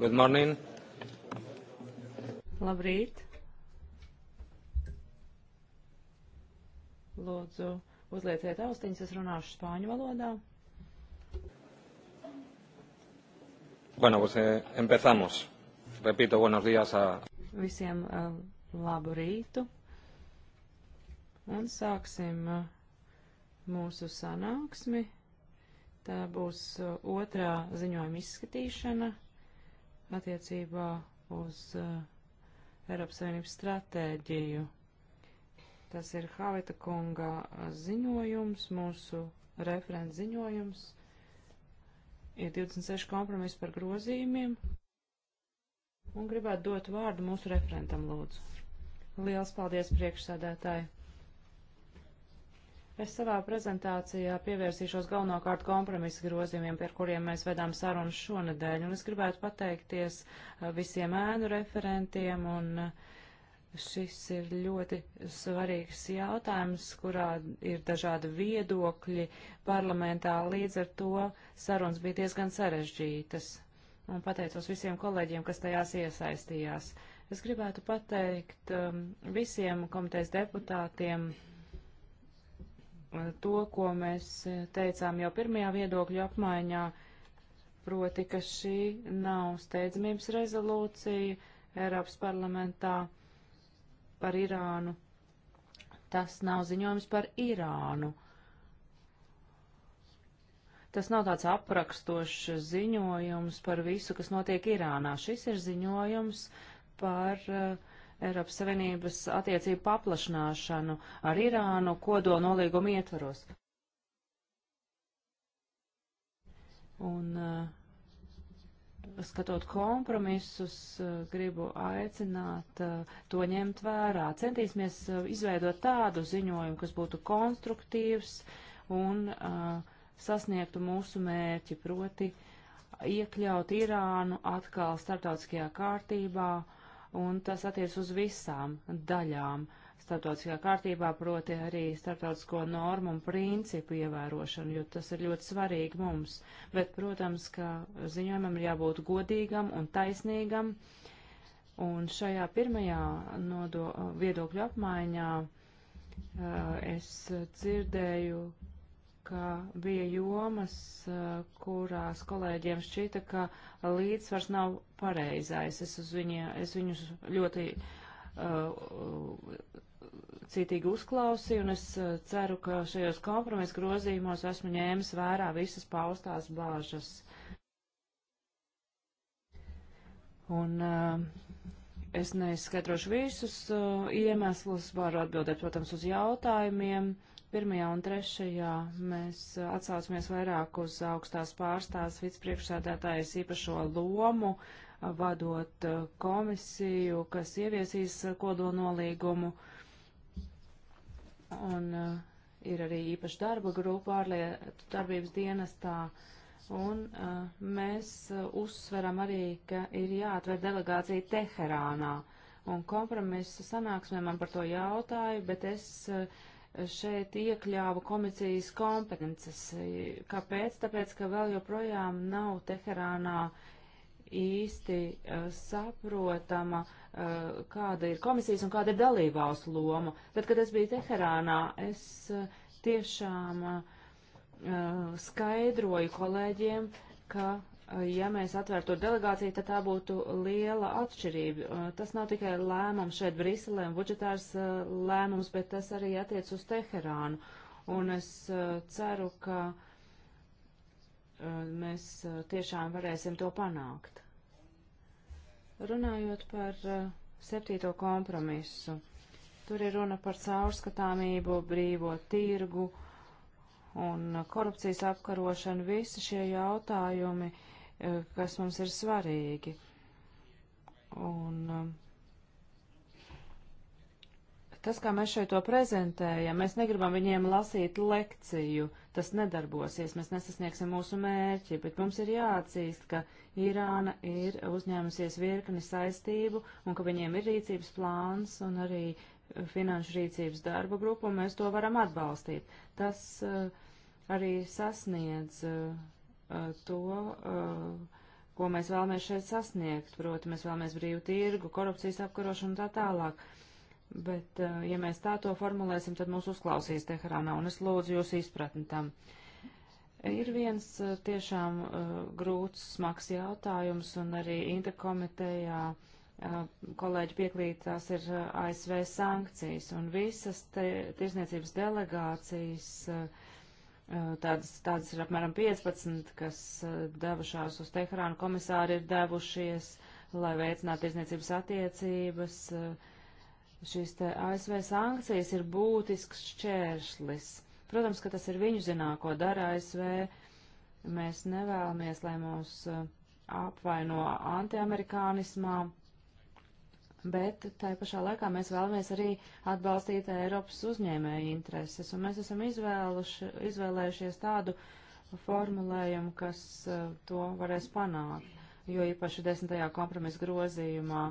Good morning. Labrīt. Lūdzu, uzlieciet austiņas, es runāšu spāņu valodā. Bueno, pues eh, empezamos. Repito, buenos días a... Visiem uh, labu rītu. Un sāksim uh, mūsu sanāksmi. Tā būs uh, otrā ziņojuma izskatīšana attiecībā uz uh, Eiropas Savienības stratēģiju. Tas ir Havita kunga eh, ziņojums, mūsu referents ziņojums. Ir 26 kompromisi par grozījumiem. Un gribētu dot vārdu mūsu referentam, lūdzu. Liels paldies priekšsādātāji! Es savā prezentācijā pievērsīšos galvenokārt kompromisu grozījumiem, par kuriem mēs vedām sarunas šonadēļ, un es gribētu pateikties uh, visiem ēnu referentiem, un uh, šis ir ļoti svarīgs jautājums, kurā ir dažādi viedokļi parlamentā, līdz ar to sarunas bija diezgan sarežģītas, un pateicos visiem kolēģiem, kas tajās iesaistījās. Es gribētu pateikt um, visiem komitejas deputātiem, uh, to, ko mēs teicām jau pirmajā viedokļu apmaiņā, proti, ka šī nav steidzamības rezolūcija Eiropas parlamentā par Irānu. Tas nav ziņojums par Irānu. Tas nav tāds aprakstošs ziņojums par visu, kas notiek Irānā. Šis ir ziņojums par uh, Eiropas Savienības attiecību paplašināšanu ar Irānu kodola nolīgumu ietvaros. Un eh, skatot kompromisus, eh, gribu aicināt eh, to ņemt vērā. Centīsimies izveidot tādu ziņojumu, kas būtu konstruktīvs un uh, sasniegtu mūsu mērķi, proti iekļaut Irānu atkal starptautiskajā kārtībā un tas attiec uz visām daļām starptautiskā kārtībā, proti arī starptautisko normu un principu ievērošanu, jo tas ir ļoti svarīgi mums. Bet, protams, ka ziņojumam ir jābūt godīgam un taisnīgam, un šajā pirmajā nodo, viedokļu apmaiņā uh, es dzirdēju, ka bija jomas, kurās kolēģiem šķita, ka līdzsvars nav pareizais. Es, viņa, es viņus ļoti uh, cītīgi uzklausīju, un es ceru, ka šajos kompromisu grozījumos esmu ņēmis vērā visas paustās bāžas. Un uh, es neizskatrošu visus uh, iemeslus, varu atbildēt, protams, uz jautājumiem. Uh, Pirmajā un trešajā mēs uh, atsaucamies vairāk uz augstās pārstāvs vicepriekšsēdētājas īpašo lomu, uh, vadot uh, komisiju, kas ieviesīs kodolnolīgumu. Un ir arī īpaša darba grupa ārlietu darbības dienestā. Un mēs uzsveram arī, ka ir jāatver delegācija Teherānā. Un kompromisa sanāksmē man par to jautāju, bet es uh, šeit iekļāva komisijas kompetences. Kāpēc? Tāpēc, ka vēl joprojām nav Teherānā īsti uh, saprotama, uh, kāda ir komisijas un kāda ir dalībvalstu loma. Tad, kad es biju Teherānā, es uh, tiešām skaidroju kolēģiem, ka ja mēs atvērtu delegāciju, tad tā būtu liela atšķirība. Uh, tas nav tikai lēmums šeit Briselē un budžetārs uh, lēmums, bet tas arī attiec uz Teherānu. Un es uh, ceru, ka mēs tiešām varēsim to panākt. Runājot par septīto kompromisu, tur ir runa par caurskatāmību, brīvo tirgu un korupcijas apkarošanu. Visi šie jautājumi uh, Eh, kas mums ir svarīgi. Un eh, tas, kā mēs šeit to prezentējam, mēs negribam viņiem lasīt lekciju, tas nedarbosies, mēs nesasniegsim mūsu mērķi, bet mums ir jāatzīst, ka Irāna ir uzņēmusies virkni saistību un ka viņiem ir rīcības plāns un arī eh, finanšu rīcības darba grupu, un mēs to varam atbalstīt. Tas uh, arī sasniedz uh, Eh, to, eh, ko mēs vēlamies šeit sasniegt. Proti, mēs vēlamies brīvu tirgu, korupcijas apkarošanu un tā tālāk. Bet, eh, ja mēs tā to formulēsim, tad mūs uzklausīs Teherānā, un es lūdzu jūs izpratni tam. Ir viens tiešām grūts, smags jautājums, un arī interkomitejā kolēģi piekrīt, tās ir ASV sankcijas, un visas tirsniecības delegācijas uh, Eh, tādas, tādas ir apmēram 15, kas eh, devušās uz Teherānu. Komisāri ir devušies, lai veicinātu izniecības attiecības. Eh, šīs te ASV sankcijas ir būtisks šķēršlis. Protams, ka tas ir viņu zinā, ko dara ASV. Mēs nevēlamies, lai mūs apvaino antiamerikānismā bet tā pašā laikā mēs vēlamies arī atbalstīt Eiropas uzņēmēju intereses, un mēs esam izvēluši, izvēlējušies tādu formulējumu, kas uh, to varēs panākt, jo īpaši desmitajā kompromisa grozījumā,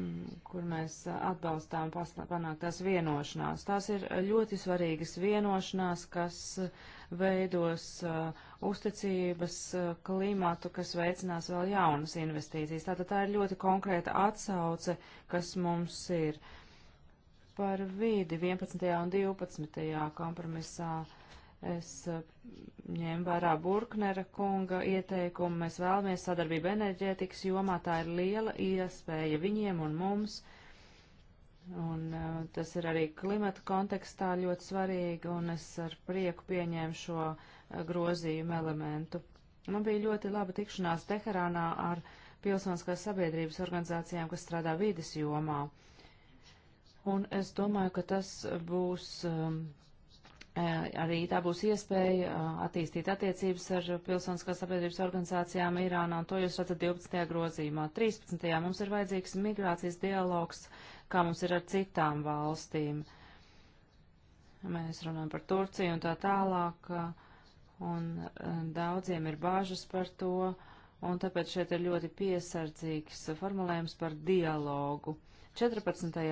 mm, kur mēs atbalstām panāktās vienošanās. Tās ir ļoti svarīgas vienošanās, kas uh, veidos uh, uzticības uh, klimatu, kas veicinās vēl jaunas investīcijas. Tātad tā ir ļoti konkrēta atsauce, kas mums ir par vīdi 11. un 12. kompromisā. Es uh, ņēmu vērā Burknera kunga ieteikumu. Mēs vēlamies sadarbību enerģētikas jomā. Tā ir liela iespēja viņiem un mums. Uh, Un uh, tas ir arī klimata kontekstā ļoti svarīgi, un es ar prieku pieņēmu šo uh, grozījumu elementu. Man bija ļoti laba tikšanās Teherānā ar pilsoniskās sabiedrības organizācijām, kas strādā vīdes jomā. Un es domāju, ka tas būs um, uh, arī tā būs iespēja uh, attīstīt attiecības ar pilsoniskās sabiedrības organizācijām Irānā, un to jūs redzat 12. grozījumā. 13. mums ir vajadzīgs migrācijas dialogs kā mums ir ar citām valstīm. Mēs runājam par Turciju un tā tālāk, un eh, daudziem ir bāžas par to, un tāpēc šeit ir ļoti piesardzīgs formulējums par dialogu. 14.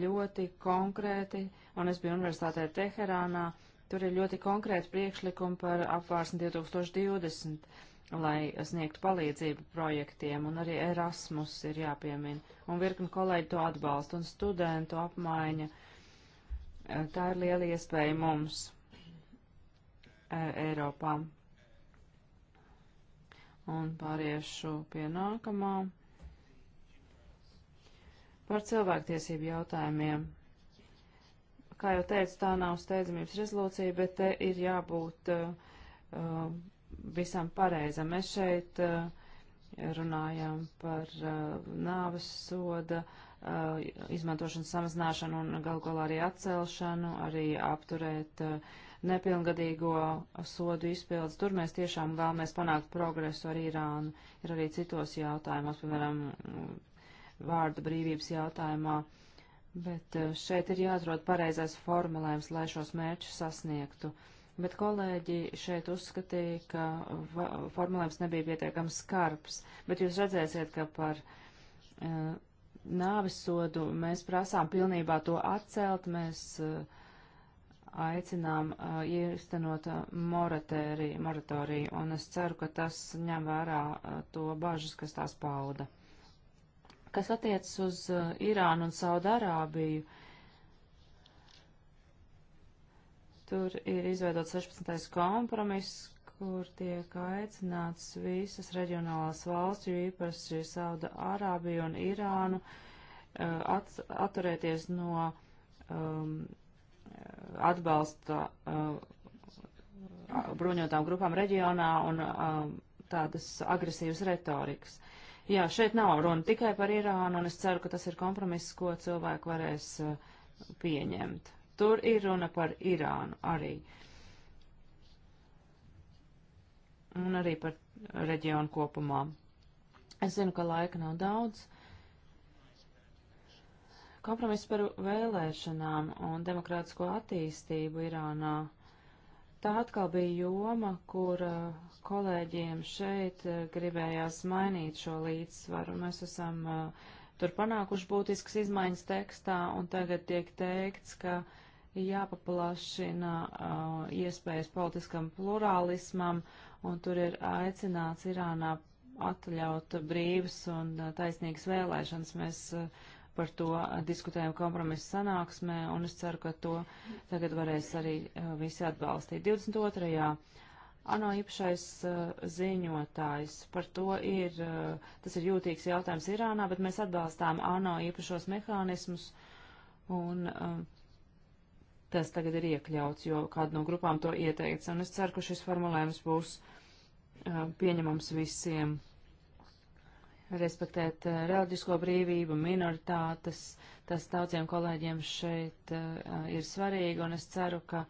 ļoti konkrēti, un es biju universitātē Teherānā, tur ir ļoti konkrēti priekšlikumi par apvārsni 2020 lai sniegtu palīdzību projektiem, un arī Erasmus ir jāpiemin, un virkni kolēģi to atbalsta, un studentu apmaiņa. Eh, tā ir liela iespēja mums eh, Eiropā. Un pāriešu pie nākamā. Par cilvēktiesību jautājumiem kā jau teicu, tā nav steidzamības rezolūcija, bet te ir jābūt uh, visam pareizam. Mēs šeit eh, runājam par eh, nāves soda eh, izmantošanas samazināšanu un galu galā arī atcelšanu, arī apturēt nepilngadīgo sodu izpildus. Tur mēs tiešām vēlamies panākt progresu ar Irānu. Ir arī citos jautājumos, piemēram, vārda brīvības jautājumā. Bet šeit ir jāatrod pareizais formulējums, lai šos mērķus sasniegtu. Uh, bet kolēģi šeit uzskatīja, ka formulējums nebija pietiekami skarbs. Bet jūs redzēsiet, ka par uh, e, nāvisodu mēs prasām pilnībā to atcelt, mēs uh, aicinām uh, e, iestanot moratoriju, un es ceru, ka tas ņem vērā to bažas, kas tās pauda. Kas attiecas uz Irānu un Saudārābiju, Tur ir izveidots 16. kompromiss, kur tiek aicināts visas reģionālās valsts, jo īpaši Sauda Arābiju un Irānu, eh, at, atturēties no um, eh, atbalsta uh, bruņotām grupām reģionā un um, tādas agresīvas retorikas. Jā, šeit nav runa tikai par Irānu, un es ceru, ka tas ir kompromiss, ko cilvēki varēs uh, pieņemt. Tur ir runa par Irānu arī. Un arī par reģionu kopumā. Es zinu, ka laika nav daudz. Kompromiss par vēlēšanām un demokrātisko attīstību Irānā. Tā atkal bija joma, kur uh, kolēģiem šeit uh, gribējās mainīt šo līdzsvaru. Mēs esam uh, tur panākuši būtiskas izmaiņas tekstā, un tagad tiek teikts, ka jāpaplašina uh, iespējas politiskam plurālismam, un tur ir aicināts Irānā atļaut brīvas un uh, taisnīgas vēlēšanas. Mēs uh, par to diskutējam kompromisu sanāksmē, un es ceru, ka to tagad varēs arī uh, visi atbalstīt. 22. ANO īpašais uh, ziņotājs par to ir, uh, tas ir jūtīgs jautājums Irānā, bet mēs atbalstām ANO īpašos mehānismus, un uh, tas tagad ir iekļauts, jo kāda no grupām to ieteica, un es ceru, ka šis formulējums būs uh, pieņemams visiem. Respektēt uh, reliģisko brīvību, minoritātes, tas daudziem kolēģiem šeit uh, ir svarīgi, un es ceru, ka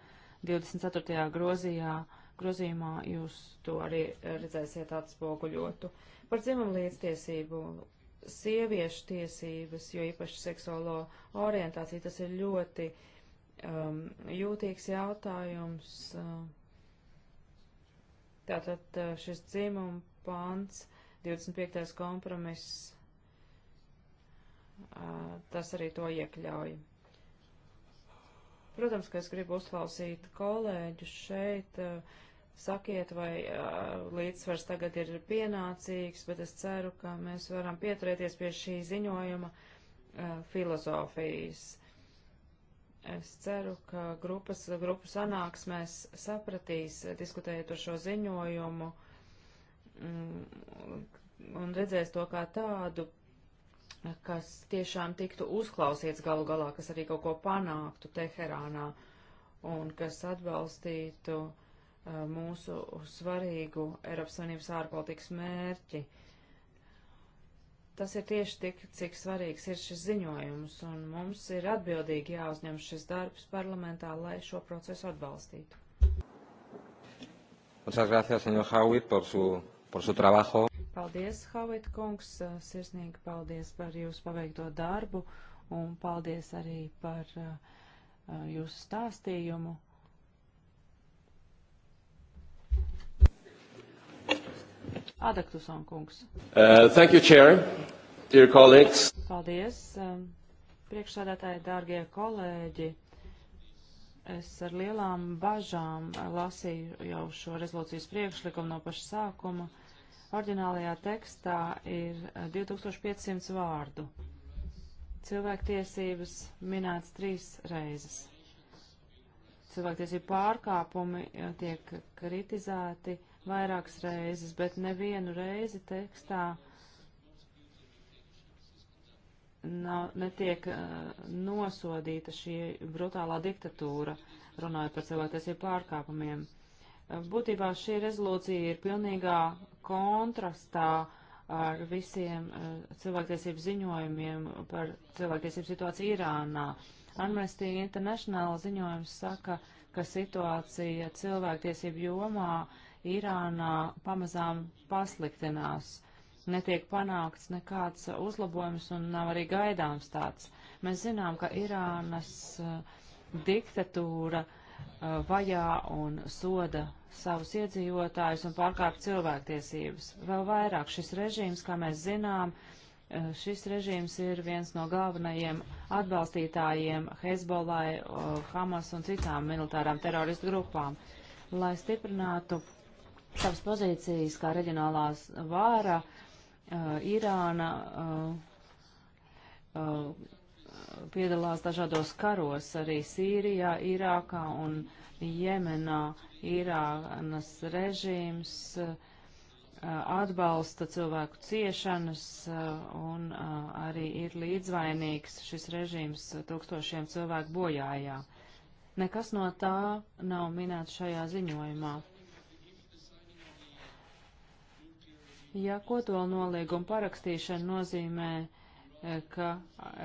24. grozījā, grozījumā jūs to arī redzēsiet atspoguļotu. Par dzimumu līdztiesību sieviešu tiesības, jo īpaši seksuālo orientāciju, tas ir ļoti uh, um, jūtīgs jautājums. Uh, tātad uh, šis dzimuma pants, 25. kompromiss, uh, tas arī to iekļauj. Protams, ka es gribu uzklausīt kolēģus šeit. Sakiet, vai līdzsvars tagad ir pienācīgs, bet es ceru, ka mēs varam pieturēties pie šī ziņojuma filozofijas Es ceru, ka grupas, grupu sanāksmēs sapratīs, diskutējot par šo ziņojumu, mm, un redzēs to kā tādu, kas tiešām tiktu uzklausīts galu galā, kas arī kaut ko panāktu Teherānā, un kas atbalstītu uh, mūsu svarīgu Eiropas Savienības ārpolitikas mērķi. Uh, Tas ir tieši tik, cik svarīgs ir šis ziņojums, un mums ir atbildīgi jāuzņem šis darbs parlamentā, lai šo procesu atbalstītu. Gracias, Howitt, por su, por su trabajo. Paldies, Havit kungs, sirsnīgi paldies par jūsu paveikto darbu, un paldies arī par uh, jūsu stāstījumu. Adaktuson kungs. Uh, thank you, Chair. Dear colleagues. Paldies. Um, Priekšsādātāji, dārgie kolēģi. Es ar lielām bažām lasīju jau šo rezolūcijas priekšlikumu no paša sākuma. Orģinālajā tekstā ir 2500 uh, vārdu. Cilvēktiesības minēts trīs reizes. Cilvēktiesību pārkāpumi uh, tiek kritizēti vairākas reizes, bet nevienu reizi tekstā nav, netiek uh, nosodīta šī brutālā diktatūra, runājot par cilvēktiesību pārkāpumiem. Eh, būtībā šī rezolūcija ir pilnīgā kontrastā ar visiem uh, cilvēktiesību ziņojumiem par cilvēktiesību situāciju Irānā. Amnesty International ziņojums saka, ka situācija cilvēktiesību jomā uh, Irānā pamazām pasliktinās. Netiek panākts nekāds uzlabojums un nav arī gaidāms tāds. Mēs zinām, ka Irānas uh, diktatūra uh, vajā un soda savus iedzīvotājus un pārkāp cilvēktiesības. Vēl vairāk šis režīms, kā mēs zinām, uh, šis režīms ir viens no galvenajiem atbalstītājiem Hezbollah, Hamas un citām militārām teroristu grupām. Lai stiprinātu savas pozīcijas kā reģionālās vāra, uh, Irāna uh, uh, piedalās dažādos karos arī Sīrijā, Irākā un Jemenā. Irānas režīms uh, atbalsta cilvēku ciešanas un arī ir līdzvainīgs šis režīms tūkstošiem cilvēku bojājā. Nekas no tā nav minēts šajā ziņojumā. Ja kodola nolieguma parakstīšana nozīmē, e, ka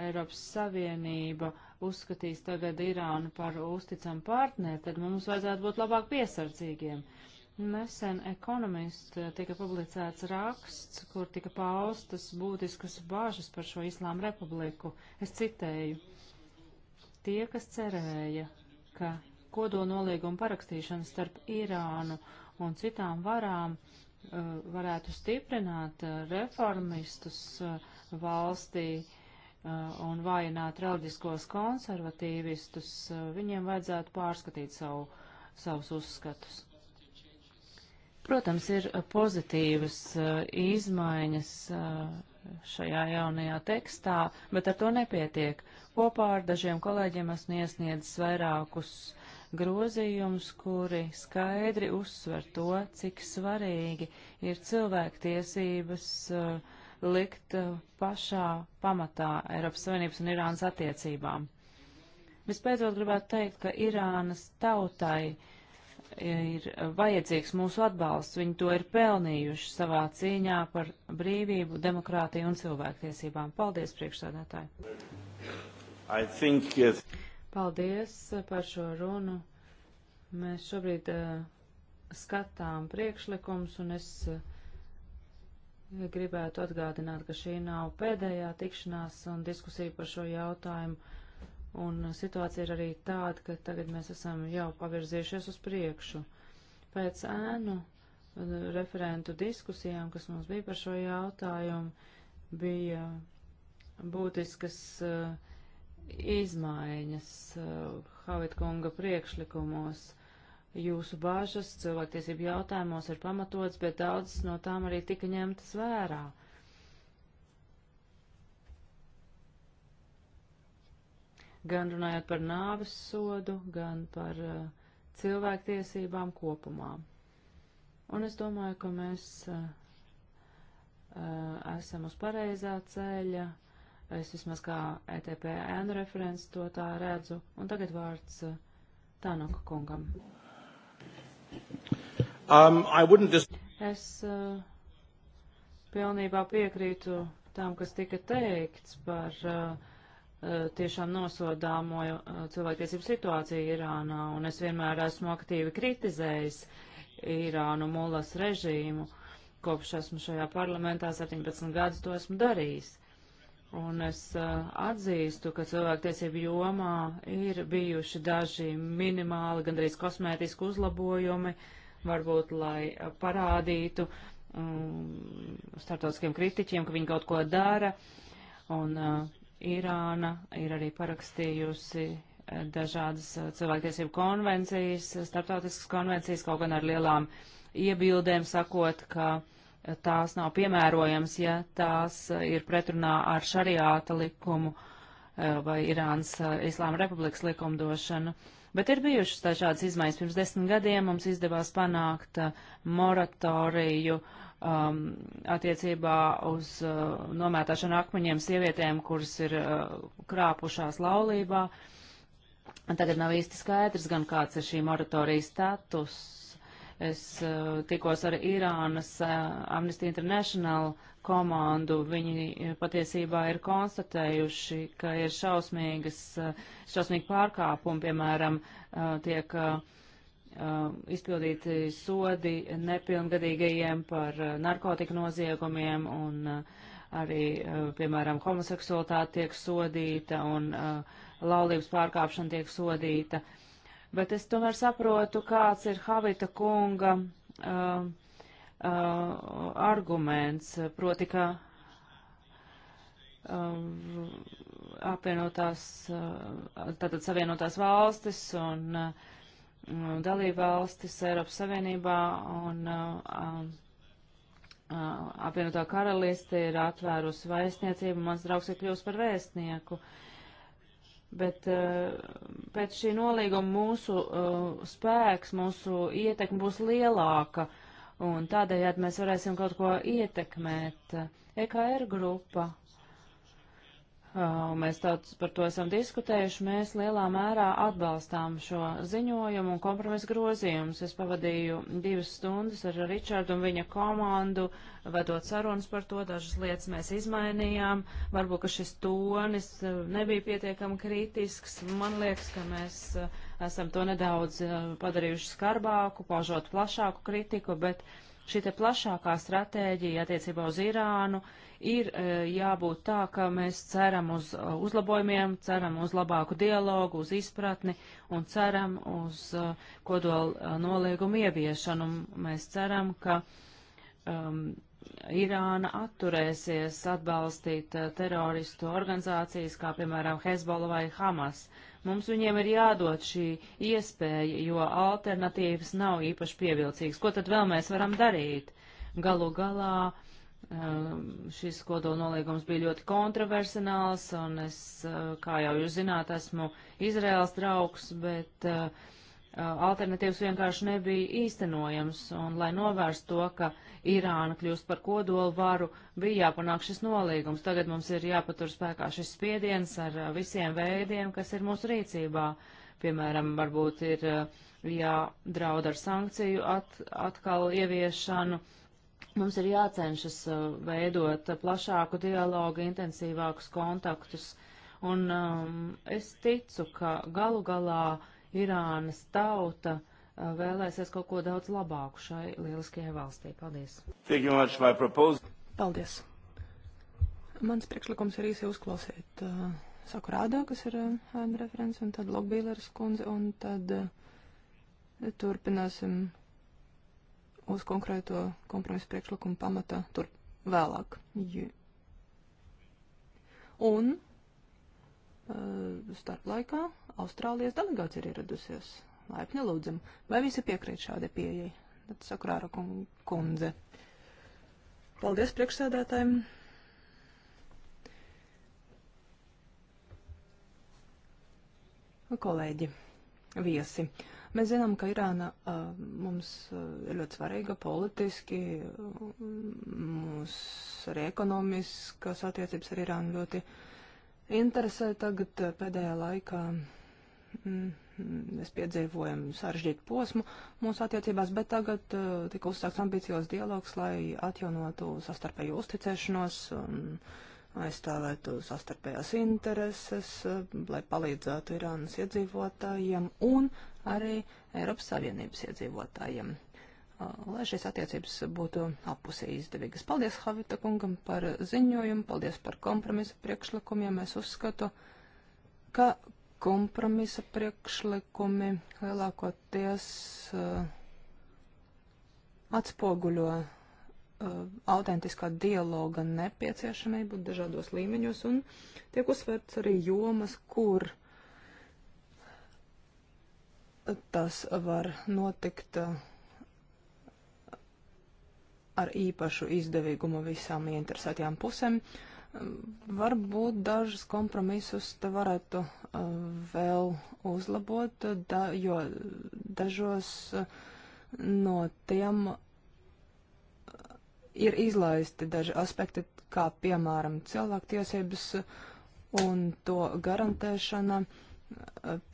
Eiropas Savienība uzskatīs tagad Irānu par uzticamu partneri, tad mums vajadzētu būt labāk piesardzīgiem. Nesen Economist e, tika publicēts raksts, kur tika paustas būtiskas bāžas par šo Islāma republiku. Es citēju. Tie, kas cerēja, ka kodola nolieguma parakstīšana starp Irānu un citām varām Uh, varētu stiprināt uh, reformistus uh, valstī un vājināt reliģiskos konservatīvistus, viņiem vajadzētu pārskatīt savu, savus uzskatus. Protams, ir pozitīvas izmaiņas šajā jaunajā tekstā, bet ar to nepietiek. Kopā ar dažiem kolēģiem esmu iesniedzis vairākus uh, grozījumus, kuri skaidri uzsver to, cik svarīgi ir cilvēktiesības uh, likt uh, pašā pamatā Eiropas Savienības un Irānas attiecībām. Vispēcot gribētu teikt, ka Irānas tautai e, ir vajadzīgs mūsu atbalsts, viņi to ir pelnījuši savā cīņā par brīvību, demokrātiju un cilvēktiesībām. Paldies, priekšsādātāji! Think, yes. Paldies eh, par šo runu. Mēs šobrīd uh, skatām priekšlikums, un es uh, gribētu atgādināt, ka šī nav pēdējā tikšanās un diskusija par šo jautājumu. Un situācija ir arī tāda, ka tagad mēs esam jau pavirzījušies uz priekšu. Pēc ēnu referentu diskusijām, kas mums bija par šo jautājumu, bija būtiskas uh, izmaiņas uh, eh, Havitkunga priekšlikumos. Jūsu bāžas cilvēktiesību jautājumos ir pamatots, bet daudzas no tām arī tika ņemtas vērā. Gan runājot par nāves sodu, gan par uh, cilvēktiesībām kopumā. Un es domāju, ka mēs uh, esam uz pareizā ceļa, Es vismaz kā ETPN referents to tā redzu. Un tagad vārds uh, Tānoka kungam. Um, just... Es uh, pilnībā piekrītu tam, kas tika teikts par uh, uh tiešām nosodāmo uh, cilvēktiesību situāciju Irānā, un es vienmēr esmu aktīvi kritizējis Irānu mulas režīmu. Kopš esmu šajā parlamentā 17 gadus to esmu darījis. Un es uh, atzīstu, ka cilvēktiesību jomā ir bijuši daži minimāli, gandrīz kosmētiski uzlabojumi, varbūt, lai eh, parādītu um, startautiskiem kritiķiem, ka viņi kaut ko dara. Un uh, Irāna ir arī parakstījusi dažādas cilvēktiesību konvencijas, startautiskas konvencijas, kaut gan ar lielām iebildēm sakot, ka uh, tās nav piemērojamas, ja tās ir pretrunā ar šariāta likumu eh, vai Irānas eh, Islāma Republikas likumdošanu. Bet ir bijušas tā šādas izmaiņas. Pirms desmit gadiem mums izdevās panākt eh, moratoriju um, attiecībā uz uh, nomētāšanu akmeņiem sievietēm, kuras ir uh, krāpušās laulībā. Tagad nav īsti skaidrs, gan kāds ir šī moratorijas status, Es uh, tikos ar Irānas uh, Amnesty International komandu. Viņi eh, patiesībā ir konstatējuši, ka ir šausmīgas, uh, šausmīgi pārkāpumi, piemēram, uh, tiek uh, izpildīti sodi nepilngadīgajiem par uh, narkotika noziegumiem un uh, arī, uh, piemēram, homoseksualitāte tiek sodīta un uh, laulības pārkāpšana tiek sodīta. Uh, Bet es tomēr saprotu, kāds ir Havita kunga uh, uh, arguments, proti, ka uh, apvienotās, uh, tātad savienotās valstis un uh, dalībvalstis Eiropas Savienībā un uh, uh, apvienotā karaliste ir atvērusi vēstniecību, mans draugs ir kļūst par vēstnieku. Uh, bet eh, pēc šī nolīguma mūsu eh, spēks, mūsu ietekme būs lielāka, un tādējādi mēs varēsim kaut ko ietekmēt. EKR grupa un mēs daudz par to esam diskutējuši, mēs lielā mērā atbalstām šo ziņojumu un kompromisu grozījumus. Es pavadīju divas stundas ar Ričardu un viņa komandu, vedot sarunas par to, dažas lietas mēs izmainījām, varbūt, ka šis tonis nebija pietiekami kritisks, man liekas, ka mēs esam to nedaudz padarījuši skarbāku, paužot plašāku kritiku, bet šī te plašākā stratēģija attiecībā uz Irānu ir e, jābūt tā, ka mēs ceram uz e, uzlabojumiem, ceram uz labāku dialogu, uz izpratni un ceram uz e, kodola noliegumu ieviešanu. Mēs ceram, ka um, Irāna atturēsies atbalstīt teroristu organizācijas, kā piemēram Hezbollah vai Hamas. Mums viņiem ir jādod šī iespēja, jo alternatīvas nav īpaši pievilcīgas. Ko tad vēl mēs varam darīt? Galu galā Um, šis kodolnoliegums bija ļoti kontroversionāls, un es, uh, kā jau jūs zināt, esmu Izraels draugs, bet uh, alternatīvas vienkārši nebija īstenojams, un lai novērst to, ka Irāna kļūst par kodolu varu, bija jāpanāk šis nolīgums. Tagad mums ir jāpatur spēkā šis spiediens ar uh, visiem veidiem, kas ir mūsu rīcībā. Piemēram, varbūt ir jādraud ar sankciju at, atkal ieviešanu Mums ir jācenšas uh, veidot plašāku dialogu, intensīvākus kontaktus, un um, es ticu, ka galu galā Irānas tauta uh, vēlēsies kaut ko daudz labāku šai lieliskajai valstī. Paldies! Paldies! Mans priekšlikums ir īsi uzklausīt uh, Sakurādā, kas ir uh, referents, un tad Lokbīlers kundze, un tad uh, turpināsim uz konkrēto kompromisu priekšlikumu pamata tur vēlāk. J. Un uh, starp laikā Austrālijas delegācija ir ieradusies. Laipni lūdzam, vai visi piekrīt šādai pieejai? Tad sakrāra kundze. Paldies priekšsēdētājiem. Kolēģi, viesi. Uh, Mēs zinām, ka Irāna uh, mums ir ļoti svarīga politiski, mūs arī ekonomiskas attiecības ar Irānu ļoti interesē tagad pēdējā laikā. Mēs mm, piedzīvojam sarežģītu posmu mūsu attiecībās, bet tagad uh, tika uzsākts ambiciozs dialogs, lai atjaunotu sastarpēju uzticēšanos un aizstāvētu sastarpējās intereses, uh, lai palīdzētu Irānas iedzīvotājiem un arī Eiropas Savienības iedzīvotājiem, lai šīs attiecības būtu apusē izdevīgas. Paldies Havita kungam par ziņojumu, paldies par kompromisa priekšlikumiem. Es uzskatu, ka kompromisa priekšlikumi lielākoties uh, atspoguļo uh, autentiskā dialoga nepieciešamību dažādos līmeņos un tiek uzsverts arī jomas, kur uh, Tas var notikt uh, ar īpašu izdevīgumu visām ieinteresētajām pusēm. Varbūt dažus kompromisus te varētu uh, vēl uzlabot, da, jo dažos uh, no tiem ir izlaisti daži aspekti, kā piemēram cilvēktiesības un to garantēšana. Uh,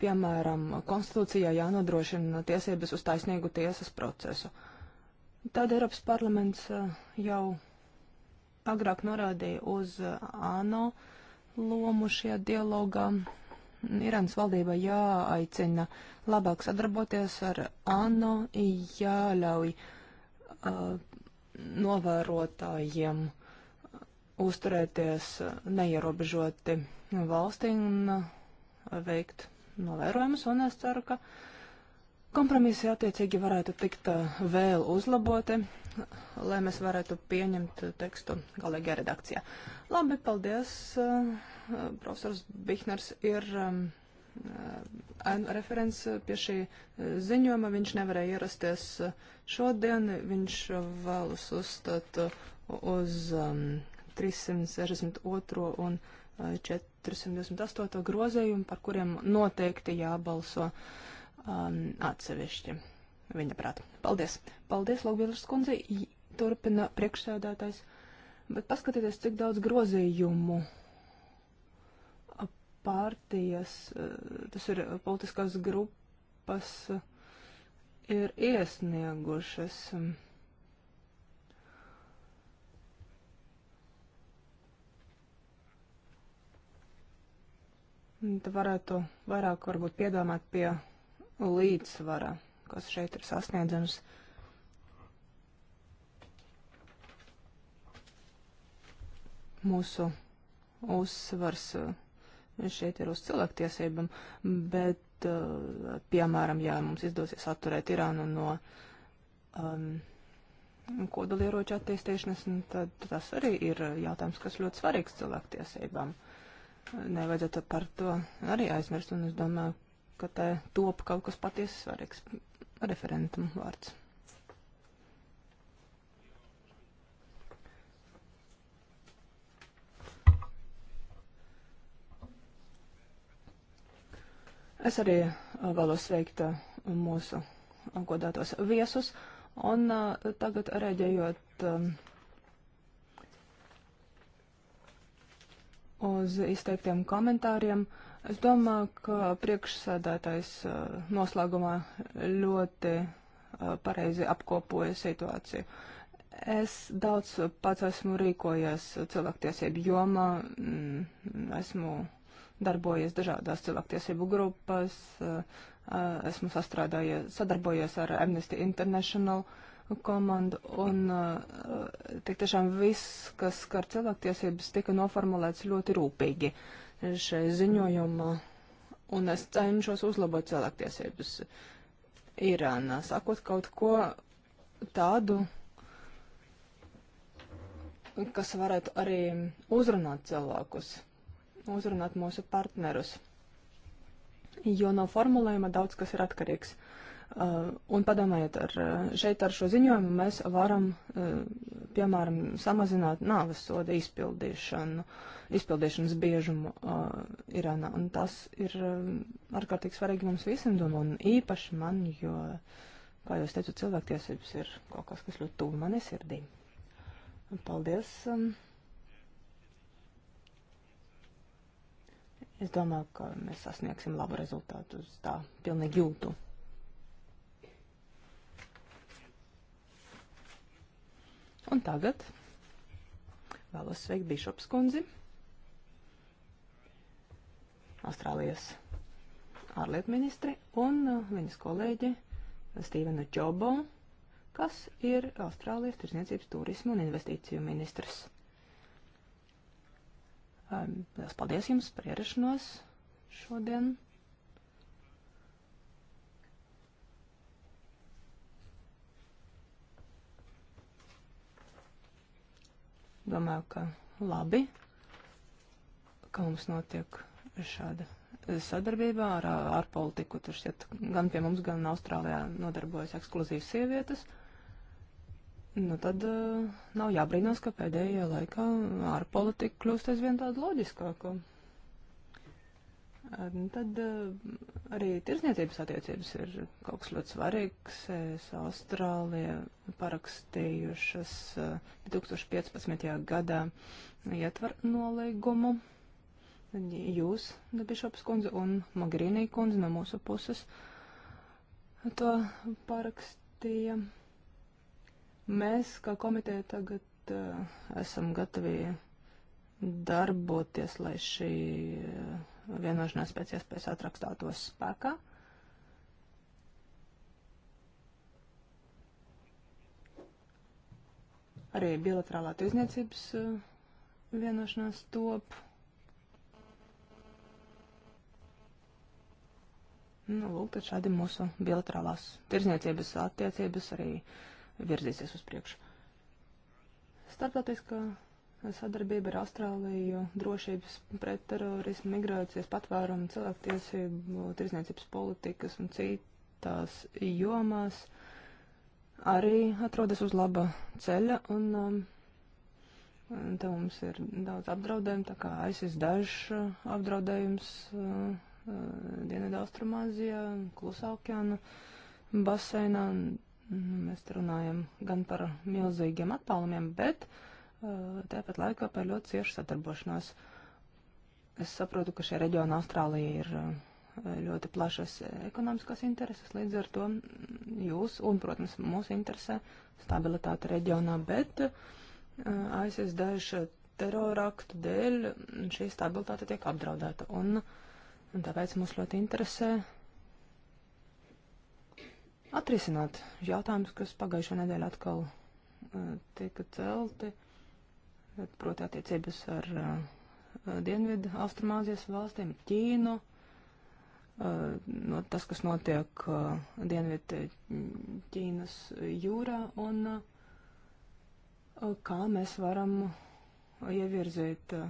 Piemēram, konstitūcijā jānodrošina tiesības uz taisnīgu tiesas procesu. Tad Eiropas parlaments uh, jau agrāk norādīja uz uh, ANO lomu šajā dialogā. Irānas valdība jāaicina labāk sadarboties ar ANO, jāļauj uh, novērotājiem uzturēties neierobežoti valstī un uh, veikt novērojumus, un es ceru, ka kompromisi attiecīgi varētu tikt uh, vēl uzlaboti, lai mēs varētu pieņemt tekstu galīgajā redakcijā. Labi, paldies. Uh, profesors Bihners ir um, uh, referents pie šī ziņojuma. Viņš nevarēja ierasties šodien. Viņš vēlas uzstāt uz 362 um, un 428 grozējumu, par kuriem noteikti jābalso um, atsevišķi. Viņa prāt. Paldies. Paldies, Logvīlis kundze. Turpina priekšsēdētājs. Bet paskatieties, cik daudz grozījumu pārtījas, uh, tas ir politiskās grupas, uh, ir iesniegušas. Um, Tad varētu vairāk varbūt piedomāt pie līdzsvara, kas šeit ir sasniedzams. Mūsu uzsvars eh, šeit ir uz cilvēktiesībām, bet, eh, piemēram, ja mums izdosies atturēt Irānu no um, kodolieroču attīstīšanas, tad tas arī ir jautājums, kas ļoti svarīgs cilvēktiesībām. Uh, nevajadzētu par to arī aizmirst, un es domāju, ka tā top kaut kas patiesi svarīgs referentam vārds. Es arī uh, vēlos sveikt uh, mūsu godātos viesus, un uh, tagad reaģējot um, uz izteiktiem komentāriem. Es domāju, ka priekšsēdētājs uh, noslēgumā ļoti uh, pareizi apkopoja situāciju. Es daudz pats esmu rīkojies cilvēktiesību jomā, mm, esmu darbojies dažādās cilvēktiesību grupās, uh, esmu sastrādājies, sadarbojies ar Amnesty International, uh, komandu, un eh, tik tiešām viss, kas skar cilvēktiesības, tika noformulēts ļoti rūpīgi šai ziņojumā, un es cenšos uzlabot cilvēktiesības Irānā, sakot kaut ko tādu, kas varētu arī uzrunāt cilvēkus, uzrunāt mūsu partnerus, jo no formulējuma daudz kas ir atkarīgs. Uh, un padomājiet, ar, uh, šeit ar šo ziņojumu mēs varam, uh, piemēram, samazināt nāves soda izpildīšanu, izpildīšanas biežumu Irānā. Un tas ir um, ārkārtīgi svarīgi mums visiem domā, un īpaši man, jo, kā jau es teicu, cilvēktiesības ir kaut kas, kas ļoti tuvu manai sirdī. Paldies! Um, es domāju, ka mēs sasniegsim labu rezultātu uz tā pilnīgi jūtu. Un tagad vēlos sveikt Bišops kundzi, Austrālijas ārlietu ministri un uh, viņas kolēģi Stīvena Džobo, kas ir Austrālijas tirsniecības turismu un investīciju ministrs. Um, liels paldies jums par ierašanos šodien! Domāju, ka labi, ka mums notiek šāda sadarbībā ar ārpolitiku. Tur šķiet, gan pie mums, gan Austrālijā nodarbojas ekskluzīvas sievietes. Nu, tad uh, nav jābrīnās, ka pēdējā laikā ārpolitika kļūst aizvien tāda loģiskāka. Nu, tad eh, arī tirsniecības attiecības ir kaut kas ļoti svarīgs. Es Austrālija parakstījušas 2015. Eh, gadā ietver nolīgumu. Jūs, Debišops kundze un Magrīnī kundze no mūsu puses to parakstīja. Mēs, kā komiteja, tagad uh, esam gatavi darboties, lai šī vienošanās pēc iespējas ātrāk stātos spēkā. Arī bilaterālā tirzniecības eh, vienošanās top. Nu, lūk, tad šādi mūsu bilaterālās tirzniecības attiecības arī virzīsies uz priekšu. Startautiskā sadarbība ar Austrāliju drošības pret terorismu, migrācijas patvērumu, cilvēktiesību, tirzniecības politikas un citās jomās arī atrodas uz laba ceļa un um, te mums ir daudz apdraudējumu, tā kā aizsis dažs uh, apdraudējums uh, uh Dienvidaustrumāzijā, Klusā okeāna baseinā. Un, mm, mēs runājam gan par milzīgiem attālumiem, bet uh, tāpat laikā par ļoti ciešu sadarbošanos. Es saprotu, ka šajā reģionā Austrālija ir ļoti plašas ekonomiskās intereses, līdz ar to jūs un, protams, mūs interesē stabilitāte reģionā, bet ASIS dažu teroraktu dēļ šī stabilitāte tiek apdraudēta. Un, un tāpēc mūs ļoti interesē atrisināt jautājumus, kas pagājušo nedēļu atkal tika celti. Uh, proti attiecības ar uh, Dienvidu Austrumāzijas valstīm, Ķīnu, uh, no, tas, kas notiek uh, Dienvidu Ķīnas jūrā un uh, kā mēs varam ievirzīt uh,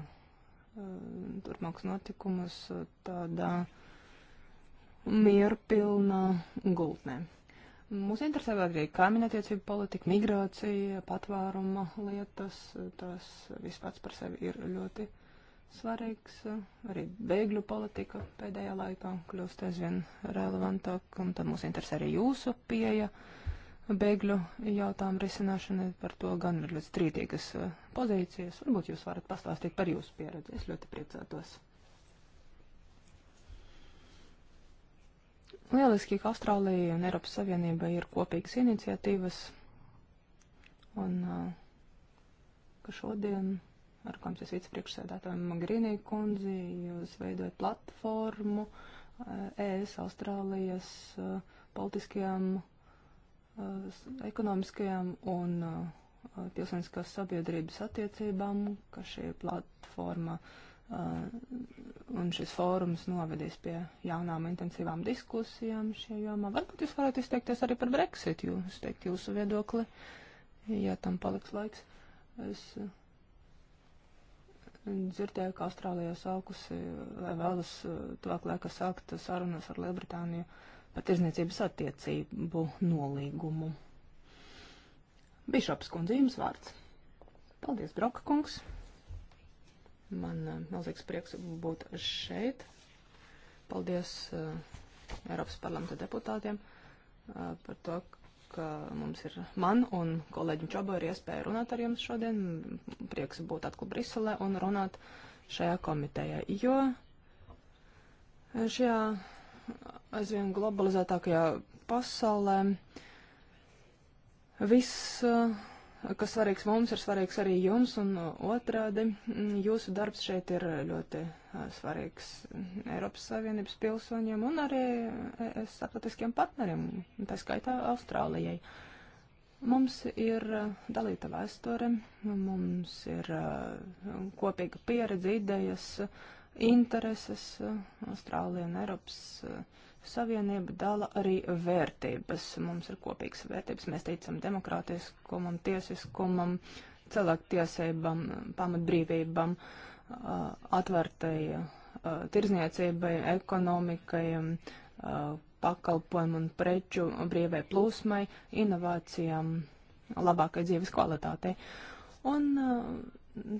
turpmākus notikumus tādā mierpilnā gultnē. Mūs interesē vēl arī kaimiņattiecību politika, migrācija, patvāruma lietas. Tas viss pats par sevi ir ļoti svarīgs. Arī bēgļu politika pēdējā laikā kļūst aizvien relevantāk, un tad mūs interesē arī jūsu pieeja bēgļu jautājumu risināšanai. Par to gan ir ļoti strītīgas pozīcijas. Varbūt jūs varat pastāstīt par jūsu pieredzi. Es ļoti priecātos. Lieliski, ka Austrālija un Eiropas Savienība ir kopīgas iniciatīvas, un ka šodien ar komisijas vicepriekšsēdētājiem Magrīnī kundzi jūs veidojat platformu ES Austrālijas politiskajām, ekonomiskajām un pilsoniskās sabiedrības attiecībām, ka šī platforma uh, Uh, un šis fórums novedīs pie jaunām intensīvām diskusijām šajā jomā. Varbūt jūs varētu izteikties arī par Brexit, jūs teikt jūsu viedokli, ja tam paliks laiks. Es uh, dzirdēju, ka Austrālijā sākusi uh, vai vēlas tuvāk laika sākt sarunas ar Lielbritāniju par tirzniecības attiecību nolīgumu. Bišops kundze, jums vārds. Paldies, Broka kungs. Man uh, milzīgs prieks būt šeit. Paldies uh, Eiropas parlamenta deputātiem uh, par to, ka mums ir man un kolēģim Čabo ir iespēja runāt ar jums šodien. Prieks būt atkal Briselē un runāt šajā komitejā, jo šajā aizvien globalizētākajā pasaulē viss uh, kas svarīgs mums, ir svarīgs arī jums, un uh, otrādi mm, jūsu darbs šeit ir ļoti uh, svarīgs Eiropas Savienības pilsoņiem un arī uh, starptautiskiem partneriem, tā skaitā Austrālijai. Mums ir dalīta vēsture, mums ir kopīga pieredze, idejas, intereses Austrālija un Eiropas Savienības Savienība dala arī vērtības. Mums ir kopīgas vērtības. Mēs teicam demokrātiskumam, tiesiskumam, cilvēktiesībām, pamatbrīvībām, atvērtai tirzniecībai, ekonomikai, pakalpojumu un preču brīvai plūsmai, inovācijām, labākai dzīves kvalitātei. Un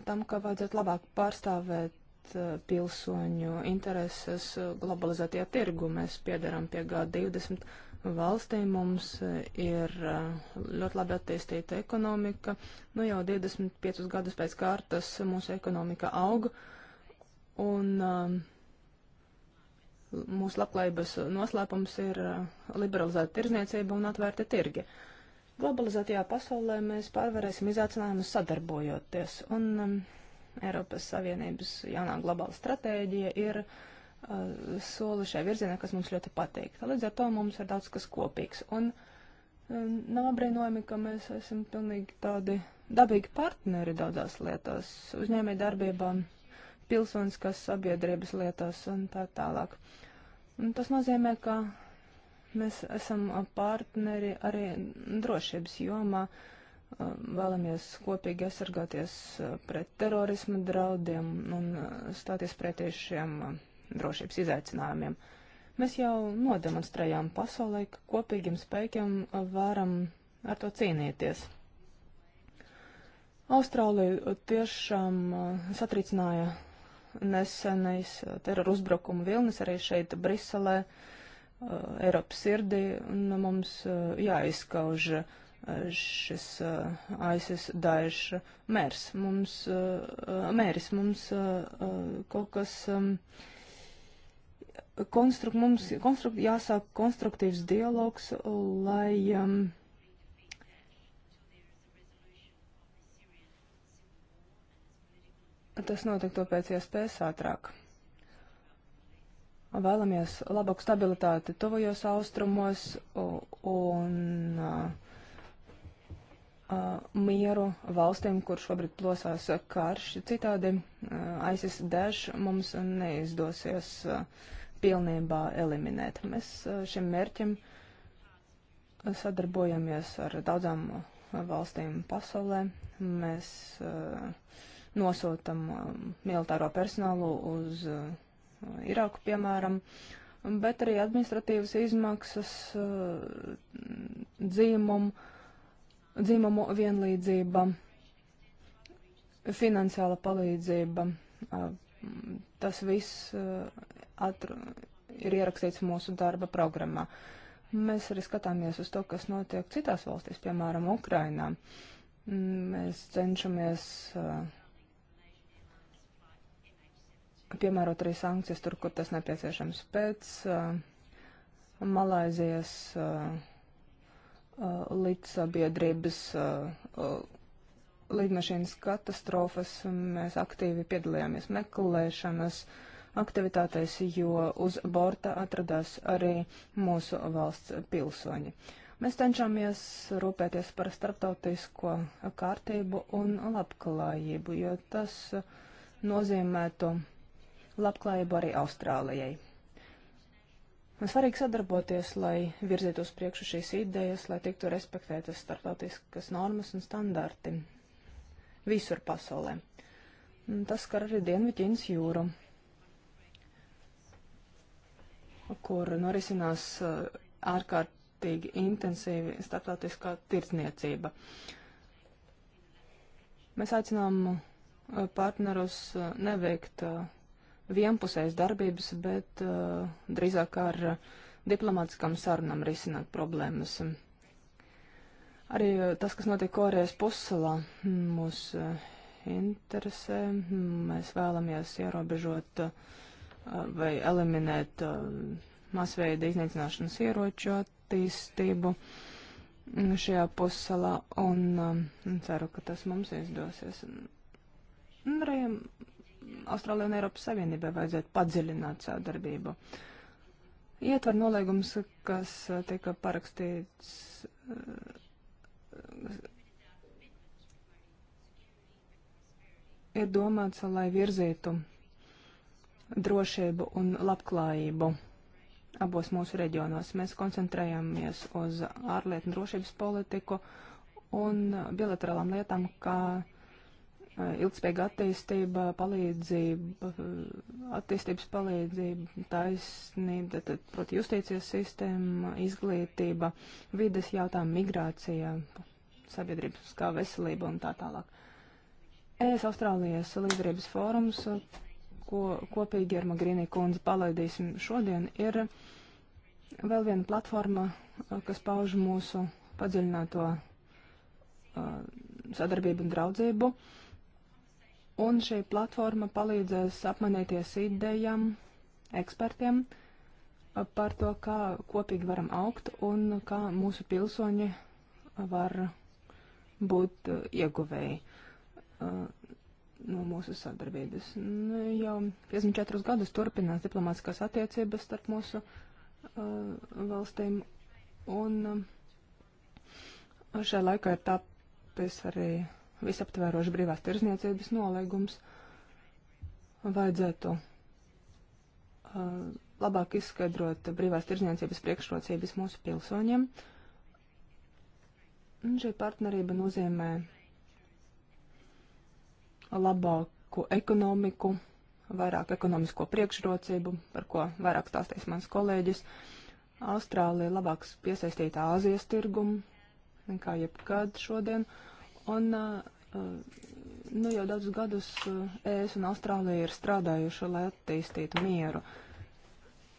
tam, ka vajadzētu labāk pārstāvēt Eh, pilsoņu intereses globalizētajā tirgu. Mēs piedarām pie G20 valstīm, mums eh, ir eh, ļoti labi attīstīta ekonomika. Nu jau 25 gadus pēc kārtas mūsu ekonomika aug, un mūsu labklājības noslēpums ir liberalizēta tirzniecība un atvērta tirgi. Globalizētajā pasaulē mēs pārvarēsim izaicinājumus sadarbojoties. Un, um, Eiropas Savienības jaunā globāla stratēģija ir uh, soli šajā virzienā, kas mums ļoti patīk. Līdz ar to mums ir daudz kas kopīgs. Un um, nav apbrīnojami, ka mēs esam pilnīgi tādi dabīgi partneri daudzās lietās, uzņēmē darbībām, pilsoniskās sabiedrības lietās un tā tālāk. Un tas nozīmē, ka mēs esam partneri arī drošības jomā. Uh, vēlamies kopīgi aizsargāties pret terorisma draudiem un stāties pretī šiem drošības izaicinājumiem. Mēs jau nodemonstrējām pasaulē, ka kopīgiem spēkiem varam ar to cīnīties. Austrāliju tiešām satricināja nesenais terora uzbrukuma vilnis arī šeit Briselē, Eiropas sirdī, un mums jāizskauž uh, Eh, šis eh, ASIS Daeša mērs. Mums, eh, mēris mums kaut kas mm, konstrukt, mums konstrukt, jāsāk konstruktīvs dialogs, lai um, tas notiktu pēc iespējas ātrāk. Vēlamies labāku stabilitāti tuvajos austrumos un uh, Uh, mieru valstīm, kur šobrīd plosās karš. Citādi uh, ISIS dažs mums neizdosies uh, pilnībā eliminēt. Mēs šim mērķim sadarbojamies ar daudzām valstīm pasaulē. Mēs nosūtam militāro personālu uz Irāku, piemēram, bet arī administratīvas izmaksas dzīmumu dzimumu vienlīdzība, finansiāla palīdzība. Tas viss atru, ir ierakstīts mūsu darba programmā. Mēs arī skatāmies uz to, kas notiek citās valstīs, piemēram, Ukrainā. Mēs cenšamies piemērot arī sankcijas tur, kur tas nepieciešams pēc Malaizijas. Uh, Uh, līdzsabiedrības uh, uh, līdmašīnas katastrofas. Mēs aktīvi piedalījāmies meklēšanas aktivitātēs, jo uz borta atradās arī mūsu valsts pilsoņi. Mēs cenšamies rūpēties par starptautisko kārtību un labklājību, jo tas nozīmētu labklājību arī Austrālijai. Un svarīgi sadarboties, lai virzītu uz priekšu šīs idejas, lai tiktu respektētas starptautiskas normas un standarti visur pasaulē. Un tas skar arī Dienvidķīnas jūru, kur norisinās uh, ārkārtīgi intensīvi starptautiskā tirdzniecība. Mēs aicinām uh, partnerus uh, neveikt uh, vienpusējas darbības, bet uh, drīzāk ar eh, diplomātiskām sarunām risināt problēmas. Arī eh, tas, kas notiek Korejas pussalā, mūs uh, interesē. Mēs vēlamies ierobežot uh, vai eliminēt masveida iznīcināšanas ieroču attīstību mm, šajā pussalā, un ceru, ka tas mums izdosies. Un arī Austrālijai un Eiropas Savienībai vajadzētu padziļināt sadarbību. Ietver nolēgums, kas uh, tika parakstīts. Uh, ir domāts, lai virzītu drošību un labklājību abos mūsu reģionos. Mēs koncentrējamies uz ārlietu un drošības politiku un uh, bilaterālām lietām, kā uh, ilgspējīga attīstība, palīdzība, eh, attīstības palīdzība, taisnība, tad, proti, justīcijas sistēma, izglītība, vides jautājumi, migrācija, sabiedrības kā veselība un tā tālāk. ES Austrālijas līderības fórums, ko kopīgi ar Magrīnī kundzi palaidīsim šodien, ir vēl viena platforma, kas pauž mūsu padziļināto eh, sadarbību un draudzību. Uh, Un šī platforma palīdzēs apmainīties idejām, ekspertiem par to, kā kopīgi varam augt un kā mūsu pilsoņi var būt uh, ieguvēji uh, no mūsu sadarbības. Nu, jau 54 gadus turpinās diplomātiskās attiecības starp mūsu uh, valstīm, un šajā laikā ir tāpēc arī visaptvēroši brīvās tirzniecības nolīgums. Vajadzētu uh, labāk izskaidrot brīvās tirzniecības priekšrocības mūsu pilsoņiem. Un šī partnerība nozīmē labāku ekonomiku, vairāk ekonomisko priekšrocību, par ko vairāk stāstīs mans kolēģis. Austrālija labāks piesaistīta Āzijas tirgumu nekā jebkad šodien. Uh, Un uh, uh, nu, jau daudzus gadus uh, ES un Austrālija ir strādājuši, lai attīstītu mieru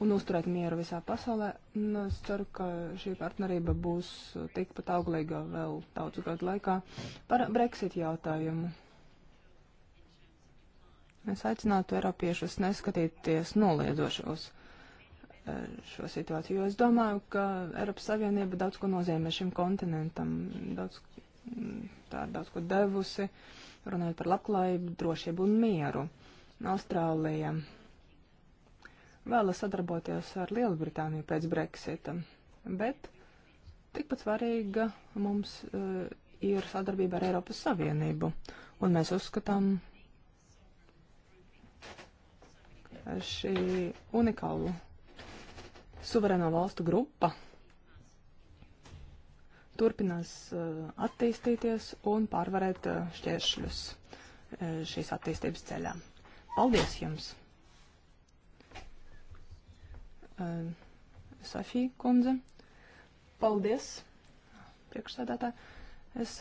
un uzturētu mieru visā pasaulē. Un es ceru, ka šī partnerība būs tikpat auglīga vēl daudzu gadu laikā par Brexit jautājumu. Es aicinātu Eiropiešus neskatīties noliedoši uz šo situāciju, jo es domāju, ka Eiropas Savienība daudz ko nozīmē šim kontinentam, daudz tā ir daudz ko devusi, runājot par labklājību, drošību un mieru. Austrālija vēlas sadarboties ar Lielbritāniju pēc Brexita, bet tikpat svarīga mums uh, ir sadarbība ar Eiropas Savienību, un mēs uzskatām šī unikālu suverēno valstu grupa turpinās eh, attīstīties un pārvarēt eh, šķēršļus eh, šīs attīstības ceļā. Paldies jums! Safija kundze, paldies priekšsēdētāji. Es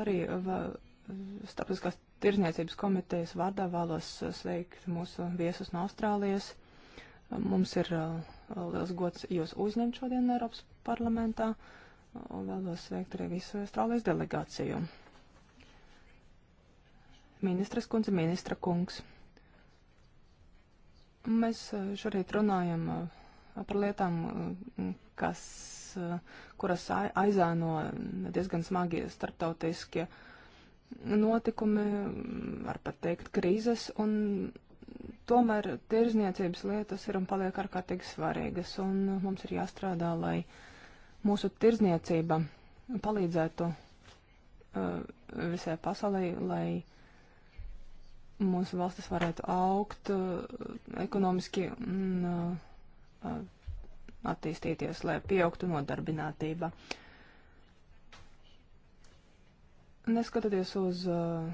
arī starptautiskās tirzniecības komitejas vārdā vēlos sveikt mūsu viesus no Austrālijas. Mums ir liels gods jūs uzņemt šodien Eiropas parlamentā. Uh, un vēlos sveikt arī visu Austrālijas delegāciju. Ministras kundze, ministra kungs. Mēs eh, šorīt runājam eh, par lietām, eh, kas, kuras aizēno diezgan smagi starptautiskie notikumi, var pat teikt, krīzes, un tomēr tirzniecības lietas ir un paliek ārkārtīgi svarīgas, un mums ir jāstrādā, lai uh, mūsu tirzniecība palīdzētu uh, visai pasaulē, lai mūsu valstis varētu augt uh, ekonomiski un uh, uh attīstīties, lai pieaugtu nodarbinātība. Neskatoties uz uh,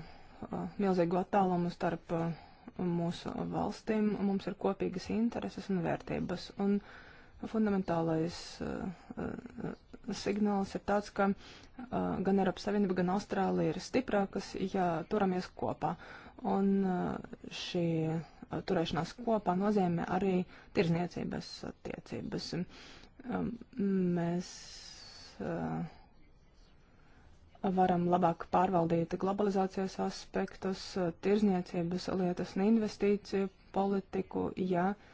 uh, milzīgu attālumu starp mūsu valstīm, mums ir kopīgas intereses un vērtības. Un, uh, fundamentālais eh, eh, signāls ir tāds, ka eh, gan Eiropas Savienība, gan Austrālija ir stiprākas, ja turamies kopā. Un šī turēšanās kopā nozīmē arī tirzniecības attiecības. Mēs varam labāk pārvaldīt globalizācijas aspektus, tirzniecības lietas un investīciju politiku, ja uh,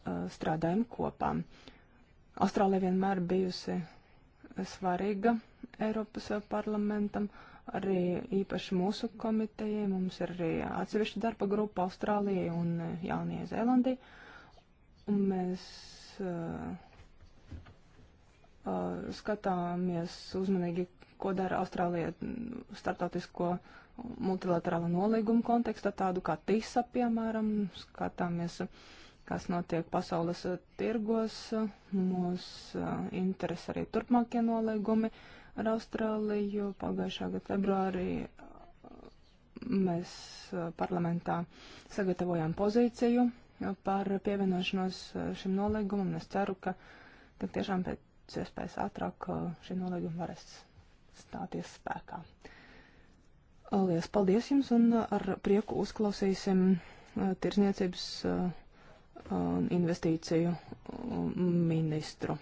Uh, strādājam kopā. Austrālija vienmēr bijusi svarīga Eiropas uh, parlamentam, arī īpaši mūsu komitejai. Mums ir arī atsevišķa darba grupa Austrālijai un uh, Jaunajai Zēlandai. Un mēs uh, uh, skatāmies uzmanīgi, ko dara Austrālija startautisko multilaterālu nolīgumu kontekstā, tādu kā TISA, piemēram, skatāmies. Uh, kas notiek pasaules eh, tirgos. Mūs eh, interesē arī turpmākie nolaigumi ar Austrāliju. Pagājušā gada februārī eh, mēs parlamentā sagatavojām pozīciju par pievienošanos šim nolaigumam. Es ceru, ka tik tiešām pēc iespējas ātrāk šī nolaiguma varēs stāties spēkā. Lielas paldies jums un ar prieku uzklausīsim tirzniecības un investīciju ministru.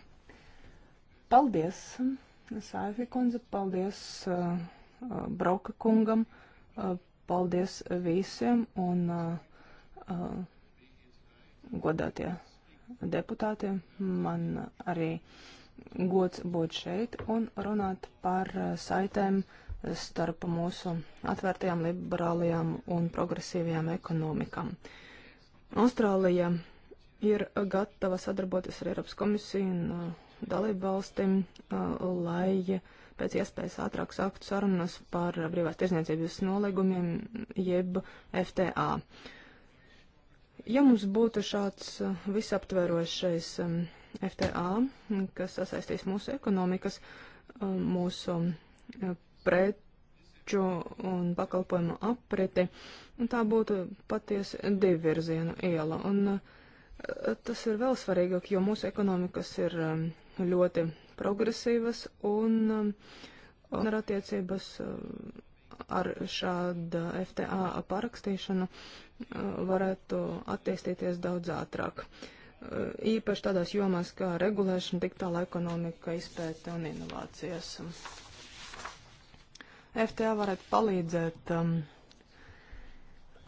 Paldies, Saifi kundze, paldies uh, uh Broka kungam, uh, paldies visiem un uh, uh, godātie deputāti. Man arī gods būt šeit un runāt par uh, saitēm starp mūsu atvērtajām, liberālajām un progresīvajām ekonomikām. Uh, Austrālija ir gatava sadarboties ar Eiropas komisiju un uh, dalību valstim, uh, lai pēc iespējas ātrāk sāktu sarunas par brīvās tirzniecības nolīgumiem, jeb FTA. Ja mums būtu šāds uh, visaptverošais um, FTA, kas sasaistīs mūsu ekonomikas, mūsu pret preču un pakalpojumu apriti, un tā būtu patiesi divvirziena iela. Un eh, tas ir vēl svarīgāk, jo mūsu ekonomikas ir um, ļoti progresīvas un, um, un ar attiecības um, ar šādu FTA parakstīšanu uh, varētu attīstīties daudz ātrāk. Uh, īpaši tādās jomās kā regulēšana, digitāla ekonomika, izpēta un inovācijas. FTA varētu palīdzēt um,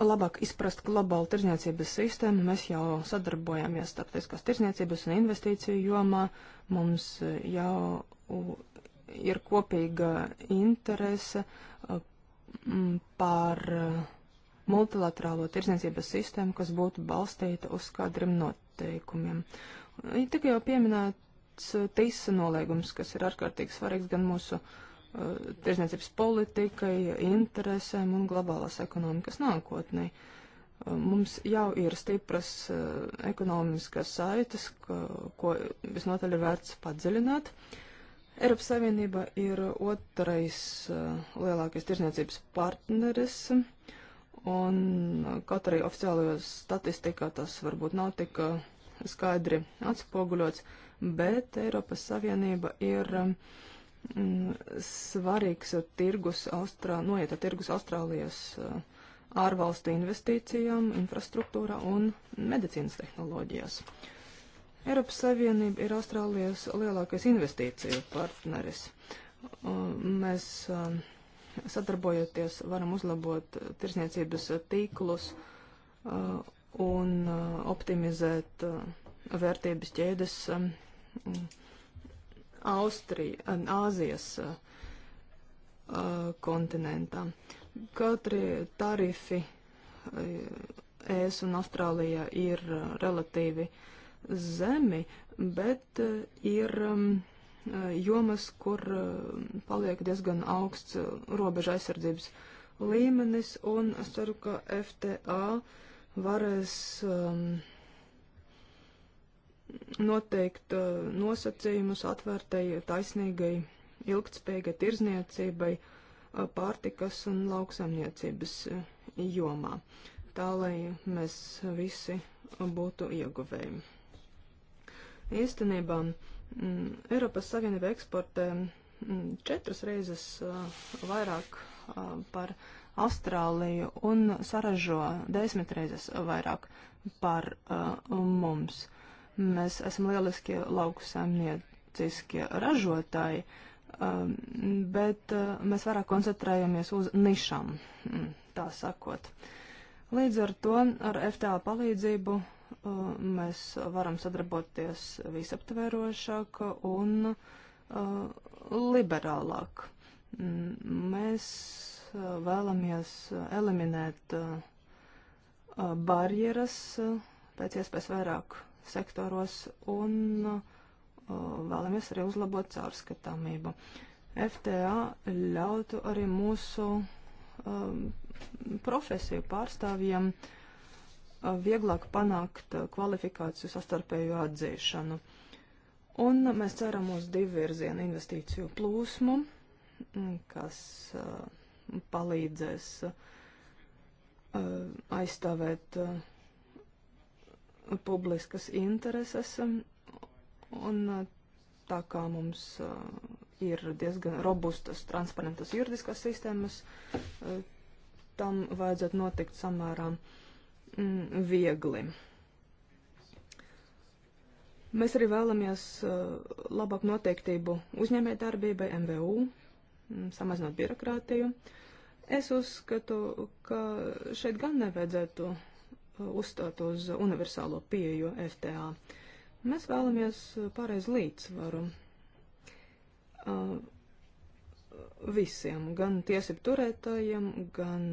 labāk izprast globālu tirzniecības sistēmu. Mēs jau sadarbojamies starptautiskās tirzniecības un investīciju jomā. Mums uh, jau ir kopīga interese uh, par uh, multilaterālo tirzniecības sistēmu, kas būtu balstīta uz kādiem noteikumiem. Ir tikai jau pieminēts tīsa nolēgums, kas ir ārkārtīgi svarīgs gan mūsu uh, tirsniecības politikai, interesēm un globālās ekonomikas nākotnē. Mums jau ir stipras eh, ekonomiskas saites, ko, ko visnotaļ ir vērts padziļināt. Eiropas Savienība ir otrais eh, lielākais tirsniecības partneris, un kaut arī oficiālajā statistikā tas varbūt nav tik eh, skaidri atspoguļots, bet Eiropas Savienība ir uh, Mm, svarīgs tirgus, Austrā, noieta tirgus Austrālijas ārvalstu investīcijām, infrastruktūrā un medicīnas tehnoloģijās. Eiropas Savienība ir Austrālijas lielākais investīciju partneris. Mēs sadarbojoties varam uzlabot tirsniecības tīklus un optimizēt vērtības ķēdes Austrija, Āzijas uh, kontinentā. Katri tarifi ES un Austrālijā ir relatīvi zemi, bet ir jomas, kur paliek diezgan augsts robeža aizsardzības līmenis, un es ceru, ka FTA varēs um, noteikt uh, nosacījumus atvērtai, taisnīgai, ilgtspējīgai tirzniecībai uh, pārtikas un lauksaimniecības uh, jomā, tā lai mēs visi būtu ieguvēji. Īstenībā mm, Eiropas Savienība eksportē mm, četras reizes vairāk par Austrāliju un saražo desmit reizes vairāk par mums. Uh, Mēs esam lieliskie lauksaimnieciskie ražotāji, um, bet uh, mēs vairāk koncentrējamies uz nišām, mm, tā sakot. Līdz ar to ar FTA palīdzību uh, mēs varam sadarboties visaptverošāk un uh, liberālāk. Mm, mēs vēlamies eliminēt barjeras pēc iespējas vairāk sektoros un uh, vēlamies arī uzlabot caurskatāmību. FTA ļautu arī mūsu um, profesiju pārstāvjiem uh, vieglāk panākt uh, kvalifikāciju sastarpēju atzīšanu. Un mēs ceram uz divu virzienu investīciju plūsmu, mm, kas uh, palīdzēs uh, aizstāvēt uh, publiskas intereses, um, un uh, tā kā mums uh, ir diezgan robustas, transparentas juridiskās sistēmas, uh, tam vajadzētu notikt samērā mm, viegli. Mēs arī vēlamies labāk noteiktību uzņēmē darbībai, MVU, mm, samazinot birokrātiju. Es uzskatu, ka šeit gan nevajadzētu uzstāt uz universālo pieeju FTA. Mēs vēlamies pārreiz līdzsvaru visiem, gan tiesību turētājiem, gan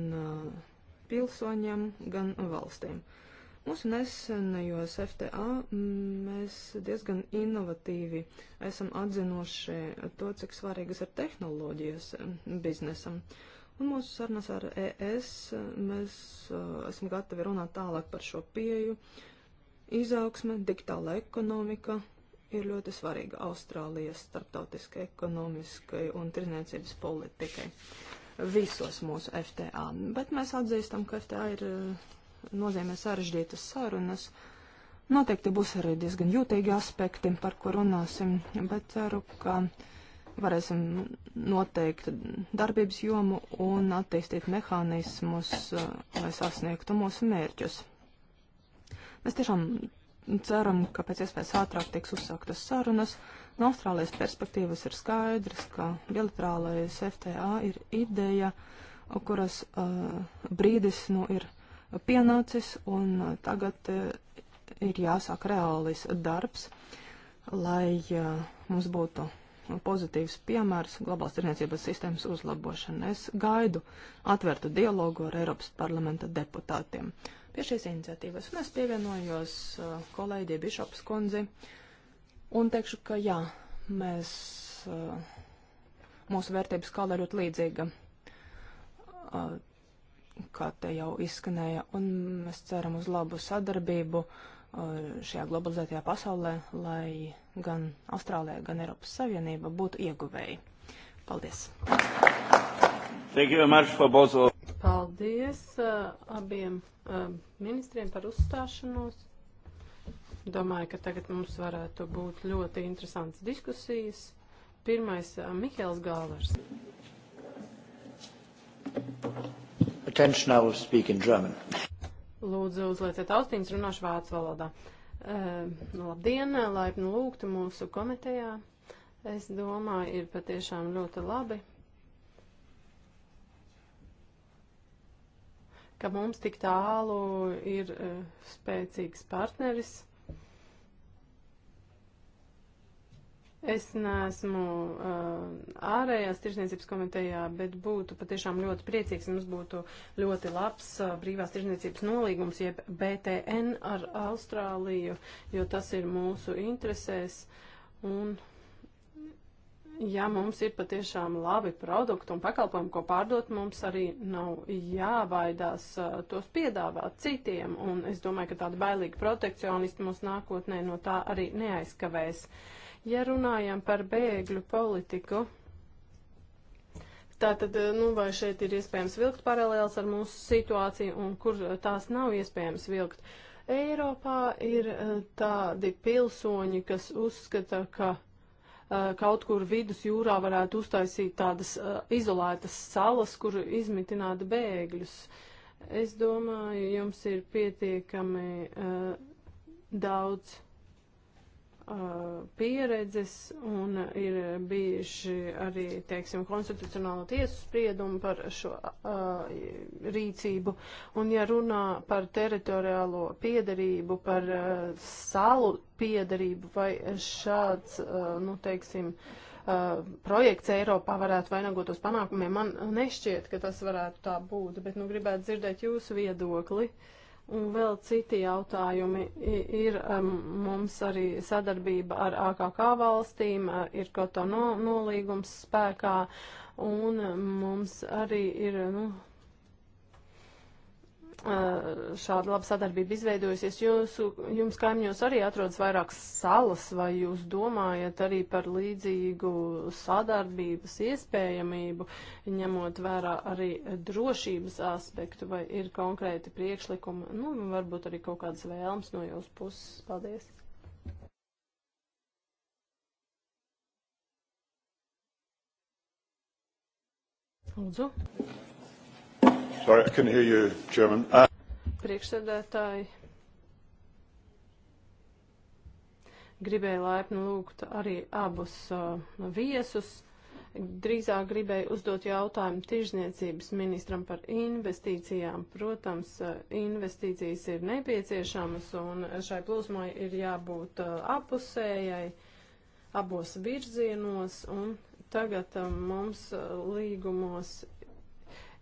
pilsoņiem, gan valstīm. Mūsu nesenajos FTA mēs diezgan inovatīvi esam atzinoši to, cik svarīgas ir tehnoloģijas biznesam. Uh, Un mūsu sarunās ar ES mēs uh, esam gatavi runāt tālāk par šo pieju. Izaugsme, digitāla ekonomika ir ļoti svarīga Austrālijas starptautiskai ekonomiskai un tirniecības politikai visos mūsu FTA. Bet mēs atzīstam, ka FTA ir nozīmē sarežģītas sarunas. Noteikti būs arī diezgan jūtīgi aspekti, par ko runāsim, bet ceru, ka. Uh, varēsim noteikt darbības jomu un attīstīt mehānismus, eh, lai sasniegtu mūsu mērķus. Mēs tiešām ceram, ka pēc iespējas ātrāk tiks uzsāktas sarunas. No Austrālijas perspektīvas ir skaidrs, ka bilaterālais FTA ir ideja, kuras uh, brīdis nu ir pienācis un uh, tagad uh, ir jāsāk reālis darbs, lai uh, mums būtu pozitīvs piemērs globālas tirniecības sistēmas uzlabošana. Es gaidu atvērtu dialogu ar Eiropas parlamenta deputātiem pie šīs iniciatīvas. Un es pievienojos uh, kolēģi Bišops kundzi un teikšu, ka jā, mēs, uh, mūsu vērtības skala ir ļoti līdzīga, uh, kā te jau izskanēja, un mēs ceram uz labu sadarbību. Uh, Eh, šajā globalizētajā pasaulē, lai gan Austrālija, gan Eiropas Savienība būtu ieguvēji. Paldies! Paldies uh, abiem uh, ministriem par uzstāšanos. Domāju, ka tagad mums varētu būt ļoti interesants diskusijas. Pirmais uh, Mihēls Gālers. Attention, I will speak in German. Lūdzu, uzlieciet austiņas, runāšu vācu valodā. E, labdien, laipni lūgti mūsu komitejā. Es domāju, ir patiešām ļoti labi, ka mums tik tālu ir e, spēcīgs partneris Es neesmu uh, ārējās tirsniecības komitejā, bet būtu patiešām ļoti priecīgs, ja mums būtu ļoti labs uh, brīvās tirsniecības nolīgums, jeb BTN ar Austrāliju, jo tas ir mūsu interesēs. Un, ja mums ir patiešām labi produkti un pakalpojumi, ko pārdot, mums arī nav jābaidās uh, tos piedāvāt citiem. Un es domāju, ka tāda bailīga protekcionisti mūs nākotnē no tā arī neaizkavēs. Uh, Ja runājam par bēgļu politiku, Tātad, eh, nu, vai šeit ir iespējams vilkt paralēls ar mūsu situāciju un kur eh, tās nav iespējams vilkt? Eiropā ir eh, tādi pilsoņi, kas uzskata, ka kaut kur vidus jūrā varētu uztaisīt tādas izolētas salas, kur izmitināt bēgļus. Es domāju, jums ir pietiekami daudz Uh, pieredzes un ir bijuši arī, teiksim, konstitucionāla tiesas spriedumi par šo uh, rīcību. Un ja runā par teritoriālo piedarību, par uh, salu piedarību vai šāds, uh, nu, teiksim, uh, Uh, projekts Eiropā varētu vainagot uz panākumiem. Man nešķiet, ka tas varētu tā būt, bet nu gribētu dzirdēt jūsu viedokli. Uh, Un vēl citi jautājumi ir mums arī sadarbība ar AKK valstīm, e, ir kaut kā no, nolīgums spēkā, un mums arī ir, nu, šāda laba sadarbība izveidojusies. Jūsu, jums kaimiņos arī atrodas vairākas salas, vai jūs domājat arī par līdzīgu sadarbības iespējamību, ņemot vērā arī drošības aspektu, vai ir konkrēti priekšlikumi, nu, varbūt arī kaut kādas vēlmes no jūsu puses. Paldies! Lūdzu. Sorry, I couldn't hear you, Chairman. Uh... Priekšsēdētāji, gribēju laipni lūgt arī abus uh, viesus. Drīzāk gribēju uzdot jautājumu tirzniecības ministram par investīcijām. Protams, uh, investīcijas ir nepieciešamas un šai plūsmai ir jābūt uh, apusējai abos virzienos. Un tagad um, uh, mums līgumos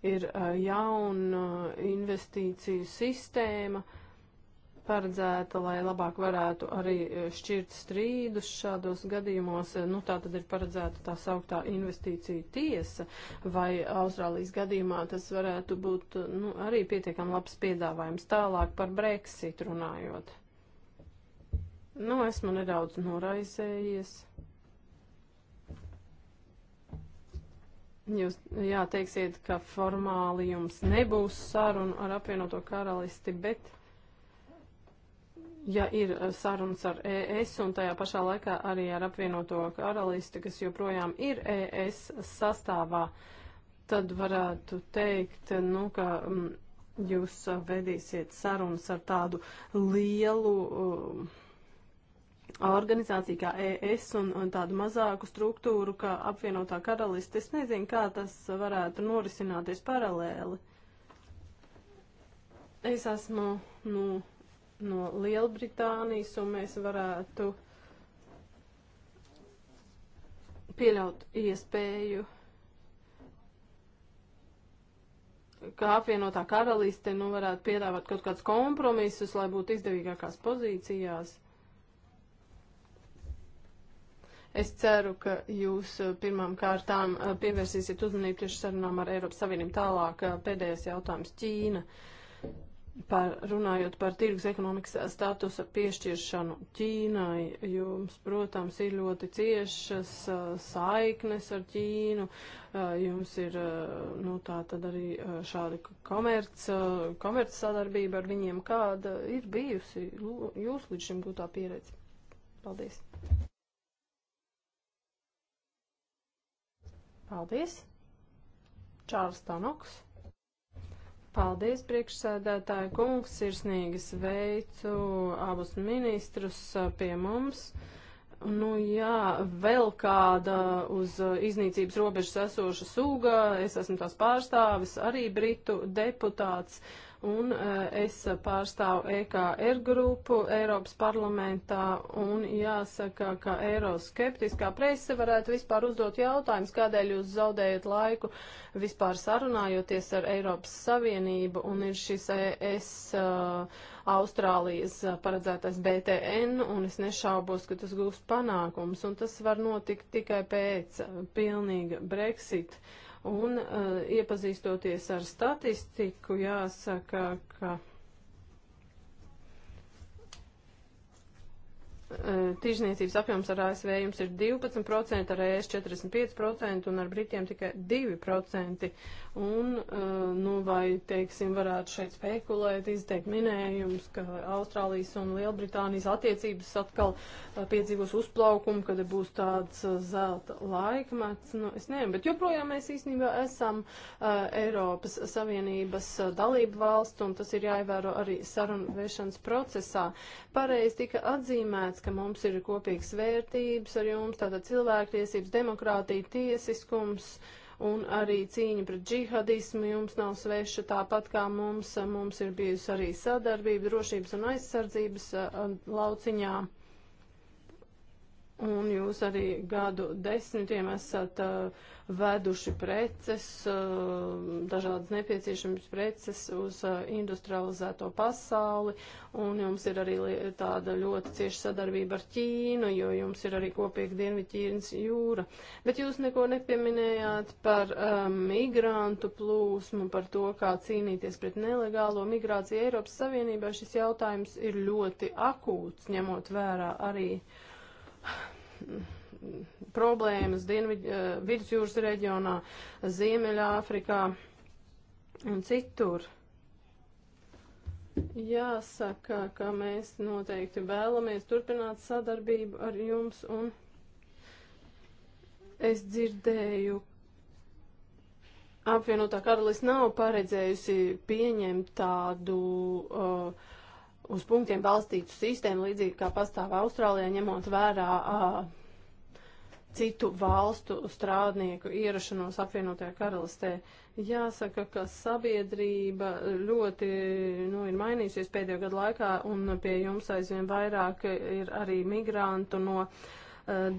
ir jauna investīciju sistēma paredzēta, lai labāk varētu arī šķirt strīdus šādos gadījumos. Nu, tā tad ir paredzēta tā sauktā investīcija tiesa, vai Austrālijas gadījumā tas varētu būt nu, arī pietiekami labs piedāvājums tālāk par Brexit runājot. Nu, esmu nedaudz noraizējies. Jūs jāteiksiet, ka formāli jums nebūs saruna ar apvienoto karalisti, bet ja ir eh, sarunas ar ES un tajā pašā laikā arī ar apvienoto karalisti, kas joprojām ir ES sastāvā, tad varētu teikt, nu, ka mm, jūs eh, vedīsiet sarunas ar tādu lielu. Uh, organizācija kā ES un, un tādu mazāku struktūru kā apvienotā karaliste. Es nezinu, kā tas varētu norisināties paralēli. Es esmu nu, no Lielbritānijas un mēs varētu pieļaut iespēju, ka apvienotā karaliste nu, varētu piedāvāt kaut kādus kompromisus, lai būtu izdevīgākās pozīcijās. Es ceru, ka jūs eh, pirmām kārtām eh, pievērsīsiet uzmanību tieši sarunām ar Eiropas Savienību tālāk. Eh, pēdējais jautājums - Ķīna. Par, runājot par tirgus ekonomikas statusa piešķiršanu Ķīnai, jums, protams, ir ļoti ciešas saiknes ar Ķīnu, jums ir, nu, tā tad arī šādi komerc, komerc sadarbība ar viņiem, kāda ir bijusi jūsu līdz šim gūtā pieredze. Paldies! Paldies. Čārls Tanoks. Paldies, priekšsēdētāja kungs, sirsnīgi sveicu abus ministrus pie mums. Nu jā, vēl kāda uz iznīcības robežas esoša sūga, es esmu tās pārstāvis, arī britu deputāts. Uh, un e, es pārstāvu EKR grupu Eiropas parlamentā, un jāsaka, ka eiroskeptiskā prese varētu vispār uzdot jautājumus, kādēļ jūs zaudējat laiku vispār sarunājoties ar Eiropas Savienību, un ir šis ES e, Austrālijas paredzētais BTN, un es nešaubos, ka tas gūs panākums, un tas var notikt tikai pēc pilnīga Brexit. Uh, Un uh, iepazīstoties ar statistiku, jāsaka, ka. Eh, tirzniecības apjoms ar ASV jums ir 12%, ar e ES 45% un ar Britiem tikai 2%. Un, uh, nu, vai, teiksim, varētu šeit spekulēt, izteikt minējums, ka Austrālijas un Lielbritānijas attiecības atkal uh, piedzīvos uzplaukumu, kad būs tāds uh, zelta laikmets. Nu, es nezinu, bet joprojām mēs īstenībā esam uh, Eiropas Savienības dalību valsts, un tas ir jāievēro arī sarunu vešanas procesā. Pareizi tika atzīmēts, ka mums ir kopīgs vērtības ar jums, tātad cilvēktiesības, demokrātija, tiesiskums. Uh, un arī cīņa pret džihadismu jums nav sveša, tāpat kā mums, mums ir bijusi arī sadarbība drošības un aizsardzības eh, lauciņā. Un jūs arī gadu desmitiem esat uh, veduši preces, uh, dažādas nepieciešamas preces uz uh, industrializēto pasauli, un jums ir arī tāda ļoti cieša sadarbība ar Ķīnu, jo jums ir arī kopīga Dienvidķīnas jūra. Bet jūs neko nepieminējāt par uh, migrantu plūsmu, par to, kā cīnīties pret nelegālo migrāciju Eiropas Savienībā. Šis jautājums ir ļoti akūts, ņemot vērā arī. Uh, problēmas Dienvid, eh, Vidusjūras reģionā, Ziemeļāfrikā un citur. Jāsaka, ka mēs noteikti vēlamies turpināt sadarbību ar jums un es dzirdēju, apvienotā karalis nav paredzējusi pieņemt tādu uh, uz punktiem balstītu sistēmu, līdzīgi kā pastāv Austrālijā, ņemot vērā uh, citu valstu strādnieku ierašanos apvienotajā karalistē. Jāsaka, ka sabiedrība ļoti nu, ir mainījusies pēdējo gadu laikā, un pie jums aizvien vairāk ir arī migrantu no uh,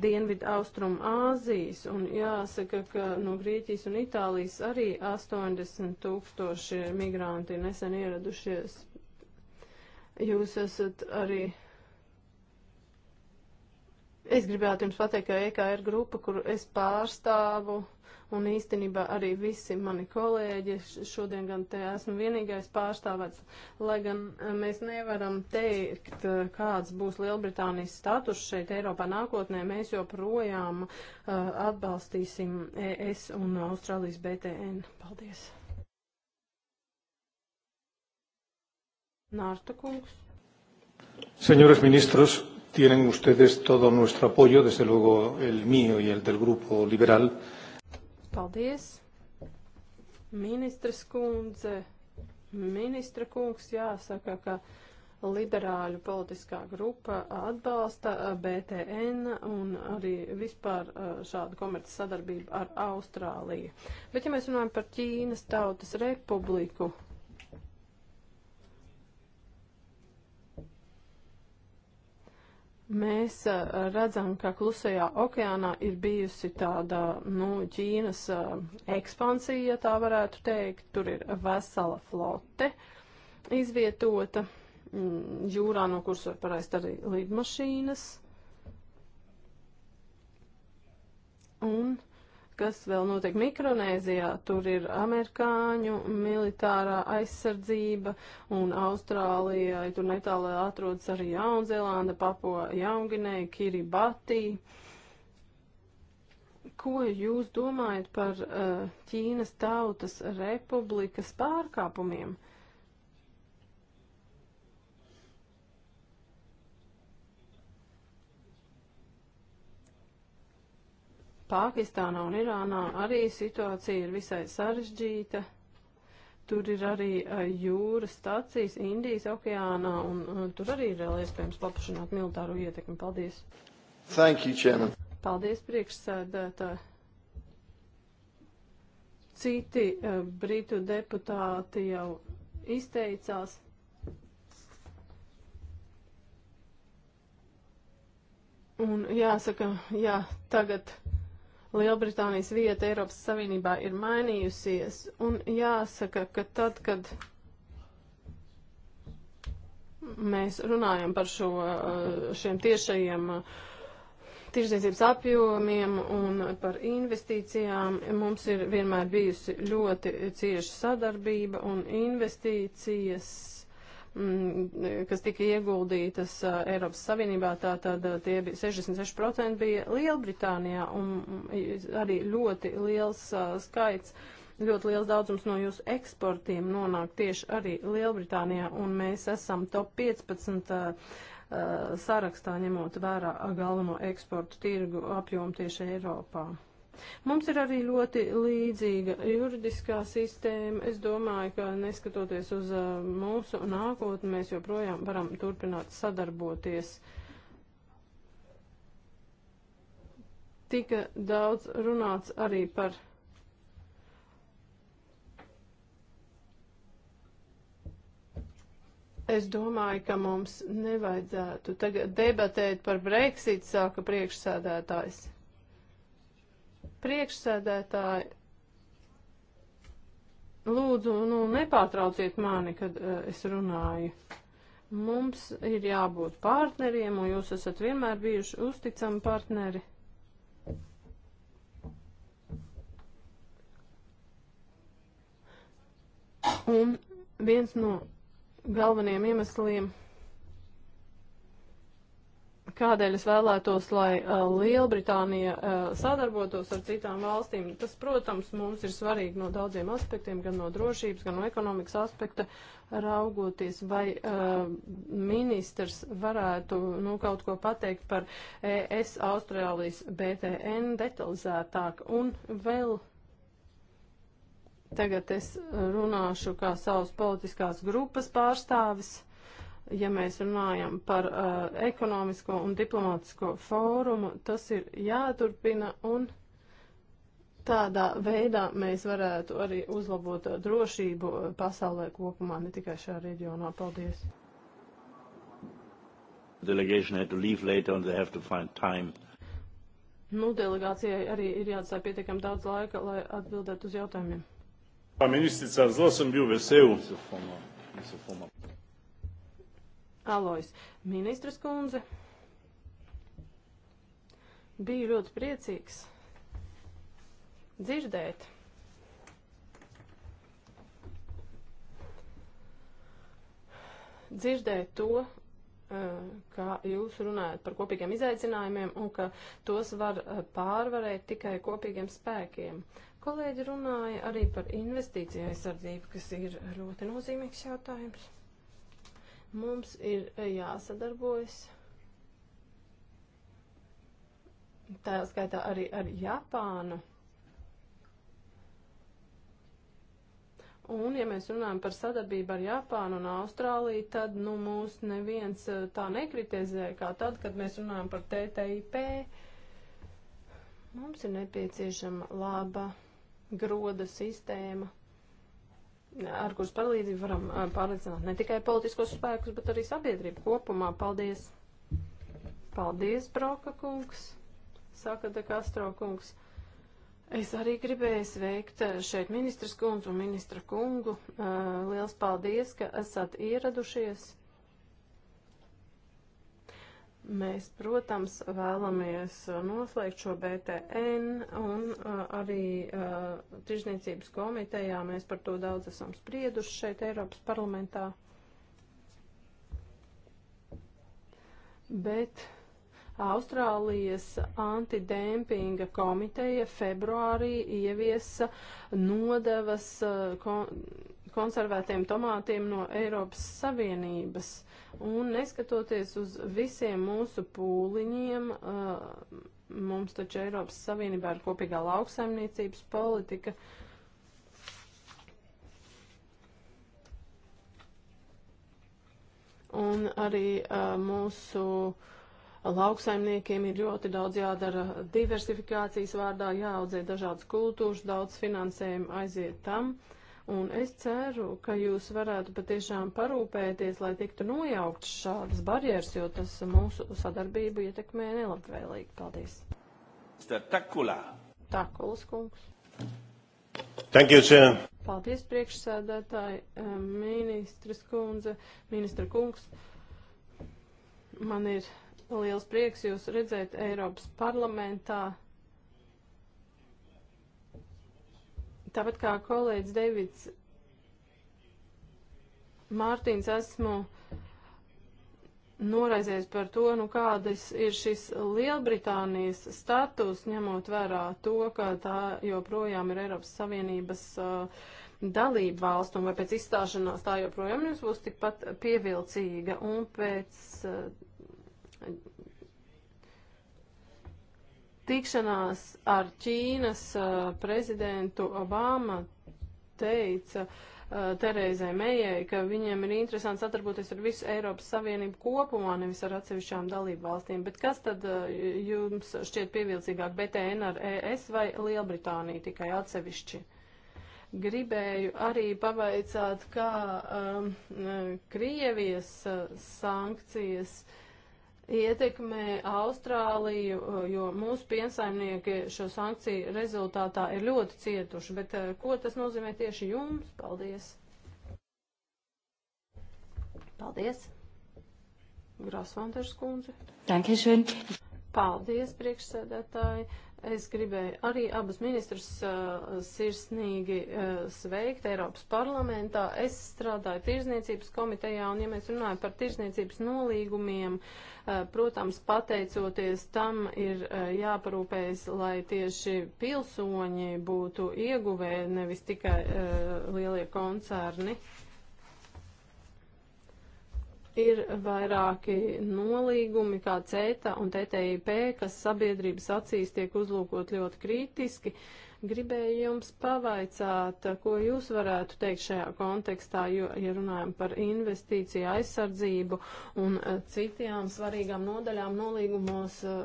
Dienvidu Austrum Āzijas, un jāsaka, ka no Grieķijas un Itālijas arī 80 tūkstoši migranti nesen ieradušies Jūs esat arī. Es gribētu jums pateikt, ka EKR grupa, kuru es pārstāvu, un īstenībā arī visi mani kolēģi, šodien gan te esmu vienīgais pārstāvēts, lai gan eh, mēs nevaram teikt, eh, kāds būs Lielbritānijas status šeit Eiropā nākotnē, mēs joprojām uh, atbalstīsim ES un Austrālijas BTN. Paldies! Nārta kungs. Señores ministros, tienen ustedes todo nuestro apoyo, desde luego el mío y el del grupo liberal. Paldies. Ministres kundze, ministra kungs jāsaka, ka liberāļu politiskā grupa atbalsta eh, BTN un arī vispār eh, šādu komerci sadarbību ar Austrāliju. Bet ja mēs runājam par Ķīnas tautas republiku, Mēs uh, redzam, ka klusajā okeānā ir bijusi tāda, nu, Ķīnas uh, ekspansija, ja tā varētu teikt. Tur ir vesela flote izvietota mm, jūrā, no kuras var paraist arī lidmašīnas. Un kas vēl notiek Mikronēzijā. Tur ir amerikāņu militārā aizsardzība un Austrālijai tur netālē atrodas arī Jaunzēlanda, Papua Jaunginēja, Kiribati. Ko jūs domājat par eh, Ķīnas Tautas Republikas pārkāpumiem? Uh, Pakistānā un Irānā arī situācija ir visai sarežģīta. Tur ir arī eh, jūras stācijas Indijas okeānā, un, un eh, tur arī ir vēl iespējams paplašināt militāro ietekmi. Paldies! Thank you, Chairman! Paldies, priekšsēdētāji! Citi uh, britu deputāti jau izteicās. Un jāsaka, jā, tagad Lielbritānijas vieta Eiropas Savienībā ir mainījusies, un jāsaka, ka tad, kad mēs runājam par šo, šiem tiešajiem uh, tirzniecības apjomiem un par investīcijām, mums ir vienmēr bijusi ļoti cieša sadarbība un investīcijas Mm, kas tika ieguldītas uh, Eiropas Savienībā, tātad uh, tie bija 66% bija Lielbritānijā un mm, arī ļoti liels uh, skaits ļoti liels daudzums no jūsu eksportiem nonāk tieši arī Lielbritānijā, un mēs esam top 15 uh, sarakstā ņemot vērā galveno eksportu tirgu apjomu tieši Eiropā. Mums ir arī ļoti līdzīga juridiskā sistēma. Es domāju, ka neskatoties uz uh, mūsu nākotni, mēs joprojām varam turpināt sadarboties. Tika daudz runāts arī par Es domāju, ka mums nevajadzētu tagad debatēt par Brexit, saka priekšsēdētājs. Priekšsēdētāji, lūdzu, nu, nepārtrauciet mani, kad uh, es runāju. Mums ir jābūt partneriem, un jūs esat vienmēr bijuši uzticami partneri. Un viens no galvenajiem iemesliem kādēļ es vēlētos, lai uh, Lielbritānija uh, sadarbotos ar citām valstīm. Tas, protams, mums ir svarīgi no daudziem aspektiem, gan no drošības, gan no ekonomikas aspekta raugoties, vai uh, ministrs varētu nu, kaut ko pateikt par ES Austrālijas BTN detalizētāk. Un vēl tagad es runāšu kā savas politiskās grupas pārstāvis ja mēs runājam par uh, ekonomisko un diplomātisko fórumu, tas ir jāturpina un tādā veidā mēs varētu arī uzlabot drošību uh, pasaulē kopumā, ne tikai šajā reģionā. Paldies! Delegation had to leave later and they have to find time. Nu, delegācijai arī ir jāatstāj pietiekami daudz laika, lai atbildētu uz jautājumiem. Ministrs ar Zosam bija vesels. Alois, ministras kundze, biju ļoti priecīgs dzirdēt. Dzirdēt to, eh, kā jūs runājat par kopīgiem izaicinājumiem un ka tos var eh, pārvarēt tikai kopīgiem spēkiem. Kolēģi runāja arī par investīciju aizsardzību, kas ir ļoti nozīmīgs jautājums. Mums ir e, jāsadarbojas. Tā skaitā arī ar Japānu. Un, ja mēs runājam par sadarbību ar Japānu un Austrāliju, tad nu, mūs neviens e, tā nekritizē, kā tad, kad mēs runājam par TTIP. Mums ir nepieciešama laba groda sistēma ar kuras palīdzību varam pārliecināt ne tikai politiskos spēkus, bet arī sabiedrību kopumā. Paldies! Paldies, Broka kungs! Saka De Castro kungs. Es arī gribēju sveikt šeit ministras kundzu un ministra kungu. Liels paldies, ka esat ieradušies! Mēs, protams, vēlamies uh, noslēgt šo BTN un uh, arī uh, Tirzniecības komitejā. Mēs par to daudz esam sprieduši šeit Eiropas parlamentā. Bet Austrālijas antidempinga komiteja februārī ieviesa nodevas. Uh, kon konservētiem tomātiem no Eiropas Savienības. Un neskatoties uz visiem mūsu pūliņiem, uh, mums taču Eiropas Savienībā ir kopīgā lauksaimniecības politika. Un arī uh, mūsu uh, lauksaimniekiem ir ļoti daudz jādara diversifikācijas vārdā, jāaudzē dažādas kultūras, daudz finansējuma aiziet tam. Uh, Un es ceru, ka jūs varētu patiešām parūpēties, lai tiktu nojauktas šādas barjeras, jo tas mūsu sadarbību ietekmē nelabvēlīgi. Paldies. Takulā. Takulas kungs. Thank you, sir. Paldies, priekšsēdētāji, eh, ministras kundze, ministra kungs. Man ir liels prieks jūs redzēt Eiropas parlamentā. Tāpat kā kolēģis Deivids Mārtiņš, esmu noraizējies par to, nu kādas ir šis Lielbritānijas status, ņemot vērā to, ka tā joprojām ir Eiropas Savienības uh, dalība valsts, un vai pēc izstāšanās tā joprojām jums būs tikpat pievilcīga, un pēc uh, Tikšanās ar Ķīnas eh, prezidentu Obama teica uh, Terezai Mejai, ka viņiem ir interesanti sadarboties ar visu Eiropas Savienību kopumā, nevis ar atsevišķām dalību valstīm. Bet kas tad uh, jums šķiet pievilcīgāk, BTN ar ES vai Lielbritānija tikai atsevišķi? gribēju arī pavaicāt, kā um, Krievijas sankcijas uh, ietekmē Austrāliju, jo mūsu piensaimnieki šo sankciju rezultātā ir ļoti cietuši. Bet e, ko tas nozīmē tieši jums? Paldies! Paldies! Grāsvanters kundze. Dankeschön. Paldies, priekšsēdētāji. Es gribēju arī abus ministrus uh, sirsnīgi uh, sveikt Eiropas parlamentā. Es strādāju tirzniecības komitejā, un ja mēs runājam par tirzniecības nolīgumiem, uh, protams, pateicoties tam ir uh, jāparūpējas, lai tieši pilsoņi būtu ieguvēji, nevis tikai uh, lielie koncerni. Uh, Ir vairāki nolīgumi, kā CETA un TTIP, kas sabiedrības acīs tiek uzlūkot ļoti kritiski. Uh, Gribēju jums pavaicāt, ko jūs varētu teikt šajā kontekstā, jo, ja runājam par investīciju aizsardzību un e, citām svarīgām nodaļām nolīgumos, e,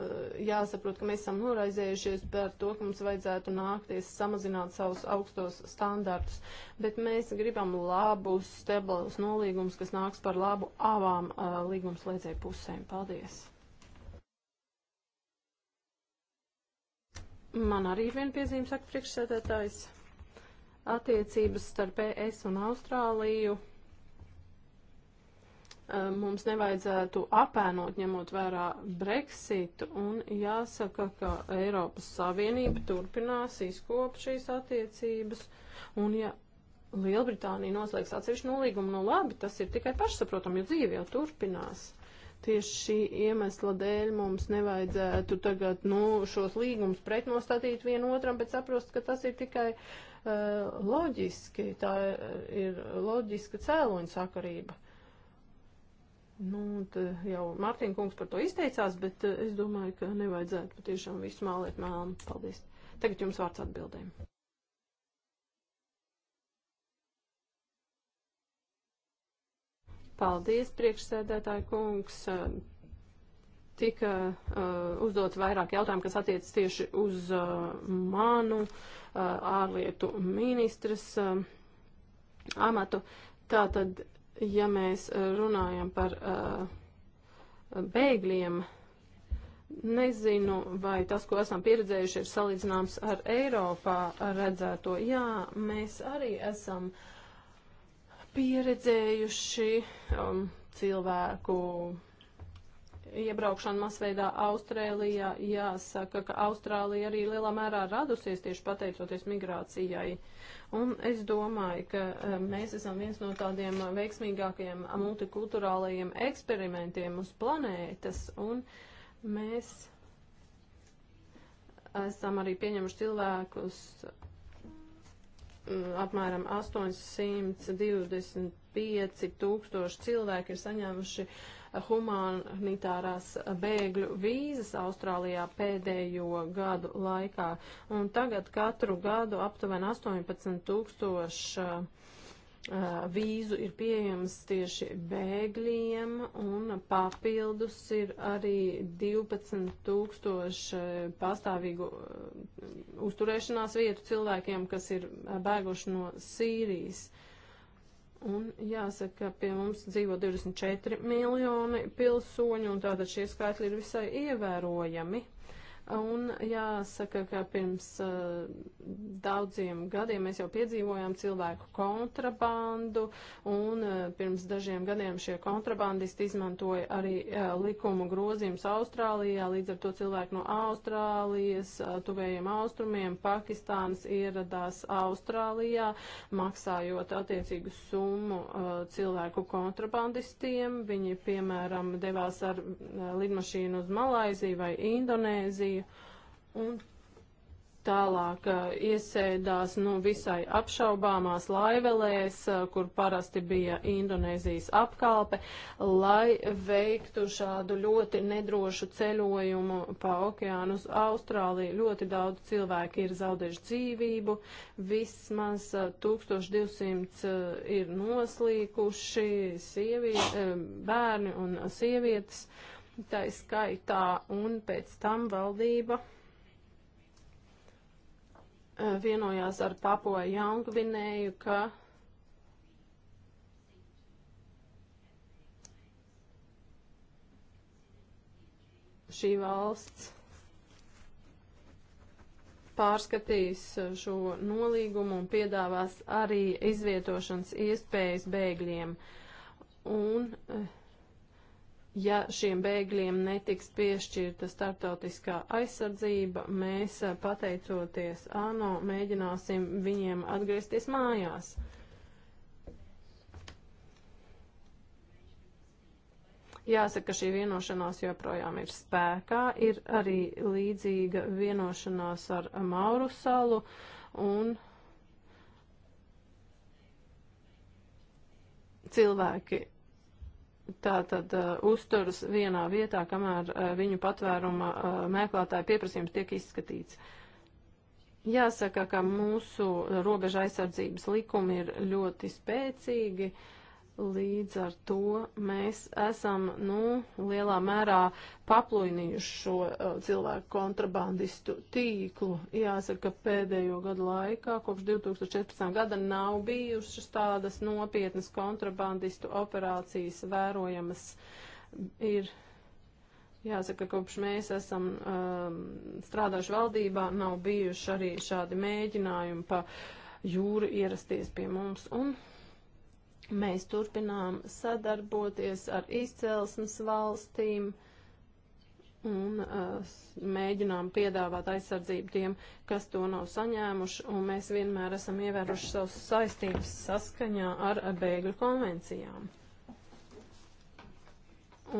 jāsaprot, ka mēs esam noraizējušies par to, ka mums vajadzētu nākties samazināt savus augstos standartus, bet mēs gribam labus, stabilus nolīgumus, kas nāks par labu avām e, līgumslēdzēju pusēm. Paldies! Man arī ir viena piezīme, saka priekšsēdētājs. Attiecības starp ES un Austrāliju e, mums nevajadzētu apēnot, ņemot vērā Brexitu, un jāsaka, ka Eiropas Savienība turpinās izkop šīs attiecības, un ja Lielbritānija noslēgs atsevišķu nolīgumu, nu no labi, tas ir tikai pašsaprotam, jo dzīve jau turpinās. Tieši šī iemesla dēļ mums nevajadzētu tagad nu, šos līgumus pretnostatīt vienotram, bet saprast, ka tas ir tikai uh, loģiski, tā ir loģiska cēloņa sakarība. Nu, jau Mārtiņa kungs par to izteicās, bet eh, es domāju, ka nevajadzētu patiešām visu mālēt mēlam. Paldies. Tagad jums vārds atbildēm. Paldies, priekšsēdētāji kungs. Tika uh, uzdot vairāk jautājumu, kas attiec tieši uz uh, manu uh, ārlietu ministras uh, amatu. Tātad, ja mēs uh, runājam par uh, bēgļiem, nezinu, vai tas, ko esam pieredzējuši, ir salīdzināms ar Eiropā redzēto. Jā, mēs arī esam. Uh, pieredzējuši um, cilvēku iebraukšanu masveidā Austrālijā. Jāsaka, ka Austrālija arī lielā mērā radusies tieši pateicoties migrācijai. Un es domāju, ka um, mēs esam viens no tādiem veiksmīgākajiem multikulturālajiem eksperimentiem uz planētas. Un mēs esam arī pieņemuši cilvēkus apmēram 825 tūkstoši cilvēki ir saņēmuši humanitārās bēgļu vīzas Austrālijā pēdējo gadu laikā. Un tagad katru gadu aptuveni 18 tūkstoši 000 vīzu ir pieejams tieši bēgļiem, un papildus ir arī 12 tūkstoši pastāvīgu uzturēšanās vietu cilvēkiem, kas ir bēguši no Sīrijas. Un jāsaka, ka pie mums dzīvo 24 miljoni pilsoņu, un tātad šie skaitļi ir visai ievērojami. Un jāsaka, ka pirms uh, daudziem gadiem mēs jau piedzīvojām cilvēku kontrabandu, un uh, pirms dažiem gadiem šie kontrabandisti izmantoja arī uh, eh, likumu grozījums Austrālijā, līdz ar to cilvēki no Austrālijas, uh, tuvējiem austrumiem, Pakistānas ieradās Austrālijā, maksājot attiecīgu summu uh, cilvēku kontrabandistiem. Viņi, piemēram, devās ar uh, lidmašīnu uz Malaiziju vai Indonēziju. Krieviju. Un tālāk iesēdās nu, visai apšaubāmās laivelēs, kur parasti bija Indonēzijas apkalpe, lai veiktu šādu ļoti nedrošu ceļojumu pa okeānu uz Austrāliju. Ļoti daudz cilvēki ir zaudējuši dzīvību, vismaz 1200 ir noslīkuši sievi, bērni un sievietes. Uh, tai skaitā, un pēc tam valdība e, vienojās ar Papoja Jaungvinēju, ka šī valsts pārskatīs šo nolīgumu un piedāvās arī izvietošanas iespējas bēgļiem. Un, uh, ja šiem bēgļiem netiks piešķirta startautiskā aizsardzība, mēs, eh, pateicoties ANO, mēģināsim viņiem atgriezties mājās. Jāsaka, ka šī vienošanās joprojām ir spēkā, ir arī līdzīga vienošanās ar Mauru salu un cilvēki tātad uh, uzturas vienā vietā, kamēr uh, viņu patvēruma uh, meklētāja pieprasījums tiek izskatīts. Jāsaka, ka mūsu robeža aizsardzības likumi ir ļoti spēcīgi. Uh, Līdz ar to mēs esam nu, lielā mērā paplūinījuši šo uh, cilvēku kontrabandistu tīklu. Jāsaka, ka pēdējo gadu laikā, kopš 2014. gada, nav bijušas tādas nopietnas kontrabandistu operācijas vērojamas. Ir Jāsaka, kopš mēs esam um, strādājuši valdībā, nav bijuši arī šādi mēģinājumi pa jūru ierasties pie mums un Mēs turpinām sadarboties ar izcelsmes valstīm un uh, mēģinām piedāvāt aizsardzību tiem, kas to nav saņēmuši, un mēs vienmēr esam ievēruši savus saistības saskaņā ar bēgļu konvencijām.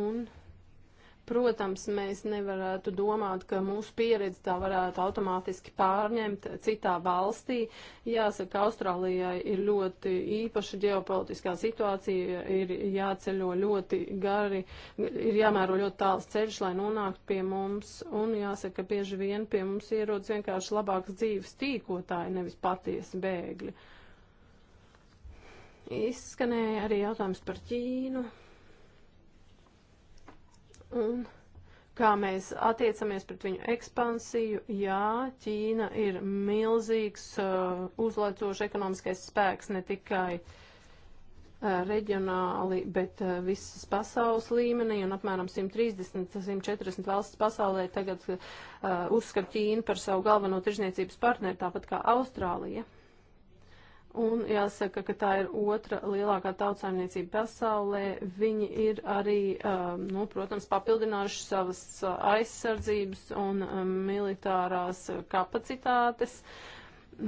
Un Protams, mēs nevarētu domāt, ka mūsu pieredze tā varētu automātiski pārņemt citā valstī. Jāsaka, Austrālijai ir ļoti īpaša ģeopolitiskā situācija, ir jāceļo ļoti gari, ir jāmēro ļoti tāls ceļš, lai nonāktu pie mums. Un jāsaka, bieži vien pie mums ierodas vienkārši labāks dzīves tīkotāji, nevis patiesi bēgļi. Izskanēja arī jautājums par Ķīnu. Un kā mēs attiecamies pret viņu ekspansiju. Jā, Ķīna ir milzīgs uh, uzlaicošs ekonomiskais spēks ne tikai uh, reģionāli, bet uh, visas pasaules līmenī, un apmēram 130-140 valsts pasaulē tagad uh, uzskata Ķīnu par savu galveno tirzniecības partneri, tāpat kā Austrālija. Un jāsaka, ka tā ir otra lielākā tautsājumniecība pasaulē. Viņi ir arī, um, nu, protams, papildinājuši savas uh, aizsardzības un um, militārās kapacitātes.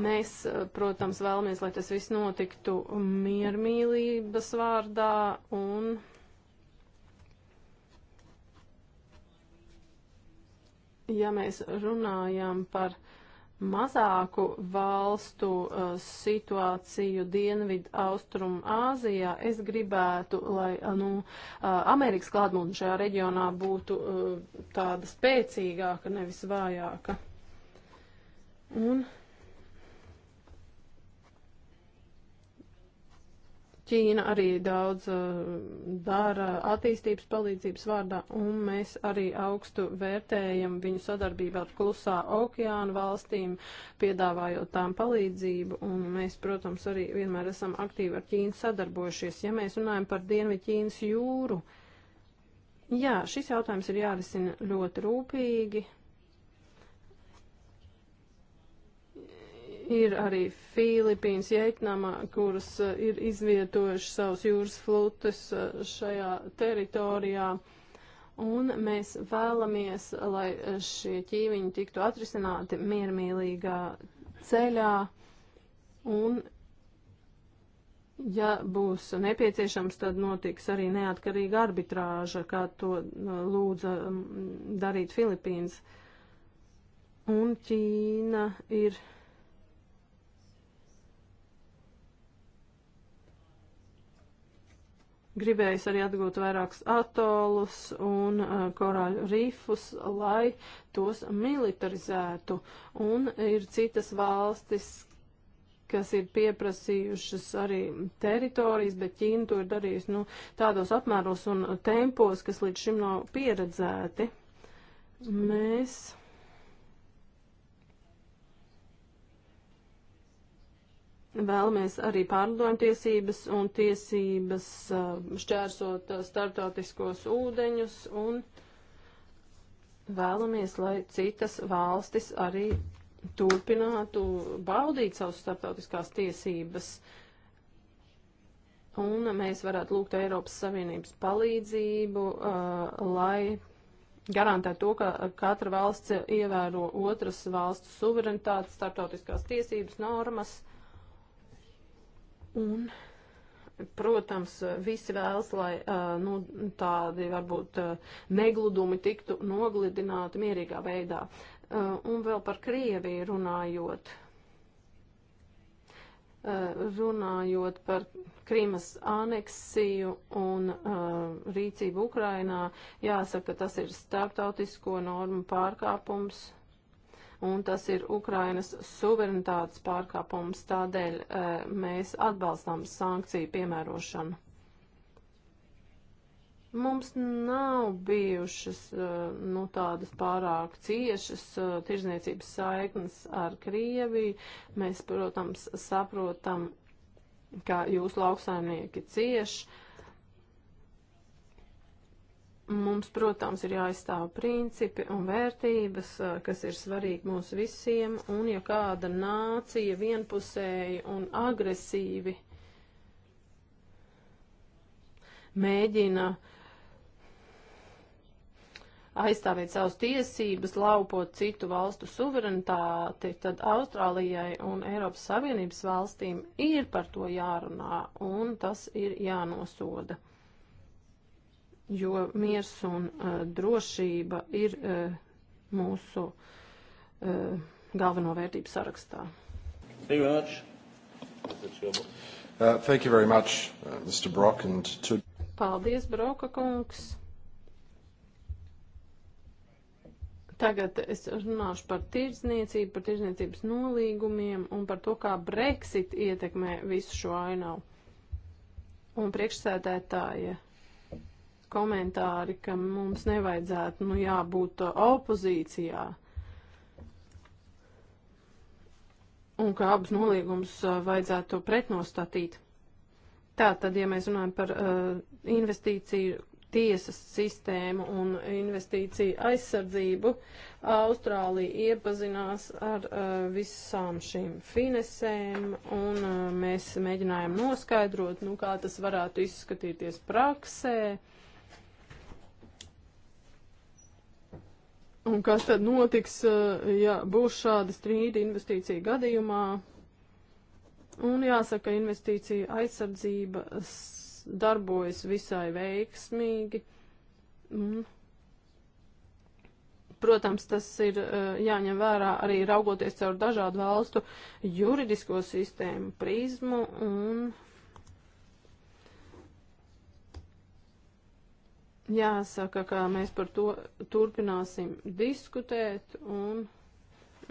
Mēs, uh, protams, vēlamies, lai tas viss notiktu miermīlības vārdā un. Ja mēs runājam par mazāku valstu uh, situāciju Dienvidu Austrumu Āzijā. Es gribētu, lai uh, nu, uh, Amerikas klātbūtne šajā reģionā būtu uh, tāda spēcīgāka, nevis vājāka. Un Ķīna arī daudz eh, dara attīstības palīdzības vārdā, un mēs arī augstu vērtējam viņu sadarbību ar klusā okeāna valstīm, piedāvājot tām palīdzību, un mēs, protams, arī vienmēr esam aktīvi ar Ķīnu sadarbojušies. Ja mēs runājam par Dienvi Ķīnas jūru, jā, šis jautājums ir jārisina ļoti rūpīgi, Ir arī Filipīnas, Vietnama, kuras eh, ir izvietojuši savus jūras flutes eh, šajā teritorijā. Un mēs vēlamies, lai eh, šie ķīviņi tiktu atrisināti miermīlīgā ceļā. Un, ja būs nepieciešams, tad notiks arī neatkarīga arbitrāža, kā to lūdza mm, darīt Filipīnas. Un Ķīna ir Gribējis arī atgūt vairākus atolus un uh, korāļu rifus, lai tos militarizētu. Un ir citas valstis, kas ir pieprasījušas arī teritorijas, bet Ķīna to ir darījusi nu, tādos apmēros un tempos, kas līdz šim nav pieredzēti. Mēs. Mm Vēlamies arī pārlidojuma tiesības un tiesības eh, šķērsot eh, starptautiskos ūdeņus un vēlamies, lai citas valstis arī turpinātu baudīt savus starptautiskās tiesības. Un mēs varētu lūgt Eiropas Savienības palīdzību, uh, lai garantētu to, ka katra valsts ievēro otras valsts suverenitātes, starptautiskās tiesības normas. Uh, Un, protams, visi vēlas, lai nu, tādi varbūt negludumi tiktu noglidināti mierīgā veidā. Un vēl par Krieviju runājot. Runājot par Krīmas aneksiju un rīcību Ukrainā, jāsaka, tas ir starptautisko normu pārkāpums un tas ir Ukrainas suverenitātes pārkāpums. Tādēļ e, mēs atbalstām sankciju piemērošanu. Mums nav bijušas e, nu, tādas pārāk ciešas e, tirzniecības saiknes ar Krieviju. Mēs, protams, saprotam, ka jūsu lauksaimnieki cieši Mums, protams, ir jāizstāv principi un vērtības, kas ir svarīgi mums visiem, un ja kāda nācija vienpusēji un agresīvi mēģina aizstāvēt savas tiesības, laupot citu valstu suverenitāti, tad Austrālijai un Eiropas Savienības valstīm ir par to jārunā, un tas ir jānosoda jo miers un uh, drošība ir uh, mūsu uh, galveno vērtību sarakstā. Uh, thank you very much, uh, Mr. Brock. And to... Paldies, Broka kungs. Tagad es runāšu par tirdzniecību, par tirdzniecības nolīgumiem un par to, kā Brexit ietekmē visu šo ainavu. Un priekšsēdētāja komentāri, ka mums nevajadzētu, nu, jābūt uh, opozīcijā. Un ka abus nolīgumus uh, vajadzētu pretnostatīt. Tā tad, ja mēs runājam par uh, investīciju tiesas sistēmu un investīciju aizsardzību, Austrālija iepazinās ar uh, visām šīm finesēm, un uh, mēs mēģinājām noskaidrot, nu, kā tas varētu izskatīties praksē. Uh, Un kas tad notiks, eh, ja būs šāda strīda investīcija gadījumā? Un jāsaka, investīcija aizsardzība darbojas visai veiksmīgi. Un, protams, tas ir eh, jāņem vērā arī raugoties caur dažādu valstu juridisko sistēmu prizmu un jāsaka, ka mēs par to turpināsim diskutēt un.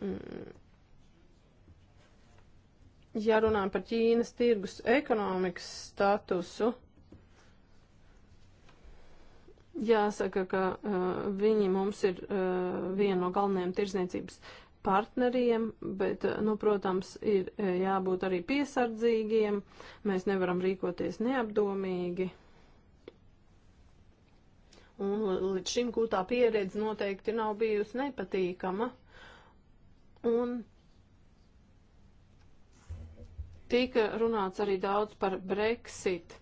Mm, ja runājam par Ķīnas tirgus ekonomikas statusu, jāsaka, ka uh, viņi mums ir uh, viena no galvenajiem tirzniecības partneriem, bet, uh, nu, protams, ir uh, jābūt arī piesardzīgiem. Mēs nevaram rīkoties neapdomīgi un līdz šim gūtā pieredze noteikti nav bijusi nepatīkama. Un tika runāts arī daudz par Brexit,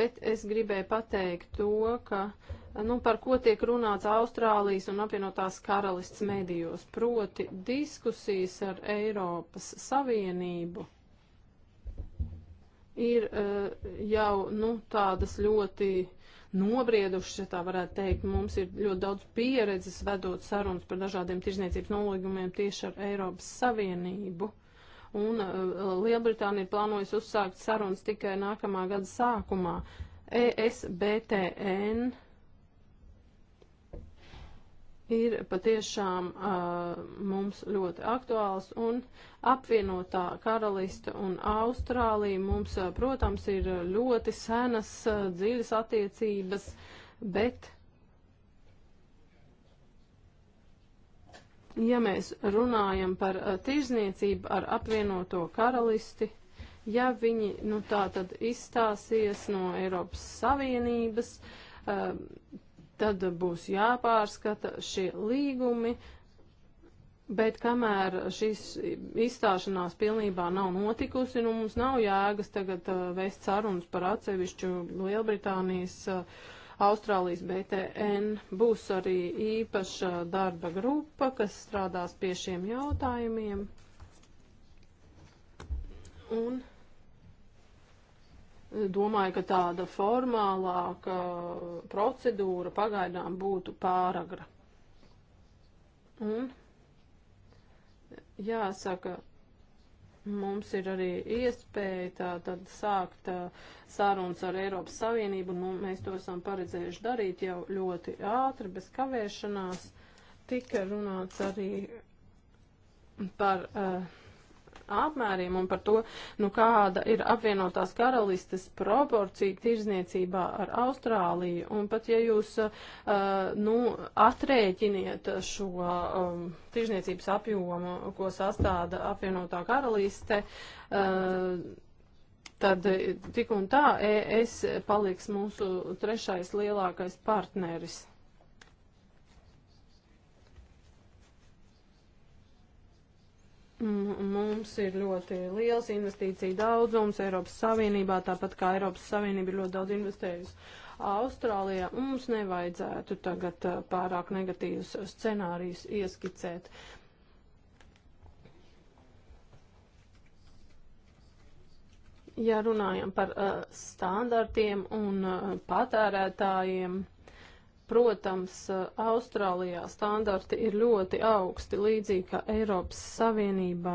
bet es gribēju pateikt to, ka nu, par ko tiek runāts Austrālijas un apvienotās karalists medijos, proti diskusijas ar Eiropas Savienību ir uh, jau nu, tādas ļoti uh, nobriedušas, ja tā varētu teikt. Mums ir ļoti daudz pieredzes vedot sarunas par dažādiem tirzniecības nolīgumiem tieši ar Eiropas Savienību. Un uh, Lielbritānija ir plānojusi uzsākt sarunas tikai nākamā gada sākumā. ESBTN ir patiešām uh, mums ļoti aktuāls un apvienotā karaliste un Austrālija mums, uh, protams, ir ļoti senas, uh, dziļas attiecības, bet, ja mēs runājam par uh, tirzniecību ar apvienoto karalisti, ja viņi, nu tā tad izstāsies no Eiropas Savienības, uh, Tad būs jāpārskata šie līgumi, bet kamēr šīs izstāšanās pilnībā nav notikusi, nu mums nav jēgas tagad uh, vēst sarunas par atsevišķu Lielbritānijas uh, Austrālijas BTN būs arī īpaša darba grupa, kas strādās pie šiem jautājumiem. Un Domāju, ka tāda formālāka procedūra pagaidām būtu pāragra. Un jāsaka, mums ir arī iespēja tā, tad sākt uh, sarunas ar Eiropas Savienību, un nu, mēs to esam paredzējuši darīt jau ļoti ātri, bez kavēšanās. Tika runāts arī par uh, apmēriem un par to, nu, kāda ir apvienotās karalistes proporcija tirzniecībā ar Austrāliju. Un pat ja jūs, uh, nu, atrēķiniet šo um, tirzniecības apjomu, ko sastāda apvienotā karaliste, uh, tad tik un tā ES paliks mūsu trešais lielākais partneris. Mums ir ļoti liels investīcija daudzums Eiropas Savienībā, tāpat kā Eiropas Savienība ir ļoti daudz investējusi Austrālijā. Mums nevajadzētu tagad uh, pārāk negatīvus scenārijus ieskicēt. Ja runājam par uh, standartiem un uh, patērētājiem, Protams, Austrālijā standarti ir ļoti augsti, līdzīgi kā Eiropas Savienībā.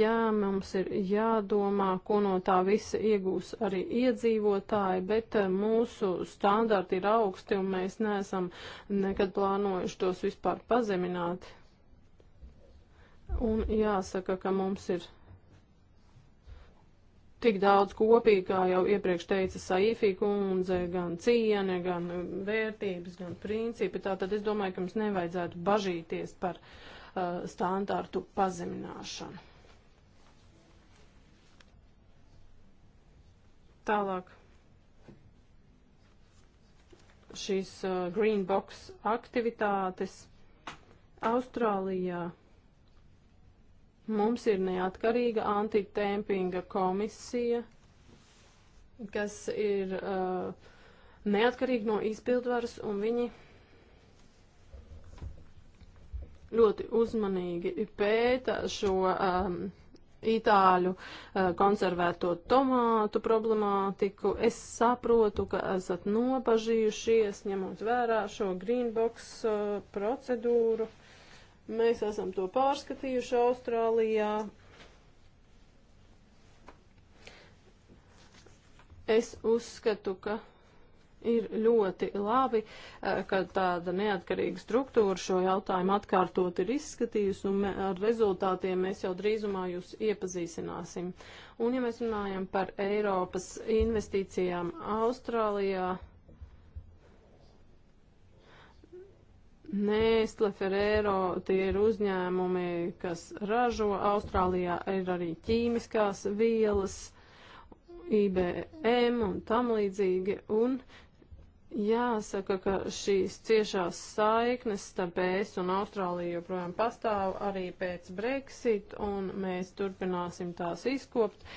Jā, mums ir jādomā, ko no tā visa iegūs arī iedzīvotāji, bet eh, mūsu standarti ir augsti un mēs neesam nekad plānojuši tos vispār pazemināt. Un jāsaka, ka mums ir tik daudz kopīgi, kā jau iepriekš teica Saifī kundze, gan ciene, gan um, vērtības, gan principi. Tātad es domāju, ka mums nevajadzētu bažīties par uh, standārtu pazemināšanu. Tālāk šīs uh, green box aktivitātes Austrālijā. Mums ir neatkarīga antitempinga komisija, kas ir uh, neatkarīga no izpildvaras, un viņi ļoti uzmanīgi pēta šo. Um, itāļu uh, konservēto tomātu problemātiku. Es saprotu, ka esat nopažījušies, ņemot vērā šo greenbox uh, procedūru. Mēs esam to pārskatījuši Austrālijā. Es uzskatu, ka ir ļoti labi, eh, ka tāda neatkarīga struktūra šo jautājumu atkārtot ir izskatījusi, un ar rezultātiem mēs jau drīzumā jūs iepazīstināsim. Un ja mēs runājam par Eiropas investīcijām Austrālijā, Nēstle, Ferrero, tie ir uzņēmumi, kas ražo. Austrālijā ir arī ķīmiskās vielas, IBM un tam līdzīgi. Un jāsaka, ka šīs ciešās saiknes starp ES un Austrāliju joprojām pastāv arī pēc Brexit, un mēs turpināsim tās izkopt.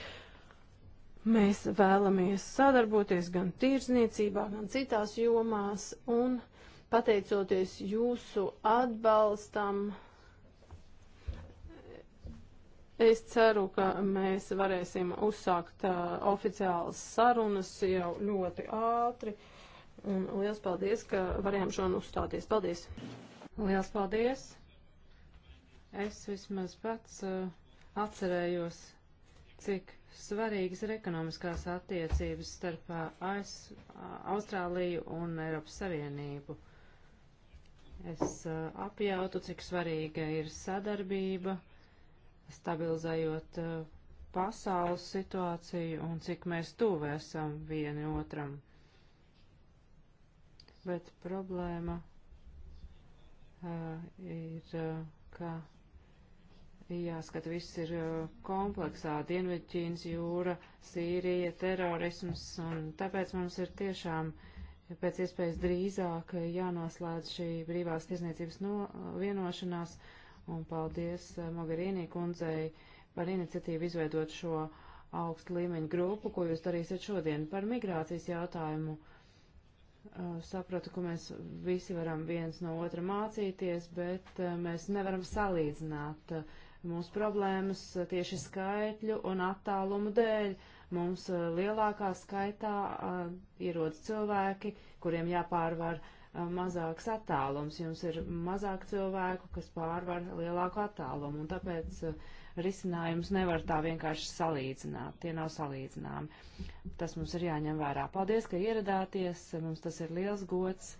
Mēs vēlamies sadarboties gan tirzniecībā, gan citās jomās, un uh, pateicoties jūsu atbalstam. Es ceru, ka mēs varēsim uzsākt uh, oficiālas sarunas jau ļoti ātri. Un liels paldies, ka varējām šodien uzstāties. Paldies! Liels paldies! Es vismaz pats uh, atcerējos, cik svarīgas ir ekonomiskās attiecības starp AS, Austrāliju un Eiropas Savienību. Es apjautu, cik svarīga ir sadarbība, stabilizējot pasaules situāciju un cik mēs tuvu esam vieni otram. Bet problēma uh, ir, uh, ka jāskata viss ir uh, kompleksā. Dienvidķīnas jūra, Sīrija, terorisms, un tāpēc mums ir tiešām uh, pēc iespējas drīzāk jānoslēdz šī brīvās tirzniecības no, vienošanās, un paldies eh, Mogherini kundzei par iniciatīvu izveidot šo augstu līmeņu grupu, ko jūs darīsiet šodien par migrācijas jautājumu. Eh, sapratu, ka mēs visi varam viens no otra mācīties, bet eh, mēs nevaram salīdzināt mūsu problēmas tieši skaitļu un attālumu dēļ. Uh, Mums eh, lielākā skaitā eh, ierodas cilvēki, kuriem jāpārvar eh, mazāks attālums. Jums ir mazāk cilvēku, kas pārvar lielāku attālumu, un tāpēc risinājums nevar tā vienkārši salīdzināt. Tie nav salīdzināmi. Tas mums ir jāņem vērā. Paldies, ka ieradāties. Mums tas ir liels gods,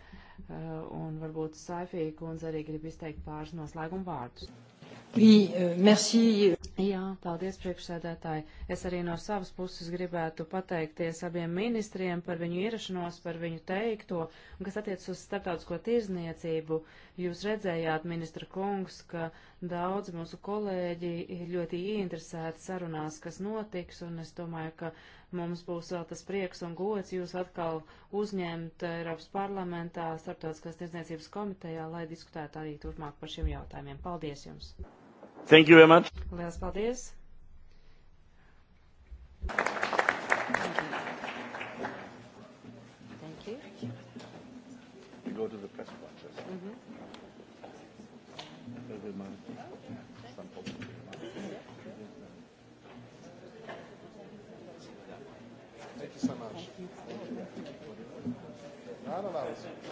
un varbūt Saifī kundze arī grib izteikt pāris noslēguma vārdus. Oui, euh, merci. Jā, paldies priekšsēdētāji. Es arī no savas puses gribētu pateikties abiem ministriem par viņu ierašanos, par viņu teikto, un kas attiec uz starptautisko tirzniecību. Jūs redzējāt, ministra kungs, ka daudz mūsu kolēģi ir ļoti ieinteresēti sarunās, kas notiks, un es domāju, ka mums būs vēl tas prieks un gods jūs atkal uzņemt Eiropas parlamentā, starptautiskās tirzniecības komitejā, lai diskutētu arī turpmāk par šiem jautājumiem. Paldies jums! Thank you very much. Lielas paldies. Thank you. Thank you. We go to the press conference. Mm-hmm. Every month. Some Thank you so much. Thank you. Thank you. Thank you.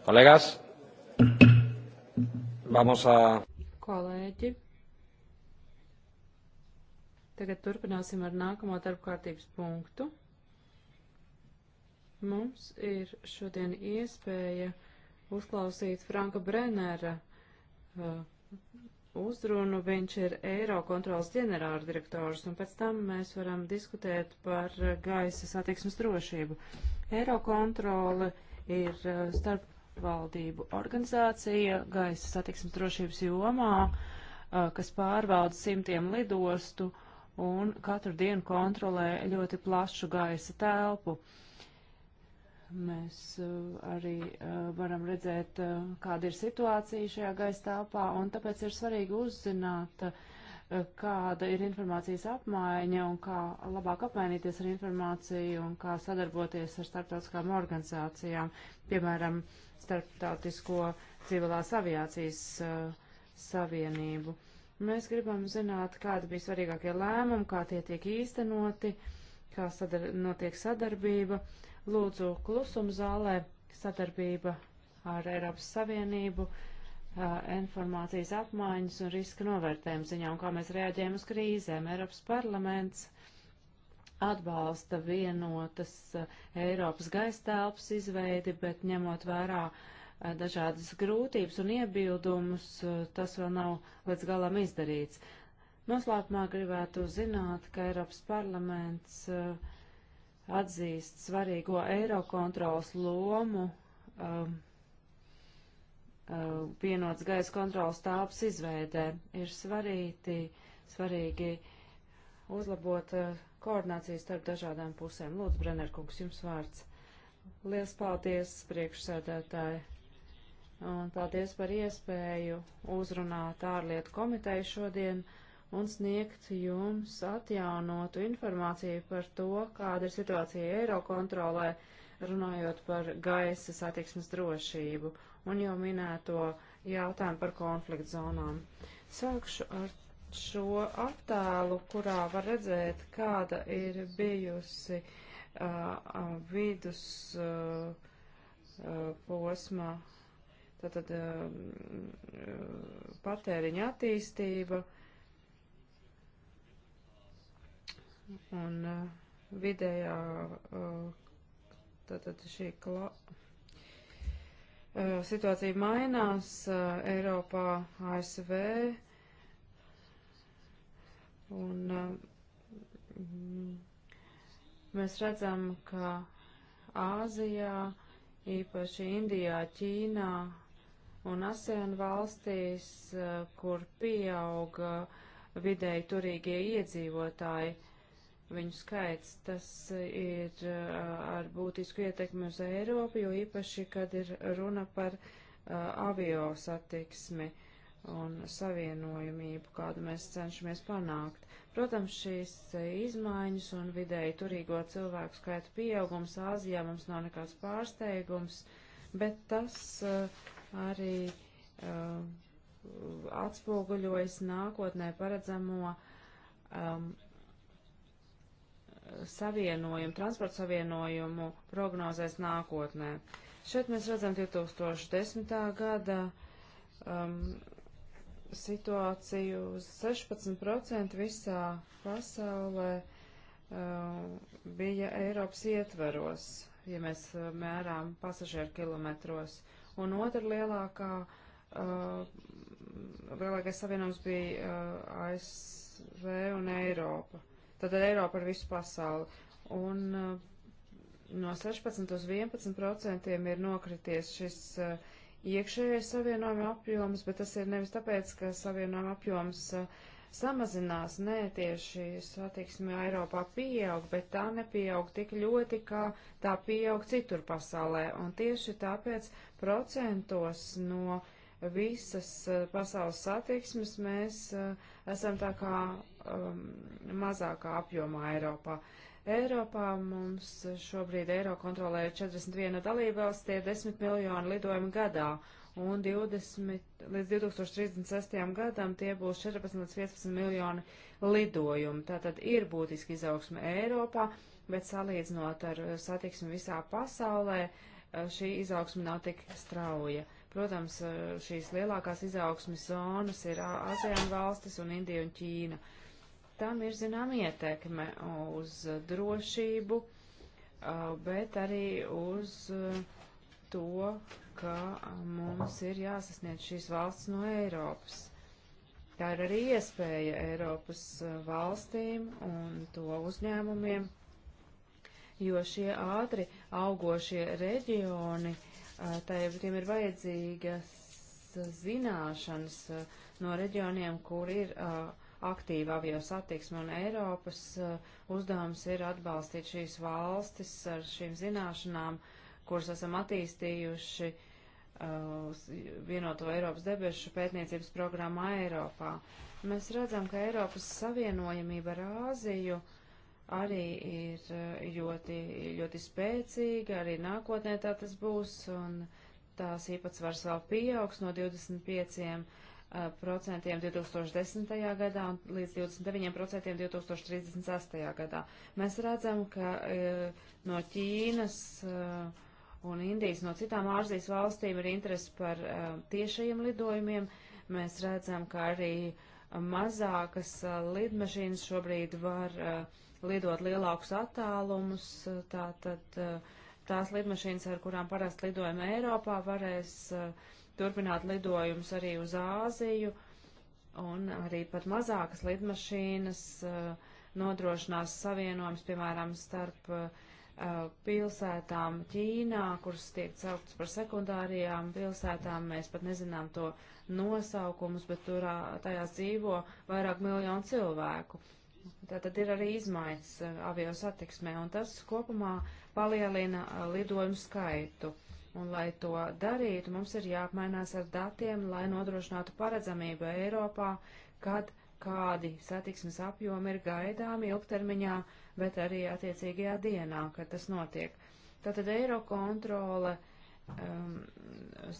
Colegas, vamos a. Kolēģi, tagad turpināsim ar nākamo darba kārtības punktu. Mums ir šodien iespēja uzklausīt Franka Brennera uh, uzrunu. Viņš ir Eirokontrols ģenerāldirektors, un pēc tam mēs varam diskutēt par gaisa satiksmes drošību. Eirokontrole ir uh, starp starpvaldību organizācija gaisa satiksmes drošības jomā, kas pārvalda simtiem lidostu un katru dienu kontrolē ļoti plašu gaisa telpu. Mēs arī varam redzēt, kāda ir situācija šajā gaisa telpā, un tāpēc ir svarīgi uzzināt, uh, kāda ir informācijas apmaiņa un kā labāk apmainīties ar informāciju un kā sadarboties ar starptautiskām organizācijām, piemēram, starptautisko civilās aviācijas uh, savienību. Mēs gribam zināt, kādi bija svarīgākie lēmumi, kā tie tiek īstenoti, kā sadar notiek sadarbība. Lūdzu, klusuma zālē sadarbība ar Eiropas Savienību. Uh, informācijas apmaiņas un riska novērtējuma ziņā un kā mēs reaģējam uz krīzēm. Eiropas parlaments atbalsta vienotas Eiropas gaistelpas izveidi, bet ņemot vērā dažādas grūtības un iebildumus, tas vēl nav līdz galam izdarīts. Noslēpumā gribētu zināt, ka Eiropas parlaments atzīst svarīgo Eirokontrols lomu um, Uh, vienots gaisa kontrolas tāps izveidē. Ir svarīgi, svarīgi uzlabot uh, koordināciju starp dažādām pusēm. Lūdzu, Brennerkungs, jums vārds. Lielas paldies, priekšsēdētāji, un paldies par iespēju uzrunāt ārlietu komiteju šodien un sniegt jums atjaunotu informāciju par to, kāda ir situācija Eirokontrolē, runājot par gaisa satiksmes drošību un jau minēto jautājumu par konfliktu zonām. Sākšu ar šo attēlu, kurā var redzēt, kāda ir bijusi uh, vidus uh, posma tātad patēriņa attīstība un vidējā tātad šī klāta situācija mainās Eiropā, ASV, un mm, mēs redzam, ka Āzijā, īpaši Indijā, Ķīnā un ASEAN valstīs, kur pieauga vidēji turīgie iedzīvotāji, viņu skaits. Tas ir ar būtisku ietekmi uz Eiropu, jo īpaši, kad ir runa par avio satiksmi un savienojumību, kādu mēs cenšamies panākt. Protams, šīs izmaiņas un vidēji turīgo cilvēku skaitu pieaugums Āzijā mums nav nekāds pārsteigums, bet tas arī atspoguļojas nākotnē paredzamo um, savienojumu, transporta savienojumu prognozēs nākotnē. Šeit mēs redzam 2010. gada um, situāciju 16% visā pasaulē um, bija Eiropas ietveros, ja mēs uh, mērām pasažieru kilometros. Un otra lielākā, uh, lielākais savienojums bija uh, ASV un Eiropa. Tad Eiropa ar visu pasauli. Un uh, no 16 uz 11 procentiem ir nokrities šis uh, iekšējais savienojuma apjoms, bet tas ir nevis tāpēc, ka savienojuma apjoms uh, samazinās, nē, tieši satiksme Eiropā pieaug, bet tā nepieaug tik ļoti, kā tā pieaug citur pasaulē. Un tieši tāpēc procentos no uh, visas eh, pasaules satiksmes mēs eh, esam tā kā um, mazākā apjomā Eiropā. Eiropā mums eh, šobrīd eiro kontrolē 41 dalībvalsts, tie ir 10 miljoni lidojumi gadā, un 20, līdz 2036. gadam tie būs 14 līdz 15 miljoni lidojumu. Tātad ir būtiski izaugsme Eiropā, bet salīdzinot ar satiksmi visā pasaulē, šī izaugsme nav tik strauja. Uh, Protams, eh, šīs lielākās izaugsmes zonas ir ASEAN valstis un Indija un Ķīna. Tam ir zinām ietekme uz drošību, bet arī uz eh, to, ka mums ir jāsasniedz šīs valsts no Eiropas. Tā ir arī iespēja Eiropas eh, valstīm un to uzņēmumiem, jo šie ātri augošie reģioni uh, Eh, tiem ir vajadzīgas zināšanas eh, no reģioniem, kur ir eh, aktīva avio satiksme, un Eiropas uzdevums ir atbalstīt šīs valstis ar šīm zināšanām, kuras esam attīstījuši vienoto Eiropas debešu pētniecības programmā Eiropā. Mēs redzam, ka Eiropas savienojamība ar Āziju uh, arī ir eh, ļoti, ļoti spēcīga, arī nākotnē tā tas būs, un tās īpatsvars vēl pieaugs no 25 eh, procentiem 2010. gadā un līdz 29% 2038. gadā. Mēs redzam, ka eh, no Ķīnas un Indijas, no citām ārzijas valstīm ir interesi par tiešajiem lidojumiem. Mēs redzam, ka arī mazākas lidmašīnas šobrīd var uh, lidot lielākus attālumus, tātad eh, tās lidmašīnas, ar kurām parasti lidojam Eiropā, varēs eh, turpināt lidojumus arī uz Āziju, un arī pat mazākas lidmašīnas eh, nodrošinās savienojums, piemēram, starp pilsētām Ķīnā, kuras tiek sauktas par sekundārajām pilsētām, mēs pat nezinām to nosaukumus, bet tur tajās dzīvo vairāk miljonu cilvēku. Tātad ir arī izmaiņas eh, avio satiksmē, un tas kopumā palielina eh, lidojumu skaitu. Un, lai to darītu, mums ir jāapmainās ar datiem, lai nodrošinātu paredzamību Eiropā, kad kādi satiksmes apjomi ir gaidāmi ilgtermiņā, bet arī attiecīgajā dienā, kad tas notiek. Tātad Eirokontrole um,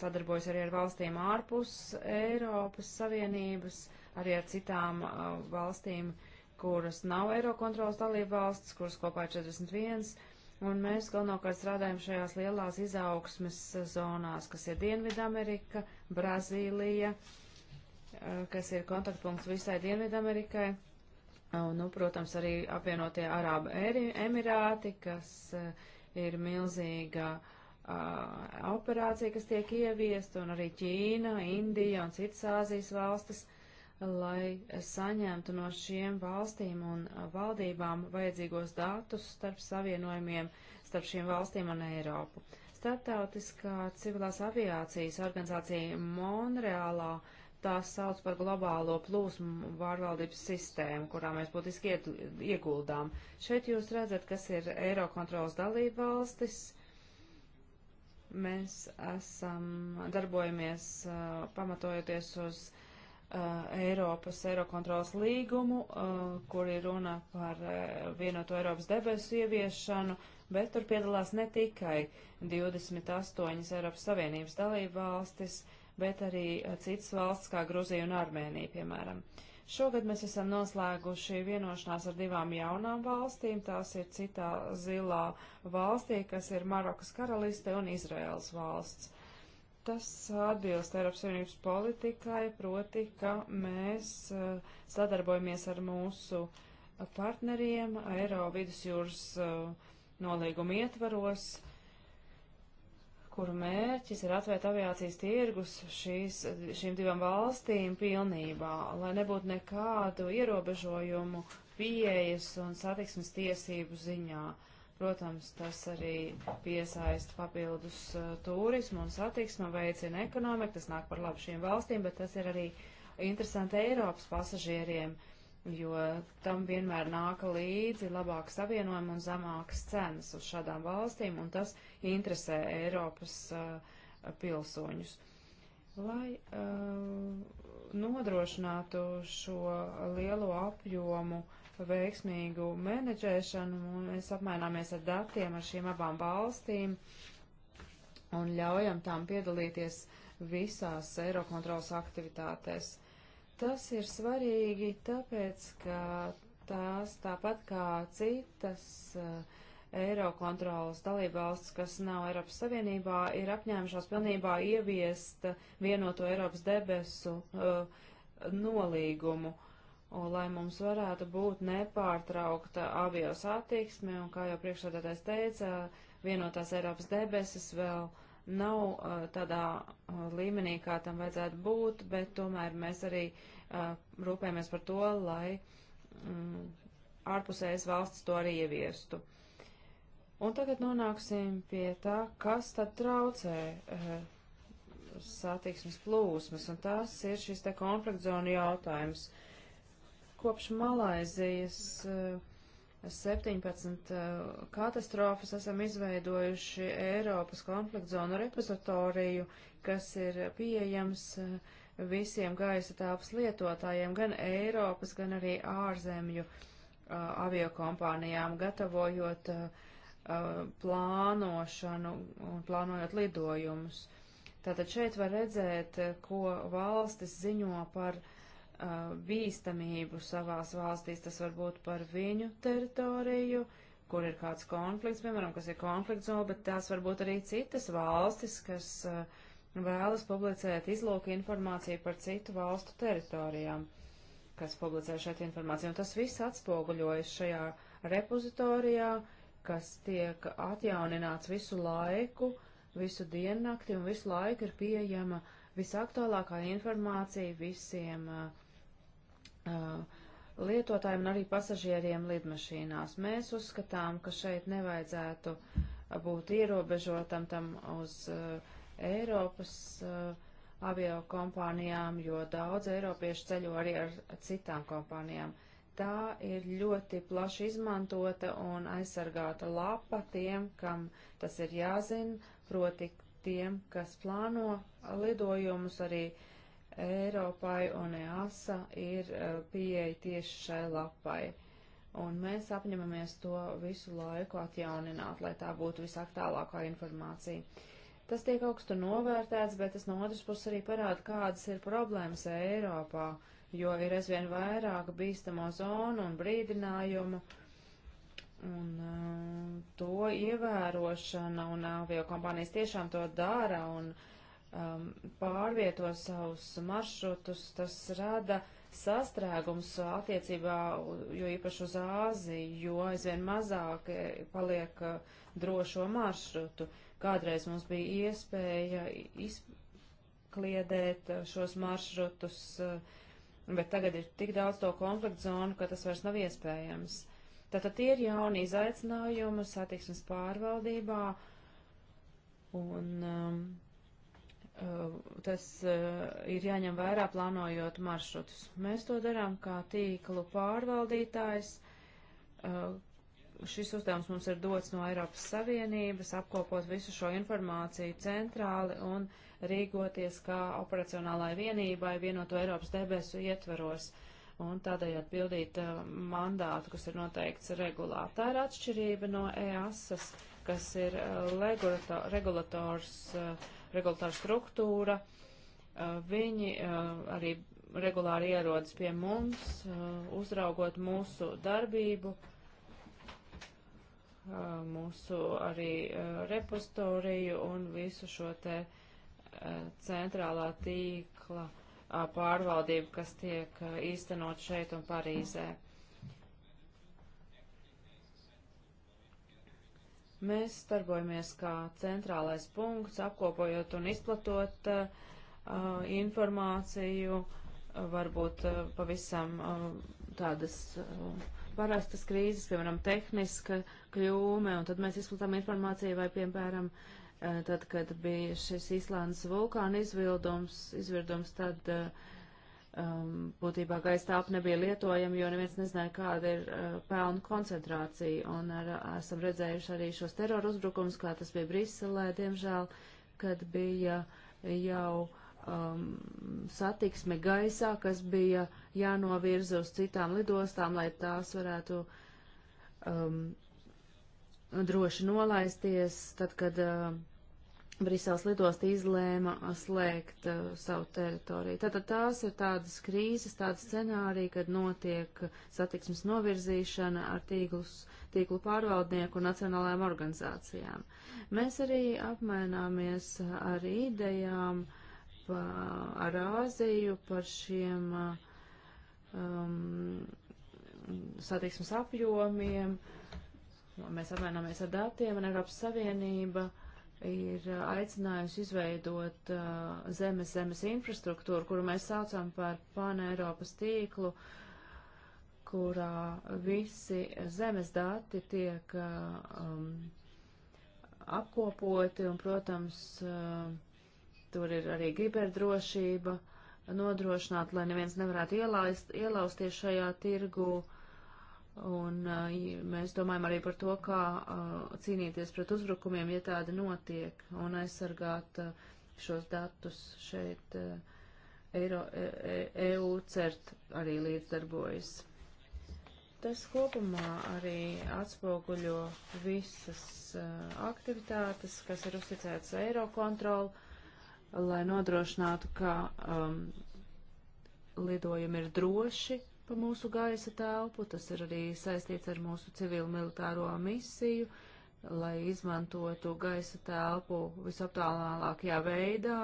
sadarbojas arī ar valstīm ārpus Eiropas Savienības, arī ar citām uh, valstīm uh, kuras nav Eirokontrolas dalībvalsts, kuras kopā ir 41, un mēs galvenokārt strādājam šajās lielās izaugsmes zonās, kas ir Dienvidamerika, Brazīlija, eh, kas ir kontaktpunkts visai Dienvidamerikai, un, nu, protams, arī apvienotie Arābu Emirāti, kas eh, ir milzīga eh, operācija, kas tiek ieviest, un arī Ķīna, Indija un citas Āzijas valstis lai saņemtu no šiem valstīm un valdībām vajadzīgos datus starp savienojumiem starp šīm valstīm un Eiropu. Startautiskā civilās aviācijas organizācija Monreālā tās sauc par globālo plūsmu pārvaldības sistēmu, kurā mēs būtiski ieguldām. Šeit jūs redzat, kas ir Eirokontrolas dalība valstis mēs esam darbojamies uh, pamatojoties uz Uh, Eiropas Eirokontrolas līgumu, uh, kur ir runa par uh, vienoto Eiropas debesu ieviešanu, bet tur piedalās ne tikai 28 Eiropas Savienības dalību valstis, bet arī citas valsts kā Gruzija un Armēnija, piemēram. Šogad mēs esam noslēguši vienošanās ar divām jaunām valstīm. Tās ir citā zilā valstī, kas ir Marokas karaliste un Izraels valsts tas atbilst Eiropas Savienības politikai, proti, ka mēs eh, sadarbojamies ar mūsu partneriem Eiro vidusjūras eh, nolīguma ietvaros, kuru mērķis ir atvērt aviācijas tirgus šīs, šīm divām valstīm pilnībā, lai nebūtu nekādu ierobežojumu pieejas un satiksmes tiesību ziņā. Uh, Protams, tas arī piesaista papildus uh, turismu un satiksmu, veicina ekonomiku, tas nāk par labu šīm valstīm, bet tas ir arī interesanti Eiropas pasažieriem, jo tam vienmēr nāk līdzi labāk savienojumi un zemākas cenas uz šādām valstīm, un tas interesē Eiropas uh, pilsoņus. Lai uh, nodrošinātu šo lielo apjomu uh, veiksmīgu menedžēšanu. Mēs apmaināmies ar datiem ar šīm abām valstīm un ļaujam tām piedalīties visās Eirokontrolas aktivitātēs. Tas ir svarīgi, tāpēc, ka tās tāpat kā citas uh, Eirokontrolas dalībvalsts, kas nav Eiropas Savienībā, ir apņēmušās pilnībā ieviest vienoto Eiropas debesu uh, nolīgumu. Uh, un lai mums varētu būt nepārtraukta avio satiksme, un kā jau priekšsādātais teica, vienotās Eiropas debesis vēl nav uh, tādā uh, līmenī, kā tam vajadzētu būt, bet tomēr mēs arī uh, rūpējamies par to, lai mm, ārpusējas valsts to arī ieviestu. Un tagad nonāksim pie tā, kas tad traucē uh, satiksmes plūsmas, un tas ir šis te konfliktzonu jautājums. Uh, Kopš Malaizijas 17 eh, eh, katastrofas esam izveidojuši Eiropas konflikta zonu repozitoriju, kas ir pieejams eh, visiem gaisa tāpas lietotājiem, gan Eiropas, gan arī ārzemju aviokompānijām, gatavojot plānošanu un plānojot lidojumus. Tātad šeit var redzēt, ko valstis ziņo par uh, uh, bīstamību savās valstīs. Tas var būt par viņu teritoriju, kur ir kāds konflikts, piemēram, kas ir konflikts zona, bet tās var būt arī citas valstis, kas uh, vēlas publicēt izlūku informāciju par citu valstu teritorijām, kas publicē šeit informāciju. Un tas viss atspoguļojas šajā repozitorijā, kas tiek atjaunināts visu laiku, visu diennakti un visu laiku ir pieejama visaktuālākā informācija visiem uh, Uh, lietotājiem un arī pasažieriem lidmašīnās. Mēs uzskatām, ka šeit nevajadzētu būt ierobežotam tam uz uh, Eiropas uh, avio kompānijām, jo daudz eiropiešu ceļo arī ar citām kompānijām. Tā ir ļoti plaši izmantota un aizsargāta lapa tiem, kam tas ir jāzina, proti tiem, kas plāno lidojumus arī uh, Eiropai un EASA ir e, pieeja tieši šai lapai. Un mēs apņemamies to visu laiku atjaunināt, lai tā būtu visaktālākā informācija. Tas tiek augstu novērtēts, bet tas no otras puses arī parāda, kādas ir problēmas Eiropā, jo ir aizvien vairāk bīstamo zonu un brīdinājumu. Un uh, to ievērošana un avio kompānijas tiešām to dara un uh, um, pārvieto savus maršrutus, tas rada sastrēgums attiecībā, jo īpaši uz Āziju, jo aizvien mazāk e, paliek uh, drošo maršrutu. Kādreiz mums bija iespēja izkliedēt uh, šos maršrutus, uh, bet tagad ir tik daudz to konfliktu zonu, ka tas vairs nav iespējams. Tātad tie ir jauni izaicinājumi satiksmes pārvaldībā, un um, Uh, tas uh, ir jāņem vērā plānojot maršrutus. Mēs to darām kā tīklu pārvaldītājs. Uh, šis uzdevums mums ir dots no Eiropas Savienības, apkopot visu šo informāciju centrāli un rīkoties kā operacionālai vienībai vienoto Eiropas debesu ietvaros un tādējādi pildīt uh, mandātu, kas ir noteikts regulā. Tā ir atšķirība no EASAS, kas ir uh, regulators. Uh, regulatāra struktūra. Viņi arī regulāri ierodas pie mums, uzraugot mūsu darbību, mūsu arī repozitoriju un visu šo te centrālā tīkla pārvaldību, kas tiek īstenot šeit un Parīzē. Mm. Mēs darbojamies kā centrālais punkts, apkopojot un izplatot uh, uh informāciju, uh, varbūt uh, pavisam uh, tādas uh, parastas krīzes, piemēram, tehniska kļūme, un tad mēs izplatām informāciju vai, piemēram, tad, kad bija šis Īslandes vulkāna izvirdums, izvirdums tad uh, um, būtībā gaisa tāpa nebija lietojama, jo neviens nezināja, kāda ir uh, pelnu koncentrācija. Un ar, esam redzējuši arī šos teroru uzbrukums, kā tas bija Briselē, diemžēl, kad bija jau um, satiksme gaisā, kas bija jānovirza uz citām lidostām, lai tās varētu. Um, droši nolaisties, tad, kad uh, Brisels lidosta izlēma slēgt uh, savu teritoriju. Tātad tās ir tādas krīzes, tādas scenārija, kad notiek satiksmes novirzīšana ar tīklus, tīklu pārvaldnieku un nacionālajām organizācijām. Mēs arī apmaināmies ar idejām pa, ar Āziju par šiem uh, um, satiksmes apjomiem. Mēs apmaināmies ar datiem un Eiropas Savienība ir uh, aicinājusi izveidot uh, zemes, zemes infrastruktūru, kuru mēs saucam par paneiropas tīklu, kurā visi zemes dati tiek uh, um, apkopoti un, protams, uh, tur ir arī kiberdrošība nodrošināta, lai neviens nevarētu ielaist, ielausties šajā tirgu. Uh, Un uh, mēs domājam arī par to, kā uh, cīnīties pret uzbrukumiem, ja tāda notiek, un aizsargāt uh, šos datus šeit. Uh, Eiro, e, EU e cert arī līdzdarbojas. Tas kopumā arī atspoguļo visas uh, aktivitātes, kas ir uzticētas Eiro kontroli, lai nodrošinātu, ka um, lidojumi ir droši pa mūsu gaisa telpu, tas ir arī saistīts ar mūsu civilu militāro misiju, lai izmantotu gaisa telpu visaptālākajā veidā,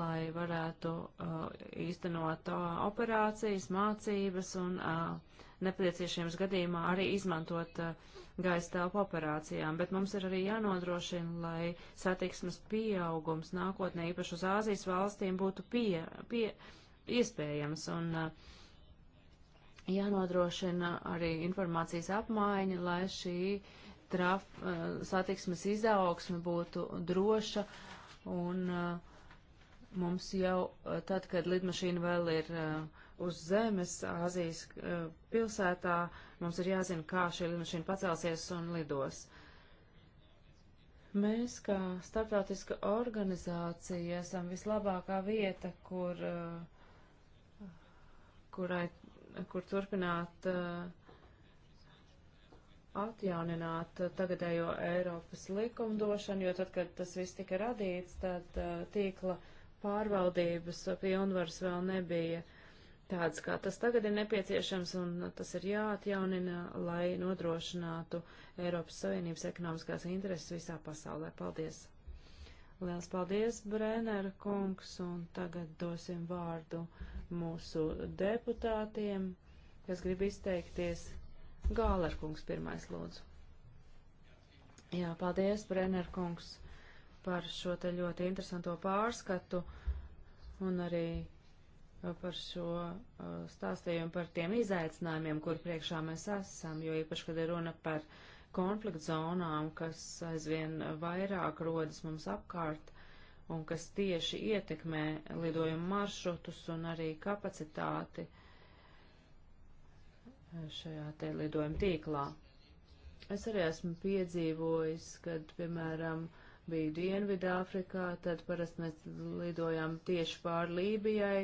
lai varētu uh, īstenot uh, operācijas, mācības un uh, nepieciešams gadījumā arī izmantot uh, gaisa telpu operācijām, bet mums ir arī jānodrošina, lai satiksmes pieaugums nākotnē īpaši uz Āzijas valstīm būtu pie, pie, iespējams. Un, uh, jānodrošina arī informācijas apmaiņa, lai šī traf, eh, satiksmes izaugsme būtu droša un eh, mums jau eh, tad, kad lidmašīna vēl ir uz zemes Āzijas pilsētā, mums ir jāzina, kā šī lidmašīna pacelsies un lidos. Mēs, kā starptautiska organizācija, esam vislabākā vieta, kur, kurai kur turpināt uh, atjaunināt tagadējo Eiropas likumdošanu, jo tad, kad tas viss tika radīts, tad uh, tīkla pārvaldības pilnvars vēl nebija tāds, kā tas tagad ir nepieciešams, un tas ir jāatjaunina, lai nodrošinātu Eiropas Savienības ekonomiskās intereses visā pasaulē. Paldies! Liels paldies, Brēnera kungs, un tagad dosim vārdu mūsu deputātiem, kas grib izteikties. Gālerkungs pirmais lūdzu. Jā, paldies, Brennerkungs, par šo te ļoti interesanto pārskatu un arī par šo uh, stāstījumu par tiem izaicinājumiem, kur priekšā mēs esam, jo īpaši, kad ir runa par konflikt zonām, kas aizvien vairāk rodas mums apkārt, un kas tieši ietekmē lidojumu maršrutus un arī kapacitāti eh, šajā te lidojuma tīklā. Es arī esmu piedzīvojis, kad, piemēram, biju Dienvidāfrikā, tad parasti mēs lidojām tieši pāri Lībijai,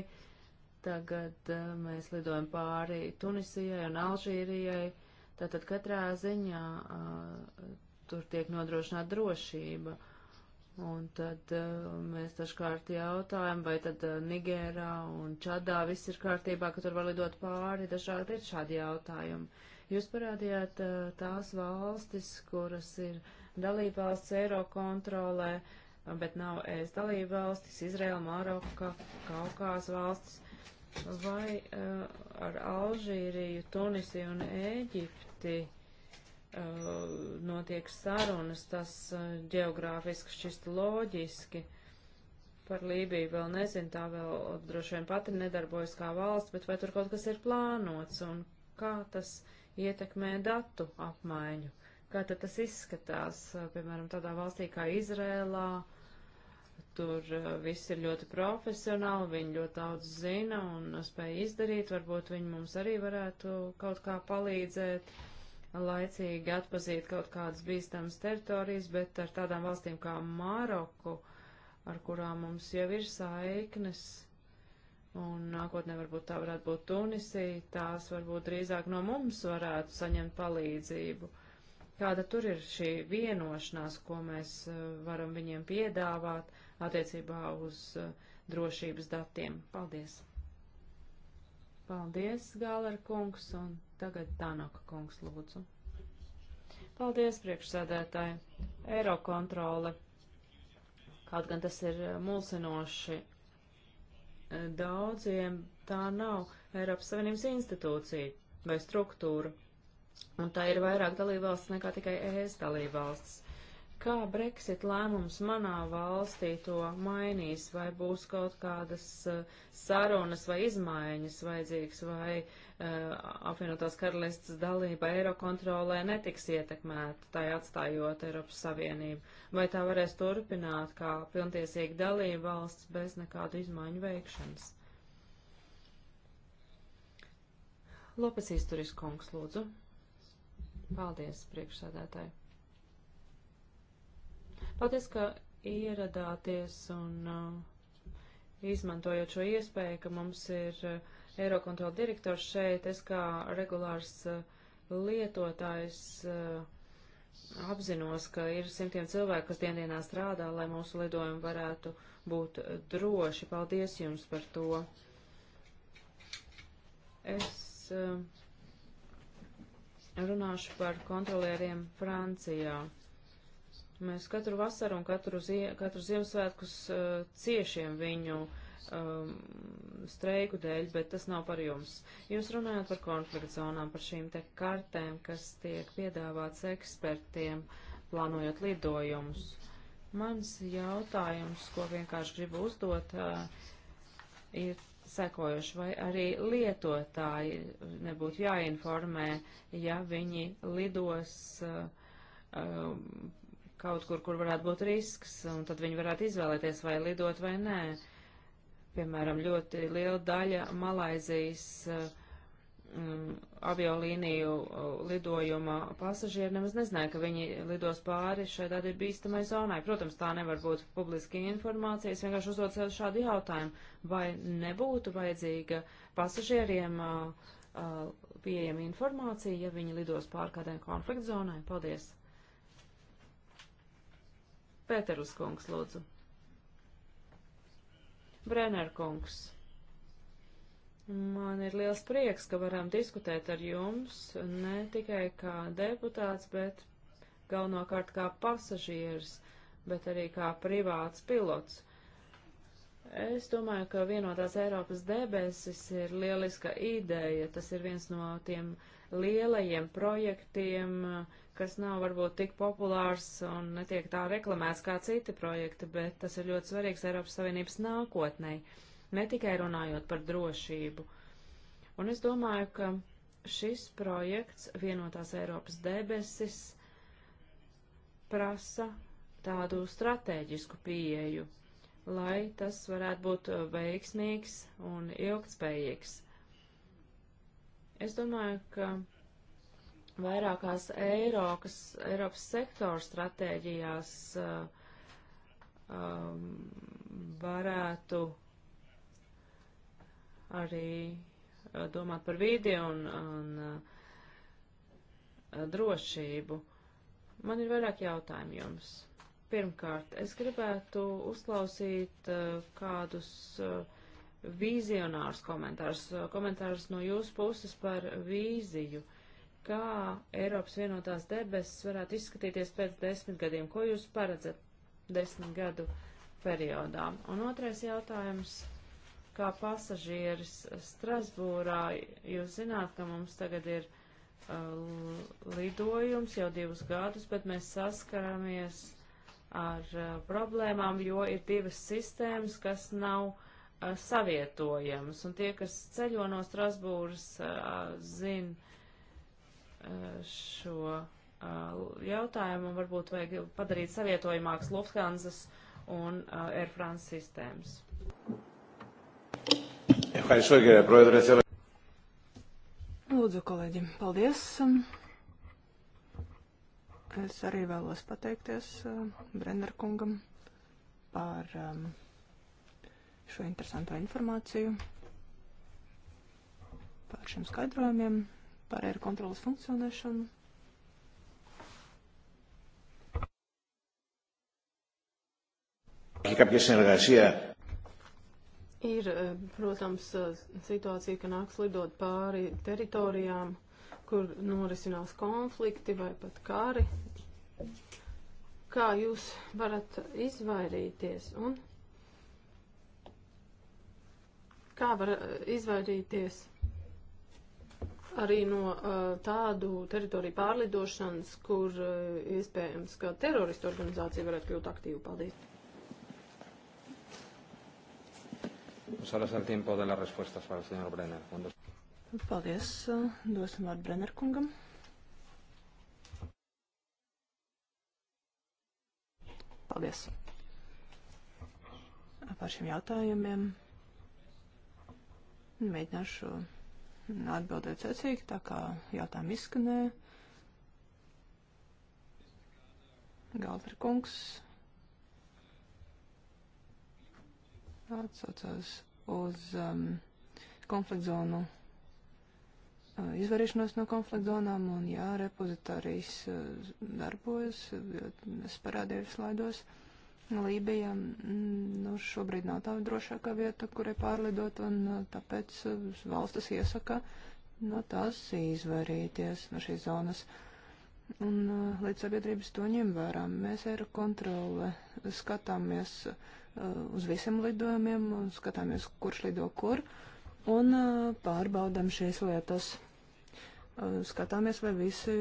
tagad uh, mēs lidojam pāri Tunisijai un Alžīrijai, tātad katrā ziņā uh, tur tiek nodrošināta drošība. Uh, Un tad uh, mēs dažkārt jautājam, vai tad uh, Nigērā un Čadā viss ir kārtībā, ka tur var lidot pāri, dažādi ir šādi jautājumi. Jūs parādījāt uh, tās valstis, kuras ir dalībvalsts eiro kontrolē, bet nav ēst dalībvalstis, Izraela, Maroka, Kaukās valstis, vai ar Alžīriju, Tunisiju un Ēģipti Uh, notiek sarunas, tas uh, geogrāfiski šķist loģiski. Par Lībiju vēl nezinu, tā vēl droši vien pati nedarbojas kā valsts, bet vai tur kaut kas ir plānots un kā tas ietekmē datu apmaiņu? Kā tad tas izskatās, uh, piemēram, tādā valstī kā Izrēlā? Tur viss ir ļoti profesionāli, viņi ļoti daudz zina un spēja izdarīt, varbūt viņi mums arī varētu kaut kā palīdzēt. Uh, laicīgi atpazīt kaut kādas bīstamas teritorijas, bet ar tādām valstīm kā Māroku, ar kurām mums jau ir saiknes, un nākotnē varbūt tā varētu būt Tunisija, tās varbūt drīzāk no mums varētu saņemt palīdzību. Kāda tur ir šī vienošanās, ko mēs eh, varam viņiem piedāvāt attiecībā uz eh, drošības datiem? Paldies! Paldies, Gāler kungs, un Tagad Tanaka kungs lūdzu. Paldies, priekšsēdētāji. Eirokontrole. Kaut gan tas ir eh, mulsinoši eh, daudziem, tā nav Eiropas Savienības institūcija vai struktūra. Un tā ir vairāk dalībvalsts nekā tikai ES dalībvalsts. Kā Brexit lēmums manā valstī to mainīs, vai būs kaut kādas eh, sarunas vai izmaiņas vajadzīgas, vai uh, Eh, apvienotās karalistas dalība Eirokontrolē netiks ietekmēta, tai atstājot Eiropas Savienību, vai tā varēs turpināt kā pilntiesīga dalība valsts bez nekādu izmaiņu veikšanas. Lopes Isturis kungs, lūdzu. Paldies, priekšsēdētāji. Paldies, ka ieradāties un uh, izmantojot šo iespēju, ka mums ir uh, Eirokontrola direktors šeit, es kā regulārs uh, lietotājs uh, apzinos, ka ir simtiem cilvēku, kas diendienā strādā, lai mūsu lidojumi varētu būt droši. Paldies jums par to. Es uh, runāšu par kontrolieriem Francijā. Mēs katru vasaru un katru, zie, katru Ziemassvētkus ciešiem viņu uh, um, streiku dēļ, bet tas nav par jums. Jūs runājat par konflikta zonām, par šīm te kartēm, kas tiek piedāvāts ekspertiem, plānojot lidojumus. Mans jautājums, ko vienkārši gribu uzdot, uh, ir sekojuši, vai arī lietotāji nebūtu jāinformē, ja viņi lidos uh, um, kaut kur, kur varētu būt risks, un tad viņi varētu izvēlēties, vai lidot vai nē. Uh, Piemēram, ļoti liela daļa Malaizijas um, aviolīniju eh, lidojuma pasažieri nemaz nezināja, ka viņi lidos pāri šai tādai bīstamai zonai. Protams, tā nevar būt publiski informācija. Es vienkārši uzdod sev šādu jautājumu, vai nebūtu vajadzīga pasažieriem uh, uh, pieejama informācija, ja viņi lidos pāri kādai konflikt zonai. Paldies! Pēterus kungs, lūdzu. Brennerkungs. Man ir liels prieks, ka varam diskutēt ar jums ne tikai kā deputāts, bet galvenokārt kā pasažieris, bet arī kā privāts pilots. Es domāju, ka vienotās Eiropas debesis ir lieliska ideja. Tas ir viens no tiem lielajiem projektiem, kas nav varbūt tik populārs un netiek tā reklamēts kā citi projekti, bet tas ir ļoti svarīgs Eiropas Savienības nākotnē, ne tikai runājot par drošību. Un es domāju, ka šis projekts, vienotās Eiropas debesis, prasa tādu stratēģisku pieeju lai tas varētu būt uh, veiksmīgs un ilgtspējīgs. Es domāju, ka vairākās Eiropas, Eiropas sektoru stratēģijās uh, um, varētu arī uh, domāt par vidi un, un drošību. Man ir vairāk jautājumu jums. Pirmkārt, es gribētu uzklausīt uh, kādus uh, eh, vizionārus komentārus, uh, komentārus no jūsu puses par vīziju. Kā Eiropas vienotās debesis varētu izskatīties pēc desmit gadiem? Ko jūs paredzat desmit gadu periodā? Un otrais jautājums, kā pasažieris Strasbūrā, jūs zināt, ka mums tagad ir uh, lidojums jau divus gadus, bet mēs saskaramies ar eh, problēmām, jo ir divas sistēmas, kas nav a, eh, savietojamas. Un tie, kas ceļo no Strasbūras, eh, zin šo jautājumu, varbūt vajag padarīt savietojamākas Lufthansas un Air France sistēmas. Lūdzu, kolēģi, paldies. Es arī vēlos pateikties uh, Brenner kungam par um, šo interesanto informāciju, par šiem skaidrojumiem, par ēra kontrolas funkcionēšanu. Ir, eh, protams, eh, situācija, ka nāks lidot pāri teritorijām kur norisinās konflikti vai pat kāri. Kā jūs varat izvairīties un kā var izvairīties arī no uh, tādu teritoriju pārlidošanas, kur uh, iespējams, ka teroristu organizācija varētu kļūt aktīva. Paldies. Pues ahora es el tiempo de las respuestas para el señor Brenner. Cuando... Paldies. Dosim vārdu Brennerkungam. Paldies par šiem jautājumiem. Mēģināšu atbildēt secīgi, tā kā jautājumi izskanēja. Galtra kungs atsaucās uz um, konfliktzonu izvarīšanos no konflikta zonām, un jā, repozitārijas darbojas, es parādīju slaidos. Lībija mm, nu, šobrīd nav tā drošākā vieta, kurai pārlidot, un tāpēc valstis iesaka no tās izvairīties no šīs zonas. Un līdz sabiedrības to ņem vērā. Mēs eiro kontrole skatāmies uz visiem lidojumiem, skatāmies, kurš lido kur, un pārbaudam šīs lietas. Eh, skatāmies, vai visi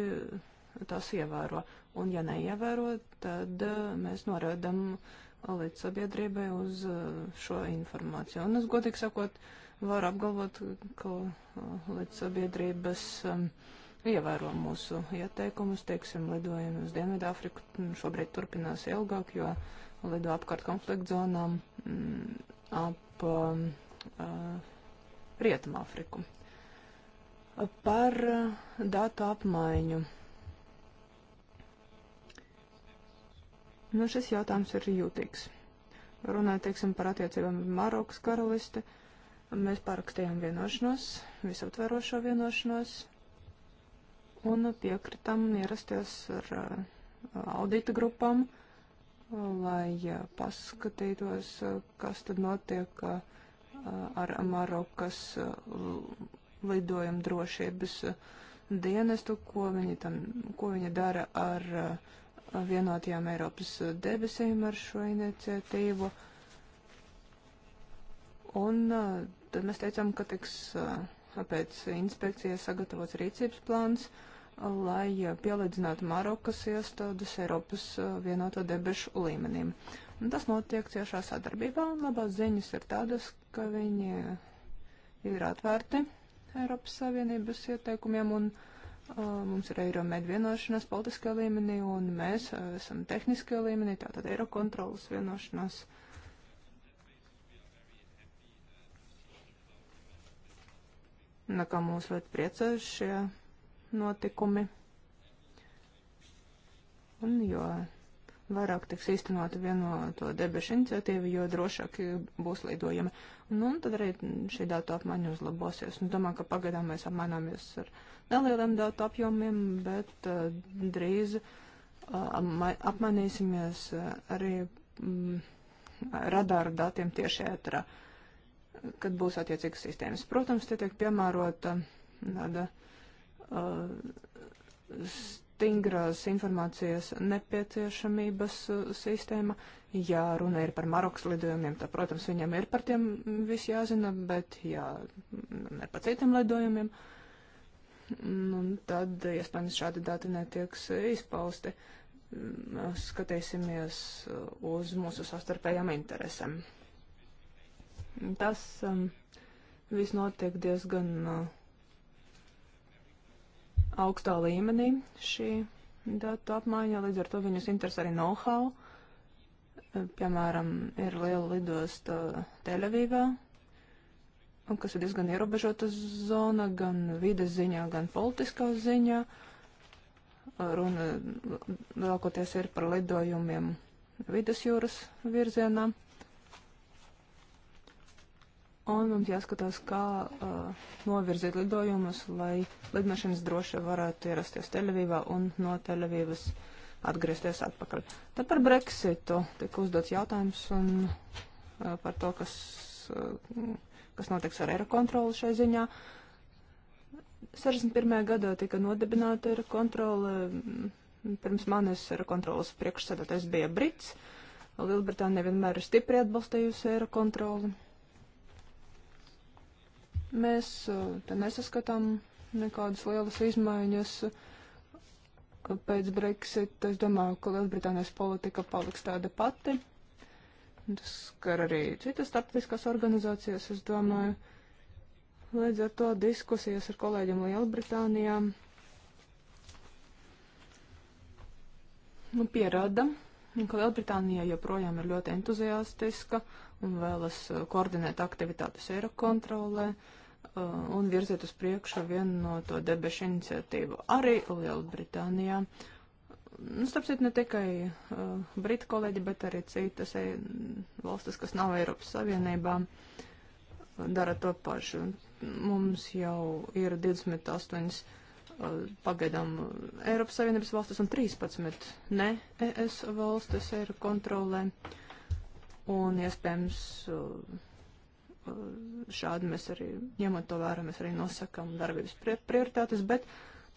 tās ievēro. Un, ja neievēro, tad eh, mēs norādam līdz sabiedrībai uz eh, šo informāciju. Un es godīgi sakot, varu apgalvot, ka līdz sabiedrības ievēro mūsu ieteikumus, teiksim, lidojumi uz Dienvidāfriku šobrīd turpinās ilgāk, jo lido apkārt konflikt zonām mm, ap Rietumāfriku. Afriku par eh, datu apmaiņu. Nu, šis jautājums ir jūtīgs. Runājot, teiksim, par attiecībām ar Marokas karalisti, mēs parakstījām vienošanos, visaptverošo vienošanos, un piekritam ierasties ar eh, audita grupām, lai eh, paskatītos, kas tad notiek ar Marokas lidojuma drošības uh, dienestu, ko viņi, tam, ko viņi dara ar uh, vienotajām Eiropas uh, debesīm ar šo iniciatīvu. Un tad mēs teicām, ka tiks pēc inspekcijas sagatavots rīcības plāns, lai pielīdzinātu Marokas iestādes Eiropas vienoto debešu līmenim. Un tas notiek ciešā sadarbībā, un labās ziņas ir tādas, ka viņi ir atvērti Eiropas Savienības ieteikumiem, un uh, mums ir Eiromed vienošanās politiskajā līmenī, un mēs uh, esam tehniskajā līmenī, tātad Eirokontrolas vienošanās. Nā, kā mūs ļoti priecē šie notikumi. Un jo vairāk tiks īstenota vienoto debešu iniciatīva, jo drošāk būs lidojumi. Uh, Nu, un tad arī šī datu apmaiņa uzlabosies. Un nu, domāju, ka pagaidām mēs apmaināmies ar nelieliem datu apjomiem, bet uh, drīz uh, apmainīsimies eh, arī mm, radāru datiem tieši ētrā, kad būs attiecīgas sistēmas. Protams, tie tiek piemērota tāda. Uh, stingras informācijas nepieciešamības uh, sistēma. Ja runa ir par Marokas lidojumiem, tad, protams, viņiem ir par tiem viss jāzina, bet ja ir par citiem lidojumiem, nu, un tad, iespējams, ja šādi dati netieks izpausti. Mm, uh, skatīsimies uh, uz mūsu sastarpējām interesēm. Tas um, viss notiek diezgan. Uh, augstā līmenī šī datu apmaiņa, līdz ar to viņus interesē arī know-how. Eh, piemēram, ir liela lidosta Telavīvā, kas ir diezgan ierobežota zona, gan vides ziņā, gan politiskā ziņā. Eh, runa lielākoties ir par lidojumiem vidus jūras virzienā un mums jāskatās, kā uh, novirzīt lidojumus, lai lidmašīnas droši varētu ierasties Telavīvā un no Telavīvas atgriezties atpakaļ. Tad par Brexitu tika uzdots jautājums un uh, par to, kas, uh, kas notiks ar aerokontroli šai ziņā. 61. gadā tika nodibināta aerokontrole, pirms manis aerokontrolas priekšsēdētājs bija Brits. Lielbritānija vienmēr ir stipri atbalstījusi aerokontroli. kontroli Mēs eh, te nesaskatām nekādas lielas izmaiņas pēc Brexit. Es domāju, ka Lielbritānijas politika paliks tāda pati. Tas skar arī citas starptautiskās organizācijas, es domāju. Līdz ar to diskusijas ar kolēģiem Lielbritānijā nu, pierāda, ka Lielbritānija joprojām ir ļoti entuziastiska un vēlas eh, koordinēt aktivitātes Eirokontrolē. kontrolē un virzīt uz priekšu vienu no to debešu iniciatīvu arī Lielbritānijā. Nu, starp citu, ne tikai uh, Brita kolēģi, bet arī citas valstis, kas nav Eiropas Savienībā, dara to pašu. Mums jau ir 28 uh, pagaidām Eiropas Savienības valstis un 13 ne ES valstis ir kontrolē. Un iespējams. Uh, šādi mēs arī, ņemot to vērā, mēs arī nosakam darbības prioritātes, bet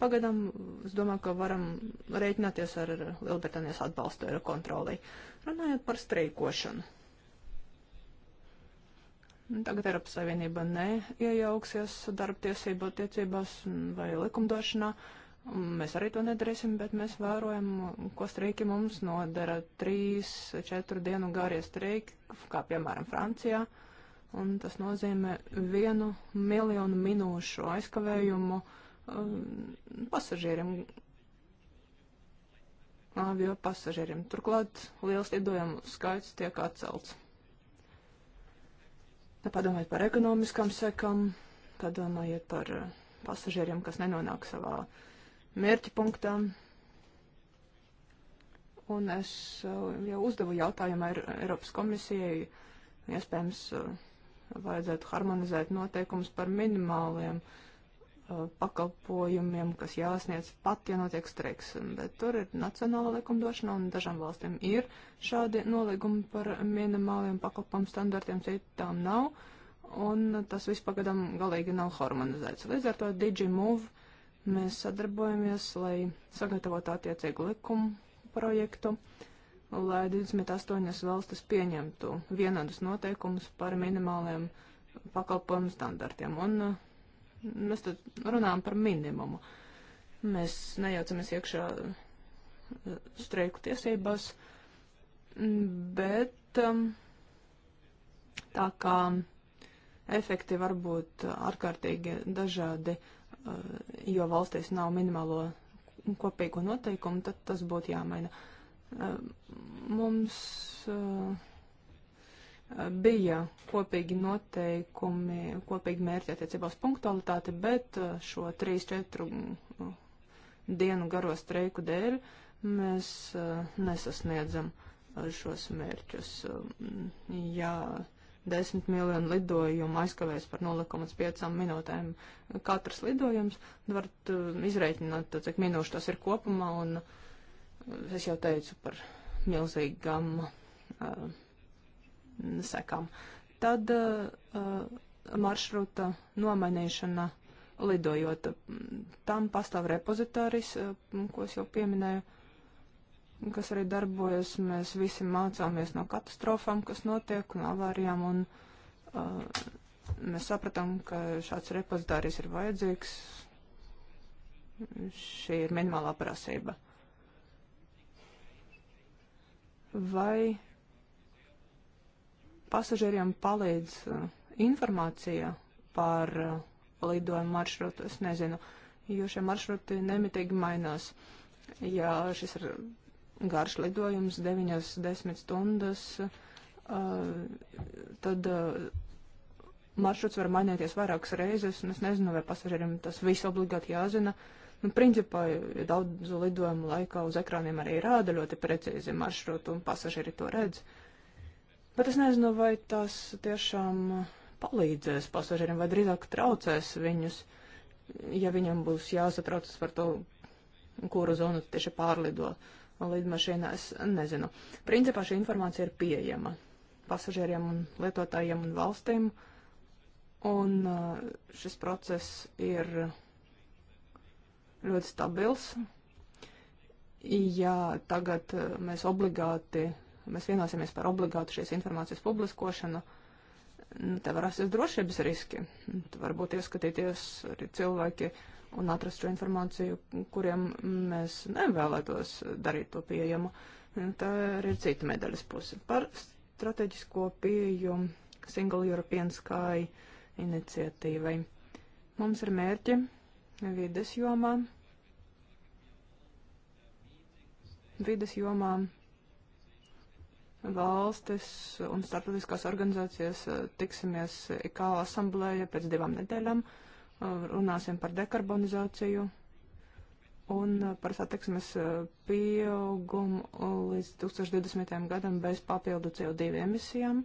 pagaidām es domāju, ka varam rēķināties ar Lielbritānijas atbalstu eiro kontrolī. Runājot par streikošanu. Nu, tagad Eiropas Savienība neiejauksies darbtiesību attiecībās vai likumdošanā. Mēs arī to nedarīsim, bet mēs vērojam, ko streiki mums nodara trīs, četru dienu garie streiki, kā piemēram Francijā. Uh, un tas nozīmē vienu miljonu minūšu aizkavējumu um, pasažieriem, avio pasažieriem. Turklāt liels lidojumu skaits tiek atcelts. Padomājiet par ekonomiskām sekām, padomājiet par uh, pasažieriem, kas nenonāk savā mērķa punktā. Un es uh, jau uzdevu jautājumu Eiropas komisijai, iespējams, ja uh, vajadzētu harmonizēt noteikumus par minimāliem uh, pakalpojumiem, kas jāsniedz pat, ja notiek streiks. Bet tur ir nacionāla likumdošana, un dažām valstīm ir šādi nolīgumi par minimāliem pakalpojumu standartiem, citām nav, un tas viss pagadam galīgi nav harmonizēts. Līdz ar to DigiMove mēs sadarbojamies, lai sagatavotu attiecīgu likumu projektu. Uh, lai 28 valstis pieņemtu vienādus noteikumus par minimāliem pakalpojumu standartiem. Un uh, mēs tad runājam par minimumu. Mēs nejaucamies iekšā uh, streiku tiesībās, bet um, tā kā efekti var būt ārkārtīgi dažādi, uh, jo valstīs nav minimālo kopīgo noteikumu, tad tas būtu jāmaina. Uh, Ehm, mums eh, bija kopīgi noteikumi, kopīgi mērķi attiecībā uz punktualitāti, bet eh, šo 3-4 mm, dienu garo streiku dēļ mēs eh, nesasniedzam šos mērķus. Ehm, Jā, desmit miljonu lidojumu aizkavēs par 0,5 minūtēm katrs lidojums. Varat izreikināt, cik minūšu tas ir kopumā, un es jau teicu par milzīgām uh, sekām. Tad uh, uh, maršruta nomainīšana lidojot. Tam pastāv repozitoris, uh, ko es jau pieminēju, kas arī darbojas. Mēs visi mācāmies no katastrofām, kas notiek, un avārijām, un uh, mēs sapratām, ka šāds repozitoris ir vajadzīgs. Šī ir minimālā prasība. Uh, vai pasažieriem palīdz uh, informācija par uh, lidojumu maršrutu. Es nezinu, jo šie maršruti nemitīgi mainās. Ja šis ir garš lidojums, 9-10 stundas, uh, tad uh, maršruts var mainīties vairākas reizes, un es nezinu, vai pasažierim tas viss obligāti jāzina. Uh, Nu, principā ja daudzu lidojumu laikā uz ekrāniem arī rāda ļoti precīzi maršrutu un pasažieri to redz. Bet es nezinu, vai tas tiešām palīdzēs pasažieriem vai drīzāk traucēs viņus, ja viņam būs jāsatraucas par to, kuru zonu tieši pārlido lidmašīnā. Es nezinu. Principā šī informācija ir pieejama pasažieriem un lietotājiem un valstīm. Un uh, šis process ir ļoti stabils. Ja tagad eh, mēs obligāti, mēs vienosimies par obligātu šīs informācijas publiskošanu, nu, te var rasties drošības riski. Te varbūt ieskatīties arī cilvēki un atrast šo informāciju, kuriem mēs nevēlētos darīt to pieejamu. Nu, tā arī ir cita medaļas puse. Par strateģisko pieju Single European Sky iniciatīvai. Mums ir mērķi vides jomā. Vides jomā valstis un starptautiskās organizācijas eh, tiksimies IKO asamblēja pēc divām nedēļām. Eh, runāsim par dekarbonizāciju un eh, par satiksmes pieaugumu līdz 2020. gadam bez papildu CO2 emisijām.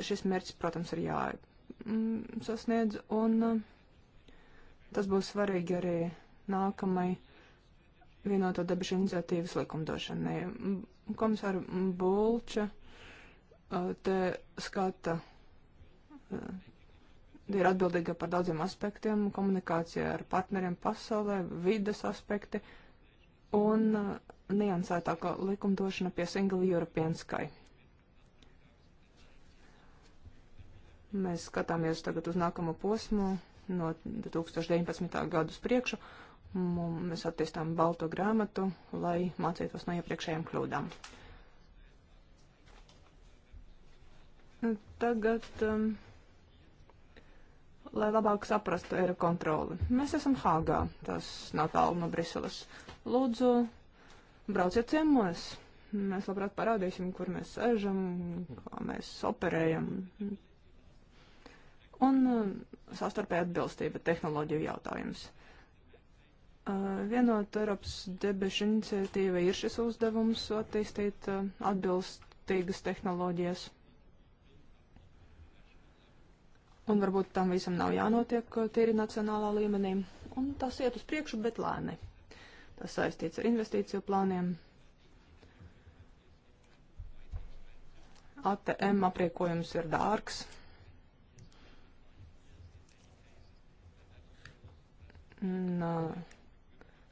Šis mērķis, protams, ir jāsasniedz. Mm, un, uh, Tas būs svarīgi arī nākamai vienoto debešu iniciatīvas likumdošanai. Komisāra Bulča te skata, ir atbildīga par daudziem aspektiem, komunikācija ar partneriem pasaulē, vides aspekti un niansētāka likumdošana pie Single European Sky. Mēs skatāmies tagad uz nākamo posmu no 2019. gadus priekšu. Mēs attīstām balto grāmatu, lai mācītos no iepriekšējām kļūdām. Nu, tagad, um, lai labāk saprastu eiro kontroli, mēs esam Hāgā, tas nav tālu no Briseles. Lūdzu, brauciet ciemos! Mēs labprāt parādīsim, kur mēs sēžam, kā mēs operējam un uh, savstarpēja atbilstība tehnoloģiju jautājums. Uh, Vienota Eiropas debešu iniciatīva ir šis uzdevums attīstīt uh, atbilstīgas tehnoloģijas. Un varbūt tam visam nav jānotiek tīri nacionālā līmenī. Un tas iet uz priekšu, bet lēni. Tas saistīts ar investīciju plāniem. ATM apriekojums ir dārgs, Un, uh,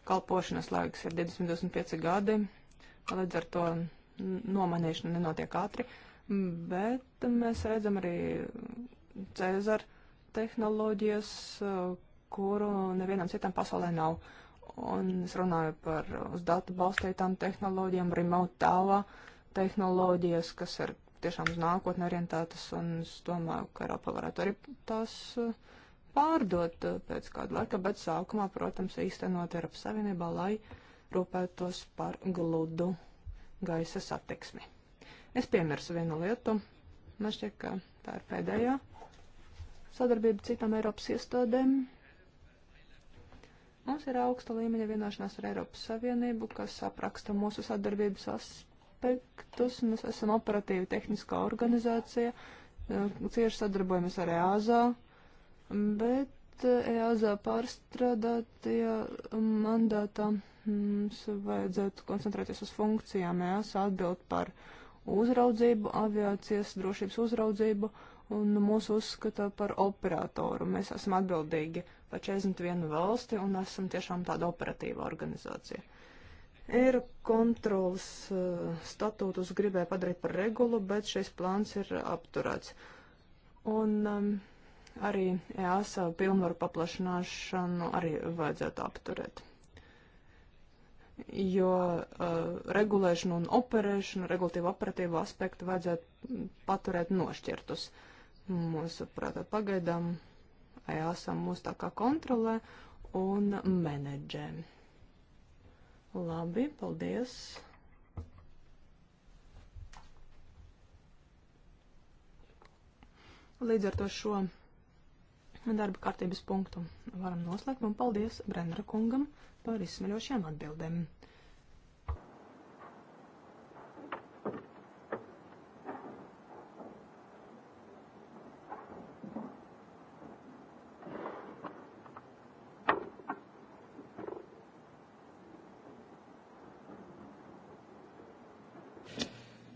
kalpošanas laiks ir 20-25 gadi, līdz ar to nomanīšana nenotiek ātri, bet mēs redzam arī Cēzara tehnoloģijas, kuru nevienam citam pasaulē nav. Un es runāju par uz datu balstītām tehnoloģijām, remote tālā tehnoloģijas, kas ir tiešām uz nākotni orientētas, un es domāju, ka Eiropa varētu arī tās uh, pārdot eh, pēc kāda laika, bet sākumā, protams, īstenot Eiropas Savienībā, lai rūpētos par gludu gaisa satiksmi. Es piemirsu vienu lietu. Man šķiet, ka tā ir pēdējā sadarbība citām Eiropas iestādēm. Mums ir augsta līmeņa vienošanās ar Eiropas Savienību, kas apraksta mūsu sadarbības aspektus. Mēs esam operatīvi tehniskā organizācija, eh, cieši sadarbojamies ar EASA, bet eh, EASA pārstrādātajā mandātā mums vajadzētu koncentrēties uz funkcijām. EASA atbild par uzraudzību, aviācijas drošības uzraudzību un mūsu uzskata par operatoru. Mēs esam atbildīgi par 41 valsti un esam tiešām tāda operatīva organizācija. Eiro kontrolas uh, eh, statūtus gribēja padarīt par regulu, bet šis plāns ir apturēts. Un um, arī EASA pilnvaru paplašināšanu arī vajadzētu apturēt. Jo uh, regulēšanu un operēšanu, regulatīvu operatīvu aspektu vajadzētu paturēt nošķirtus. Mūsuprāt, pagaidām EASA mūs tā kā kontrolē un menedžē. Labi, paldies! Līdz ar to šo darba kārtības punktu varam noslēgt, un paldies Brennera kungam par izsmeļošajām atbildēm.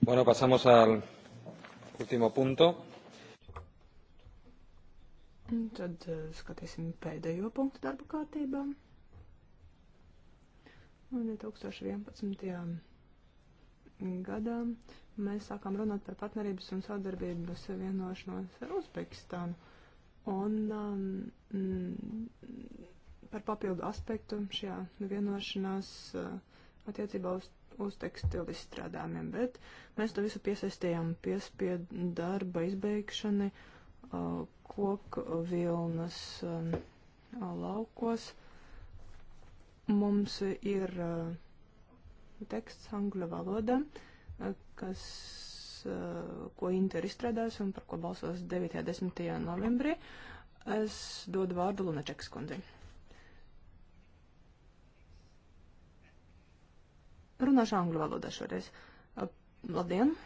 Bueno, pasamos al último punto. Un tad eh, skatīsim pēdējo punktu darba kārtībā. Un 2011. gadā mēs sākām runāt par partnerības un sadarbības vienošanos ar Uzbekistānu. Un um, mm, par papildu aspektu šajā vienošanās uh, attiecībā uz, uz tekstilu izstrādājumiem, bet mēs to visu piesaistījām piespiedu darba izbeigšanai. Uh, Uh, kokvilnas um, laukos. Mums ir uh, teksts angļu valoda, uh, kas, ko Inter izstrādās un par ko balsos 9. 10. novembrī. Es dodu vārdu Lunačekas kundzei. Runāšu angļu valodā šoreiz. Labdien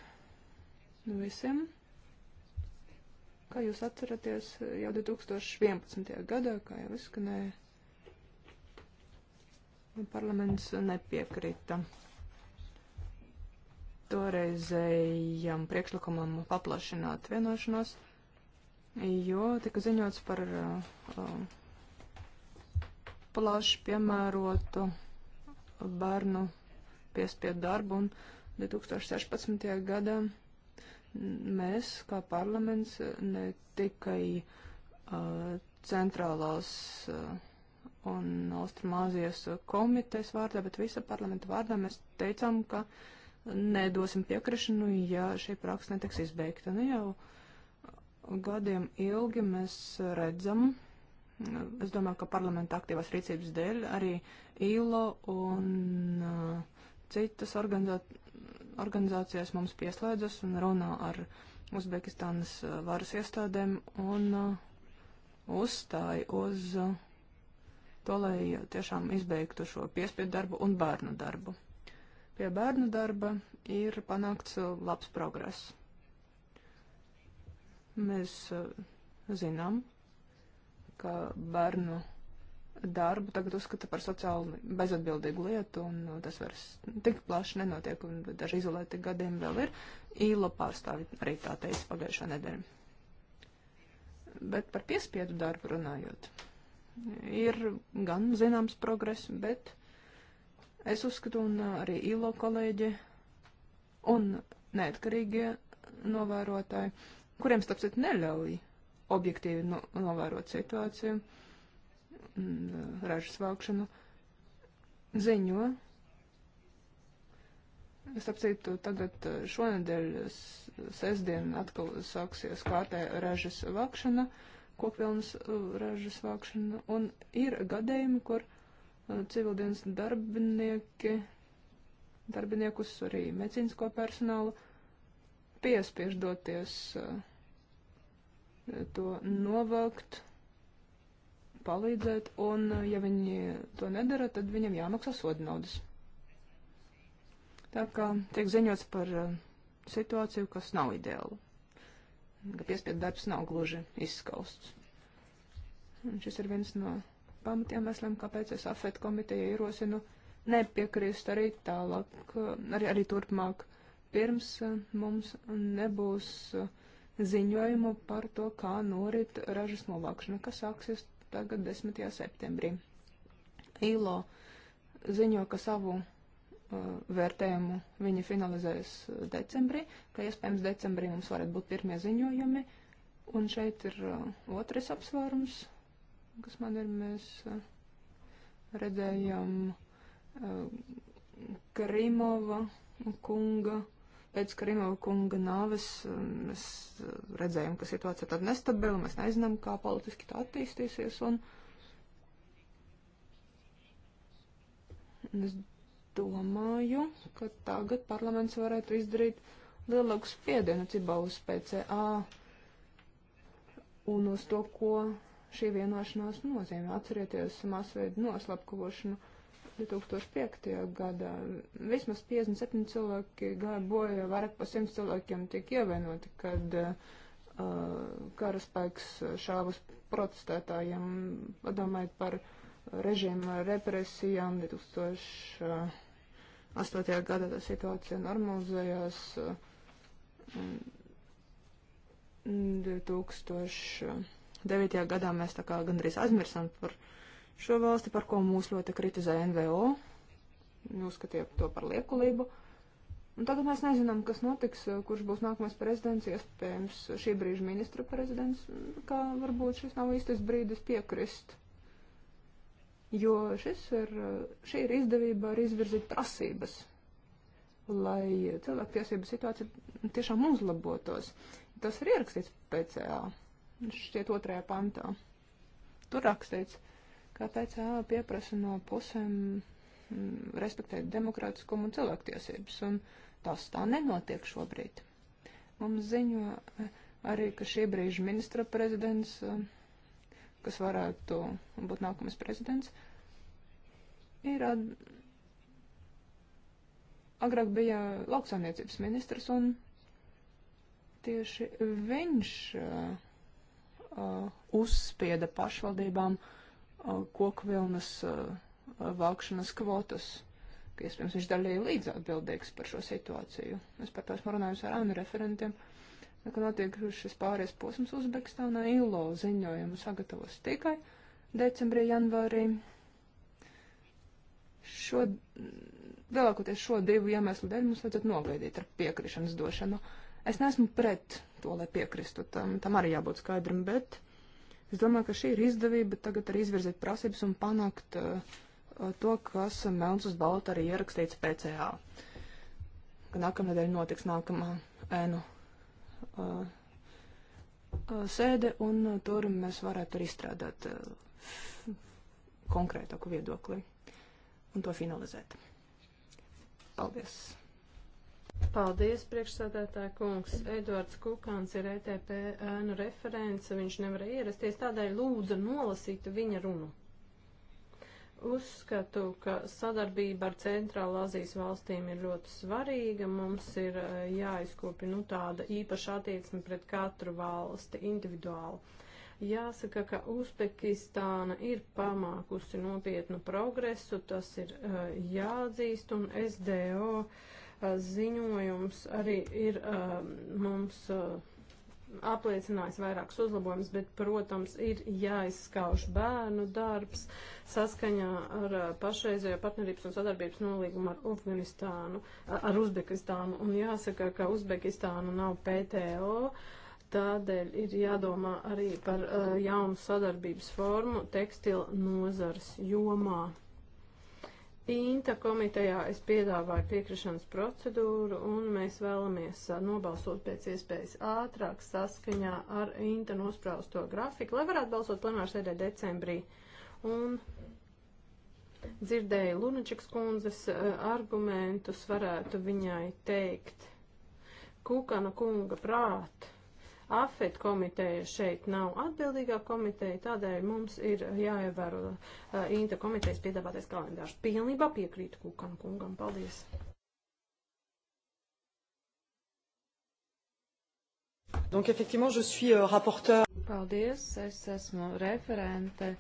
visiem! Kā jūs atceraties, jau 2011. gadā, kā jau izskanēja, nu, parlaments nepiekrita toreizējam priekšlikumam paplašināt vienošanos, jo tika ziņots par uh, plaši piemērotu bērnu piespiedu darbu un 2016. gadā mēs, kā parlaments, ne tikai uh, centrālās uh, un Austrumāzijas komitejas vārdā, bet visa parlamenta vārdā mēs teicām, ka nedosim piekrišanu, ja šī praksa netiks izbeigta. Nu, jau gadiem ilgi mēs redzam, es domāju, ka parlamenta aktīvās rīcības dēļ arī ILO un uh, citas organizācijas organizācijās mums pieslēdzas un runā ar Uzbekistānas eh, varas iestādēm un eh, uzstāja uz eh, to, lai tiešām izbeigtu šo piespiedu darbu un bērnu darbu. Pie bērnu darba ir panākts labs progress. Mēs zinām, ka bērnu darbu tagad uzskata par sociāli bezatbildīgu lietu, un uh, tas vairs tik plaši nenotiek, un daži izolēti gadiem vēl ir. Īla pārstāvi arī tā teica pagājušā nedēļa. Bet par piespiedu darbu runājot, ir gan zināms progress, bet es uzskatu, un uh, arī ILO kolēģi un neatkarīgie novērotāji, kuriem starp citu neļauj objektīvi no, novērot situāciju. Uh, Uh, ražas vākšanu, ziņo. Es apcītu, tagad uh, šonadēļ sestdien atkal sāksies kārtēja ražas vākšana, kokvilnas uh, ražas vākšana, un ir gadījumi, kur civildienas darbinieki, darbiniekus arī medicīnisko personālu piespiež doties to novākt palīdzēt, un eh, ja viņi to nedara, tad viņam jāmaksā soda naudas. Tā kā tiek ziņots par eh, situāciju, kas nav ideāla, ka piespiedu darbs nav gluži izskausts. Un šis ir viens no pamatiem eslēm, kāpēc es afet komiteja ierosinu nepiekrīst arī tālāk, eh, arī, arī turpmāk. Pirms mums nebūs ziņojumu par to, kā norit ražas novākšana, kas sāksies gada 10. septembrī. ILO ziņo, ka savu uh, vērtējumu viņi finalizēs uh, decembrī, ka iespējams decembrī mums varētu būt pirmie ziņojumi. Un šeit ir uh, otrais apsvērums, kas man ir, mēs uh, redzējām uh, Karimova kunga uh, Pēc Krimova kunga nāves um, mēs uh, redzējām, ka situācija tāda nestabila, mēs nezinām, kā politiski tā attīstīsies. Un es domāju, ka tagad parlaments varētu izdarīt lielāku spiedienu cībā uz PCA un uz to, ko šī vienošanās nozīmē. Atcerieties masveidu noslapkavošanu 2005. gadā. Vismaz 57 cilvēki gāja bojā, vairāk pa 100 cilvēkiem tika ievainoti, kad uh, karaspēks šāvas protestētājiem, padomājiet par režīmu represijām 2008. gadā tā situācija normalizējās. 2009. gadā mēs tā kā gandrīz aizmirsām par uh, šo valsti, par ko mūs ļoti kritizē NVO, uzskatīja to par liekulību. Un tagad mēs nezinām, kas notiks, kurš būs nākamais prezidents, iespējams šī brīža ministra prezidents, kā varbūt šis nav īstais brīdis piekrist. Jo šis ir, šī ir izdevība arī izvirzīt prasības, lai cilvēktiesība situācija tiešām uzlabotos. Tas ir ierakstīts PCA, šķiet otrajā pantā. Tur rakstīts, kā PCA pieprasa no pusēm mm, respektēt demokrātiskumu un cilvēktiesības, un tas tā nenotiek šobrīd. Mums ziņo eh, arī, ka šī brīža ministra prezidents, eh, kas varētu būt nākamais prezidents, ir at... agrāk bija lauksaimniecības ministrs, un tieši viņš uh, uh, uzspieda pašvaldībām uh, Uh, kokvilnas uh, vākšanas kvotas, ka iespējams viņš daļēji līdz atbildīgs par šo situāciju. Mēs par to esmu runājusi ar ANU referentiem, nu, ka notiek šis pāries posms Uzbekistānā, ILO ziņojumu sagatavos tikai decembrī, janvārī. Šo, lielākoties šo divu iemeslu dēļ mums vajadzētu nogaidīt ar piekrišanas došanu. Es neesmu pret to, lai piekristu, tam, tam arī jābūt skaidram, bet. Uh, Es domāju, ka šī ir izdevība tagad arī izvirzīt prasības un panākt uh, to, kas melns uz balta arī ierakstīts PCA. Ka nākamnedēļ notiks nākamā ēnu uh, uh sēde, un uh, tur mēs varētu arī strādāt uh, konkrētāku viedokli un to finalizēt. Paldies! Paldies, priekšsādātāja kungs. Edvards Kukāns ir ETP ēnu referents, viņš nevarēja ierasties, tādēļ lūdzu nolasīt viņa runu. Uzskatu, ka sadarbība ar Centrāla Azijas valstīm ir ļoti svarīga. Mums ir eh, jāizkopja nu, tāda īpaša attieksme pret katru valsti individuāli. Jāsaka, ka Uzbekistāna ir pamākusi nopietnu progresu, tas ir uh, jāatzīst, un SDO uh, ziņojums arī ir um, mums uh, apliecinājis vairākus uzlabojumus, bet, protams, ir jāizskauž bērnu darbs saskaņā ar uh, pašreizējo partnerības un sadarbības nolīgumu ar Afganistānu, ar Uzbekistānu. Un jāsaka, ka Uzbekistāna nav PTO, tādēļ ir jādomā arī par uh, jaunu sadarbības formu tekstilu nozars jomā. Inta komitejā es piedāvāju piekrišanas procedūru un mēs vēlamies nobalsot pēc iespējas ātrāk saskaņā ar Inta nospraustu grafiku, lai varētu balsot plenārsēdē decembrī. Un dzirdēju Lunačiks kundzes argumentus, varētu viņai teikt Kukana kunga prātu AFET komiteja šeit nav atbildīgā komiteja, tādēļ mums ir jāievēro uh, INTA komitejas piedāvātais kalendārs. Pilnībā piekrītu Kūkan kungam. Paldies! Donc effectivement, je suis euh, rapporteur. Paldies, es esmu referente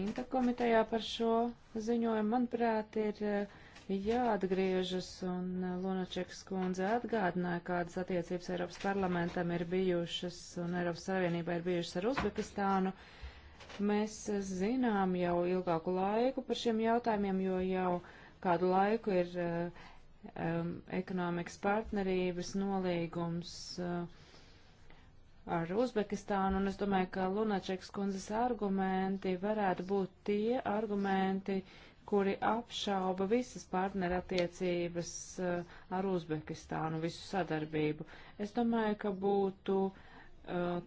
Inta komitejā par šo ziņojumu. Manuprāt, ir uh, jāatgriežas, un Lunačekas kundze atgādināja, kādas attiecības Eiropas parlamentam ir bijušas un Eiropas Savienībā ir bijušas ar Uzbekistānu. Mēs zinām jau ilgāku laiku par šiem jautājumiem, jo jau kādu laiku ir um, ekonomikas partnerības nolīgums uh, ar Uzbekistānu, un es domāju, ka Lunačekas kundzes argumenti varētu būt tie argumenti, uh, kuri apšauba visas partnerattiecības eh, ar Uzbekistānu, visu sadarbību. Es domāju, ka būtu eh,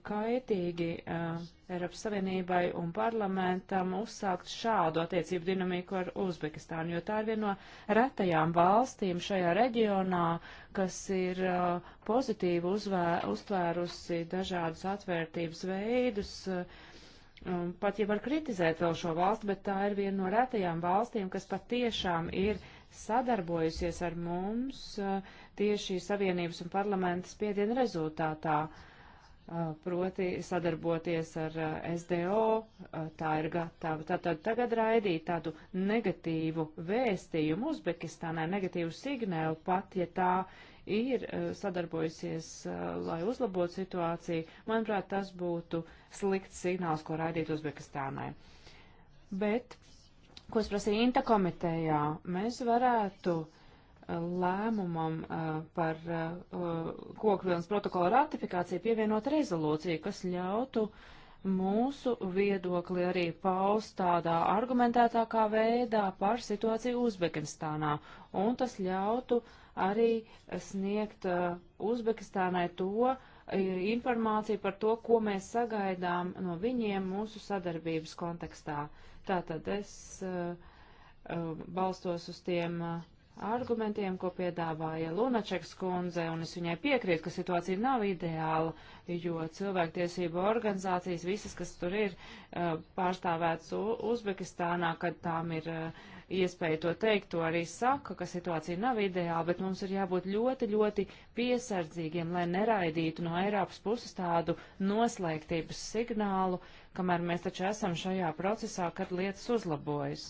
kaitīgi eh, Eiropas Savienībai un parlamentam uzsākt šādu attiecību dinamiku ar Uzbekistānu, jo tā ir viena no retajām valstīm šajā reģionā, kas ir pozitīvi uzvēr, uztvērusi dažādus atvērtības veidus, uh, Un um, pat ja var kritizēt vēl šo valstu, bet tā ir viena no retajām valstīm, kas patiešām ir sadarbojusies ar mums uh, tieši Savienības un parlamenta spiediena rezultātā, uh, proti sadarboties ar uh, SDO, tā ir gatava. Tātad tagad raidīt tādu negatīvu vēstījumu Uzbekistānai, negatīvu signālu, pat ja tā ir eh, sadarbojusies, eh, lai uzlabotu situāciju. Manuprāt, tas būtu slikts signāls, ko raidīt Uzbekistānai. Bet, ko es prasīju Inta komitejā, mēs varētu eh, lēmumam par kokvilnas protokola ratifikāciju pievienot rezolūciju, kas ļautu mūsu viedokli arī paust tādā argumentētākā veidā par situāciju Uzbekistānā, un tas ļautu uh, arī sniegt uh, Uzbekistānai to uh, informāciju par to, ko mēs sagaidām no viņiem mūsu sadarbības kontekstā. Tātad es uh, uh balstos uz tiem uh, argumentiem, ko piedāvāja Lunačeks kundze, un es viņai piekrītu, ka situācija nav ideāla, jo cilvēktiesību organizācijas, visas, kas tur ir uh, pārstāvētas Uzbekistānā, kad tām ir uh, iespēju to teikt, to arī saka, ka situācija nav ideāla, bet mums ir jābūt ļoti, ļoti piesardzīgiem, lai neraidītu no Eiropas puses tādu noslēgtības signālu, kamēr mēs taču esam šajā procesā, kad lietas uzlabojas.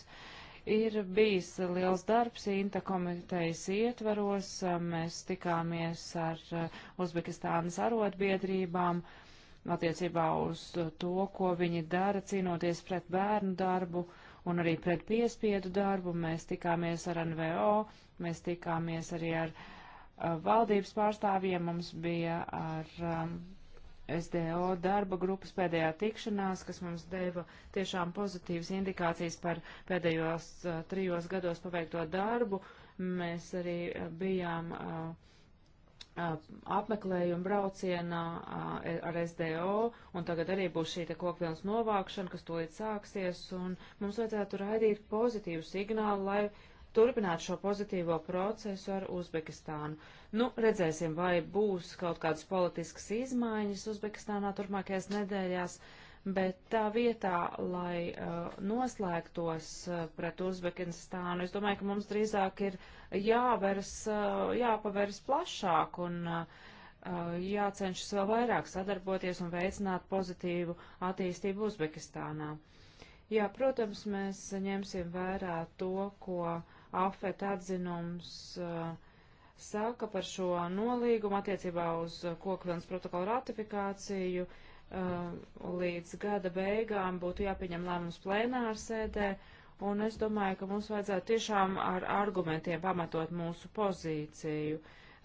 Ir bijis liels darbs Inta komitejas ietvaros, mēs tikāmies ar uh, Uzbekistānas arotbiedrībām attiecībā uz to, ko viņi dara cīnoties pret bērnu darbu. Uh, un arī pret piespiedu darbu. Mēs tikāmies ar NVO, mēs tikāmies arī ar uh, valdības pārstāvjiem, mums bija ar um, SDO darba grupas pēdējā tikšanās, kas mums deva tiešām pozitīvas indikācijas par pēdējos uh, trijos gados paveikto darbu. Mēs arī uh, bijām uh, apmeklējumu braucienā e, ar SDO, un tagad arī būs šī te kokvilnas novākšana, kas tolīt sāksies, un mums vajadzētu raidīt pozitīvu signālu, lai turpinātu šo pozitīvo procesu ar Uzbekistānu. Nu, redzēsim, vai būs kaut kādas politiskas izmaiņas Uzbekistānā turpmākajās nedēļās. Uh, bet tā vietā, lai uh, noslēgtos uh, pret Uzbekistānu, es domāju, ka mums drīzāk ir jāveras, uh, jāpaveras plašāk un uh, uh, jācenšas vēl vairāk sadarboties un veicināt pozitīvu attīstību Uzbekistānā. Jā, protams, mēs ņemsim vērā to, ko AFET atzinums uh, saka par šo nolīgumu attiecībā uz kokvilnas protokolu ratifikāciju. Uh, Uh, līdz gada beigām būtu jāpieņem lēmums plēnāra sēdē, un es domāju, ka mums vajadzētu tiešām ar argumentiem pamatot mūsu pozīciju,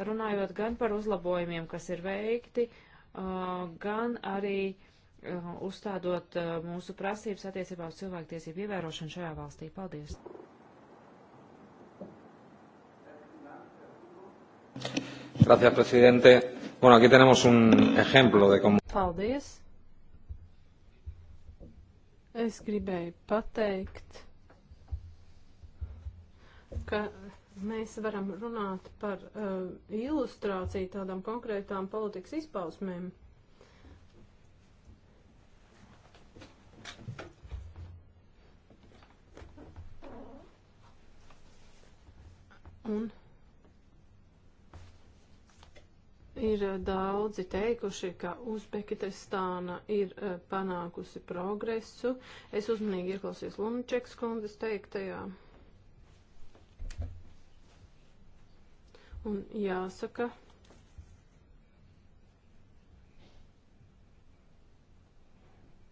runājot gan par uzlabojumiem, kas ir veikti, uh, gan arī uh, uzstādot mūsu prasības attiecībā uz cilvēktiesību ievērošanu šajā valstī. Paldies! Gracias, presidente. Bueno, aquí tenemos un ejemplo de cómo. Paldies! Es gribēju pateikt, ka mēs varam runāt par uh, ilustrāciju tādām konkrētām politikas izpausmēm. Un Ir eh, daudzi teikuši, ka Uzbekistāna ir eh, panākusi progresu. Es uzmanīgi ieklausījos Lunačekas kundzes teiktajā. Un jāsaka,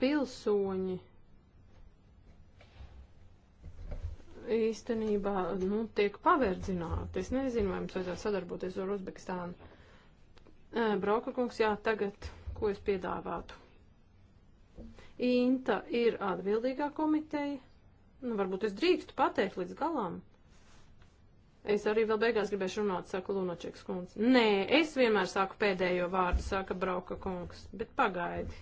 pilsoņi īstenībā nu, tiek paverdzināti. Es nezinu, vai mums vajadzētu sadarboties ar Uzbekistānu. Broka kungs, jā, tagad, ko es piedāvātu? Inta ir atbildīgā komiteja. Nu, varbūt es drīkstu pateikt līdz galām. Es arī vēl beigās gribēšu runāt, saka Lunačeks kungs. Nē, es vienmēr saku pēdējo vārdu, saka Brauka kungs, bet pagaidi.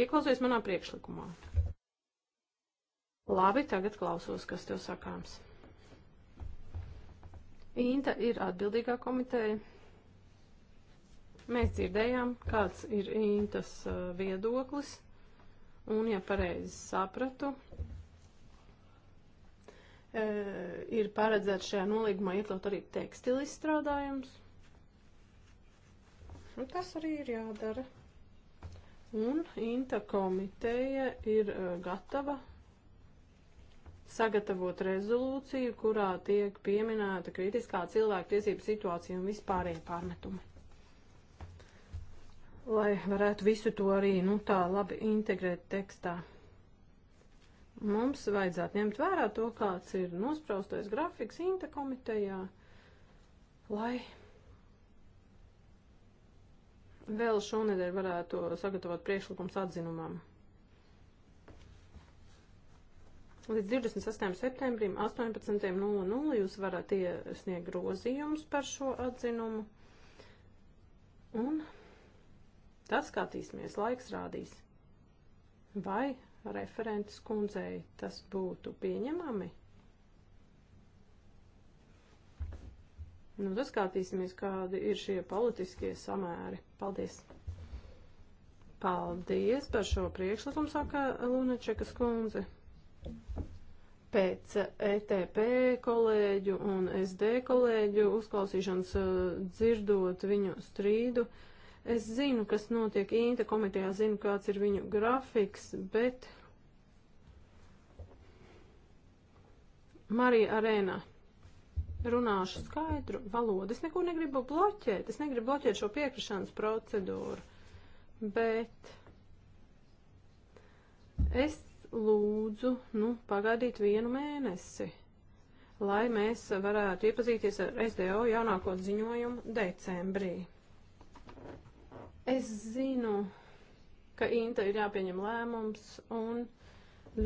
Ieklausies manā priekšlikumā. Labi, tagad klausos, kas tev sakāms. Inta ir atbildīgā komiteja. Mēs dzirdējām, kāds ir Intas uh, viedoklis, un, ja pareizi sapratu, uh, ir paredzēts šajā nolīgumā iekļaut arī tekstilizstrādājums. Un tas arī ir jādara. Un Inta komiteja ir uh, gatava sagatavot rezolūciju, kurā tiek pieminēta kritiskā cilvēku tiesību situācija un vispārējie pārmetumi lai varētu visu to arī nu, tā labi integrēt tekstā. Mums vajadzētu ņemt vērā to, kāds ir nospraustais grafiks Inta komitejā, lai vēl šonedēļ varētu sagatavot priekšlikums atzinumam. Līdz 28. septembrim 18.00 jūs varat iesniegt grozījumus par šo atzinumu. Un Tas, kā attīsimies, laiks rādīs. Vai referentes kundzei tas būtu pieņemami? Nu, tas skatīsimies, kādi ir šie politiskie samēri. Paldies! Paldies par šo priekšlikumu, saka Lunačekas kundze. Pēc ETP kolēģu un SD kolēģu uzklausīšanas eh, dzirdot viņu strīdu. Uh, Es zinu, kas notiek Inta komitejā, zinu, kāds ir viņu grafiks, bet Marija Arēna runāšu skaidru valodu. Es neko negribu bloķēt, es negribu bloķēt šo piekrišanas procedūru, bet es lūdzu, nu, pagaidīt vienu mēnesi, lai mēs varētu iepazīties ar SDO jaunāko ziņojumu decembrī. Es zinu, ka Inta ir jāpieņem lēmums un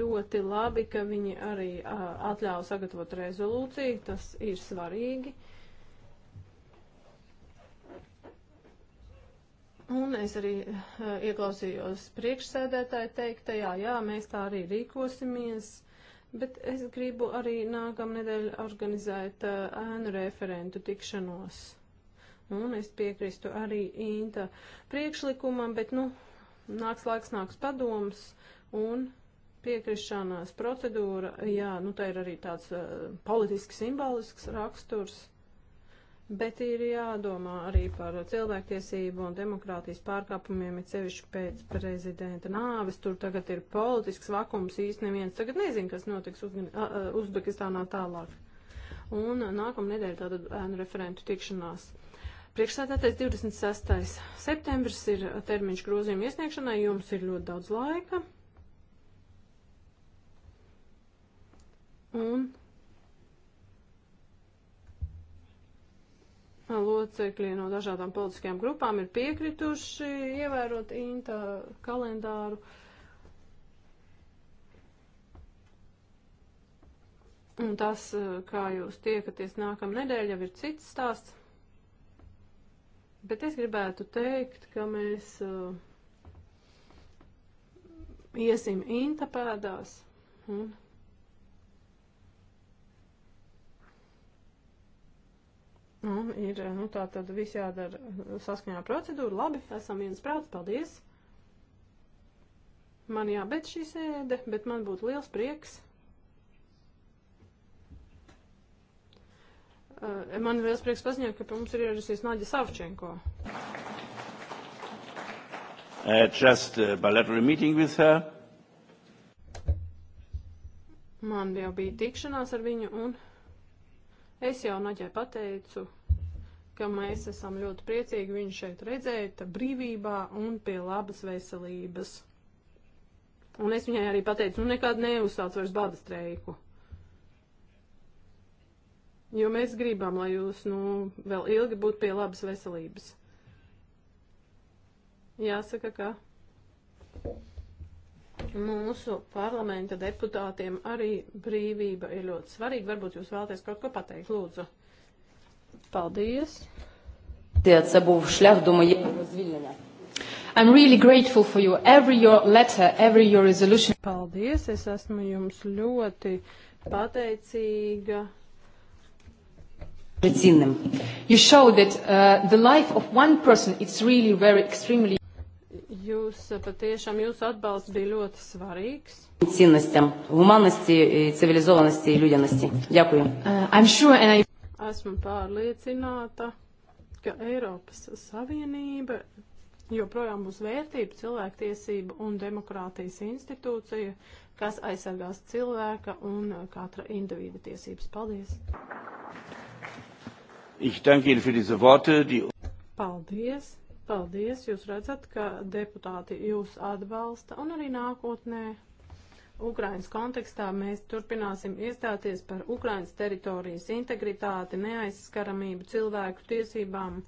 ļoti labi, ka viņi arī uh, atļāva sagatavot rezolūciju, tas ir svarīgi. Un es arī uh, ieklausījos priekšsēdētāju teiktajā, jā, mēs tā arī rīkosimies, bet es gribu arī nākamnedēļ organizēt ēnu uh, referentu tikšanos un es piekrīstu arī Inta priekšlikumam, bet, nu, nāks laiks, nāks padoms un piekrišanās procedūra, jā, nu, tā ir arī tāds uh, eh, politiski simbolisks raksturs, bet ir jādomā arī par cilvēktiesību un demokrātijas pārkāpumiem, ir sevišķi pēc prezidenta nāves, tur tagad ir politisks vakums, īsti neviens tagad nezin, kas notiks Uzgan uh, Uzbekistānā tālāk un nākamā nedēļa tātad ēnu referentu tikšanās. Priekšsēdētais 26. septembris ir termiņš grozījuma iesniegšanai, jums ir ļoti daudz laika. Un locekļi no dažādām politiskajām grupām ir piekrituši ievērot INTA kalendāru. Un tas, kā jūs tiekaties nākamnedēļ, jau ir cits stāsts. Bet es gribētu teikt, ka mēs uh, iesim intapēdās un Un ir, uh, nu, tā tad viss jādara uh, saskaņā procedūra. Labi, esam viens prāts, paldies. Man jābeidz šī sēde, bet man būtu liels prieks, Man ir liels prieks paziņot, ka pie mums ir ieradusies Nāģa Savčenko. Uh, just a bilateral meeting with her. Man jau bija tikšanās ar viņu, un es jau Naģai pateicu, ka mēs esam ļoti priecīgi viņu šeit redzēt, brīvībā un pie labas veselības. Un es viņai arī pateicu, nu nekad neuzsāc vairs bada streiku jo mēs gribam, lai jūs nu, vēl ilgi būtu pie labas veselības. Jāsaka, ka mūsu parlamenta deputātiem arī brīvība ir ļoti svarīga. Varbūt jūs vēlaties kaut ko pateikt, lūdzu. Paldies! Це був шлях до моєї розвільнення. I'm really grateful for you. Every your letter, every your resolution. Paldies, es esmu jums ļoti pateicīga Цінним. You showed that uh, the life of one person it's really very extremely Jūs uh, patiešām jūsu atbalsts bija ļoti svarīgs. Цінностям гуманності, цивілізованості і людяності. Дякую. Uh, I'm sure and I... Esmu pārliecināta, ka Eiropas Savienība joprojām būs vērtība cilvēktiesība un demokrātijas institūcija, kas aizsargās cilvēka un katra individa tiesības. Paldies! Ich danke Ihnen für diese Worte. Die... Paldies! Paldies! Jūs redzat, ka deputāti jūs atbalsta un arī nākotnē. Ukrainas kontekstā mēs turpināsim iestāties par Ukrainas teritorijas integritāti, neaizskaramību, cilvēku tiesībām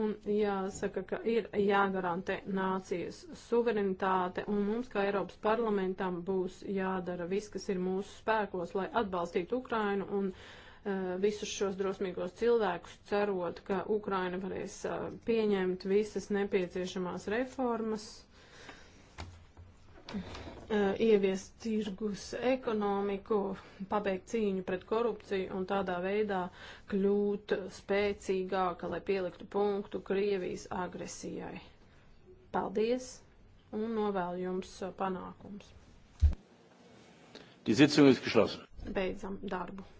un jāsaka, ka ir jāgarantē nācijas suverenitāte, un mums, kā Eiropas parlamentam, būs jādara viss, kas ir mūsu spēkos, lai atbalstītu Ukrainu un Eh, visus šos drosmīgos cilvēkus, cerot, ka Ukraina varēs eh, pieņemt visas nepieciešamās reformas, eh, ieviest tirgus ekonomiku, pabeigt cīņu pret korupciju un tādā veidā kļūt spēcīgāka, lai pieliktu punktu Krievijas agresijai. Paldies un novēlu jums panākums. Die Sitzung ist geschlossen. Beidzam darbu.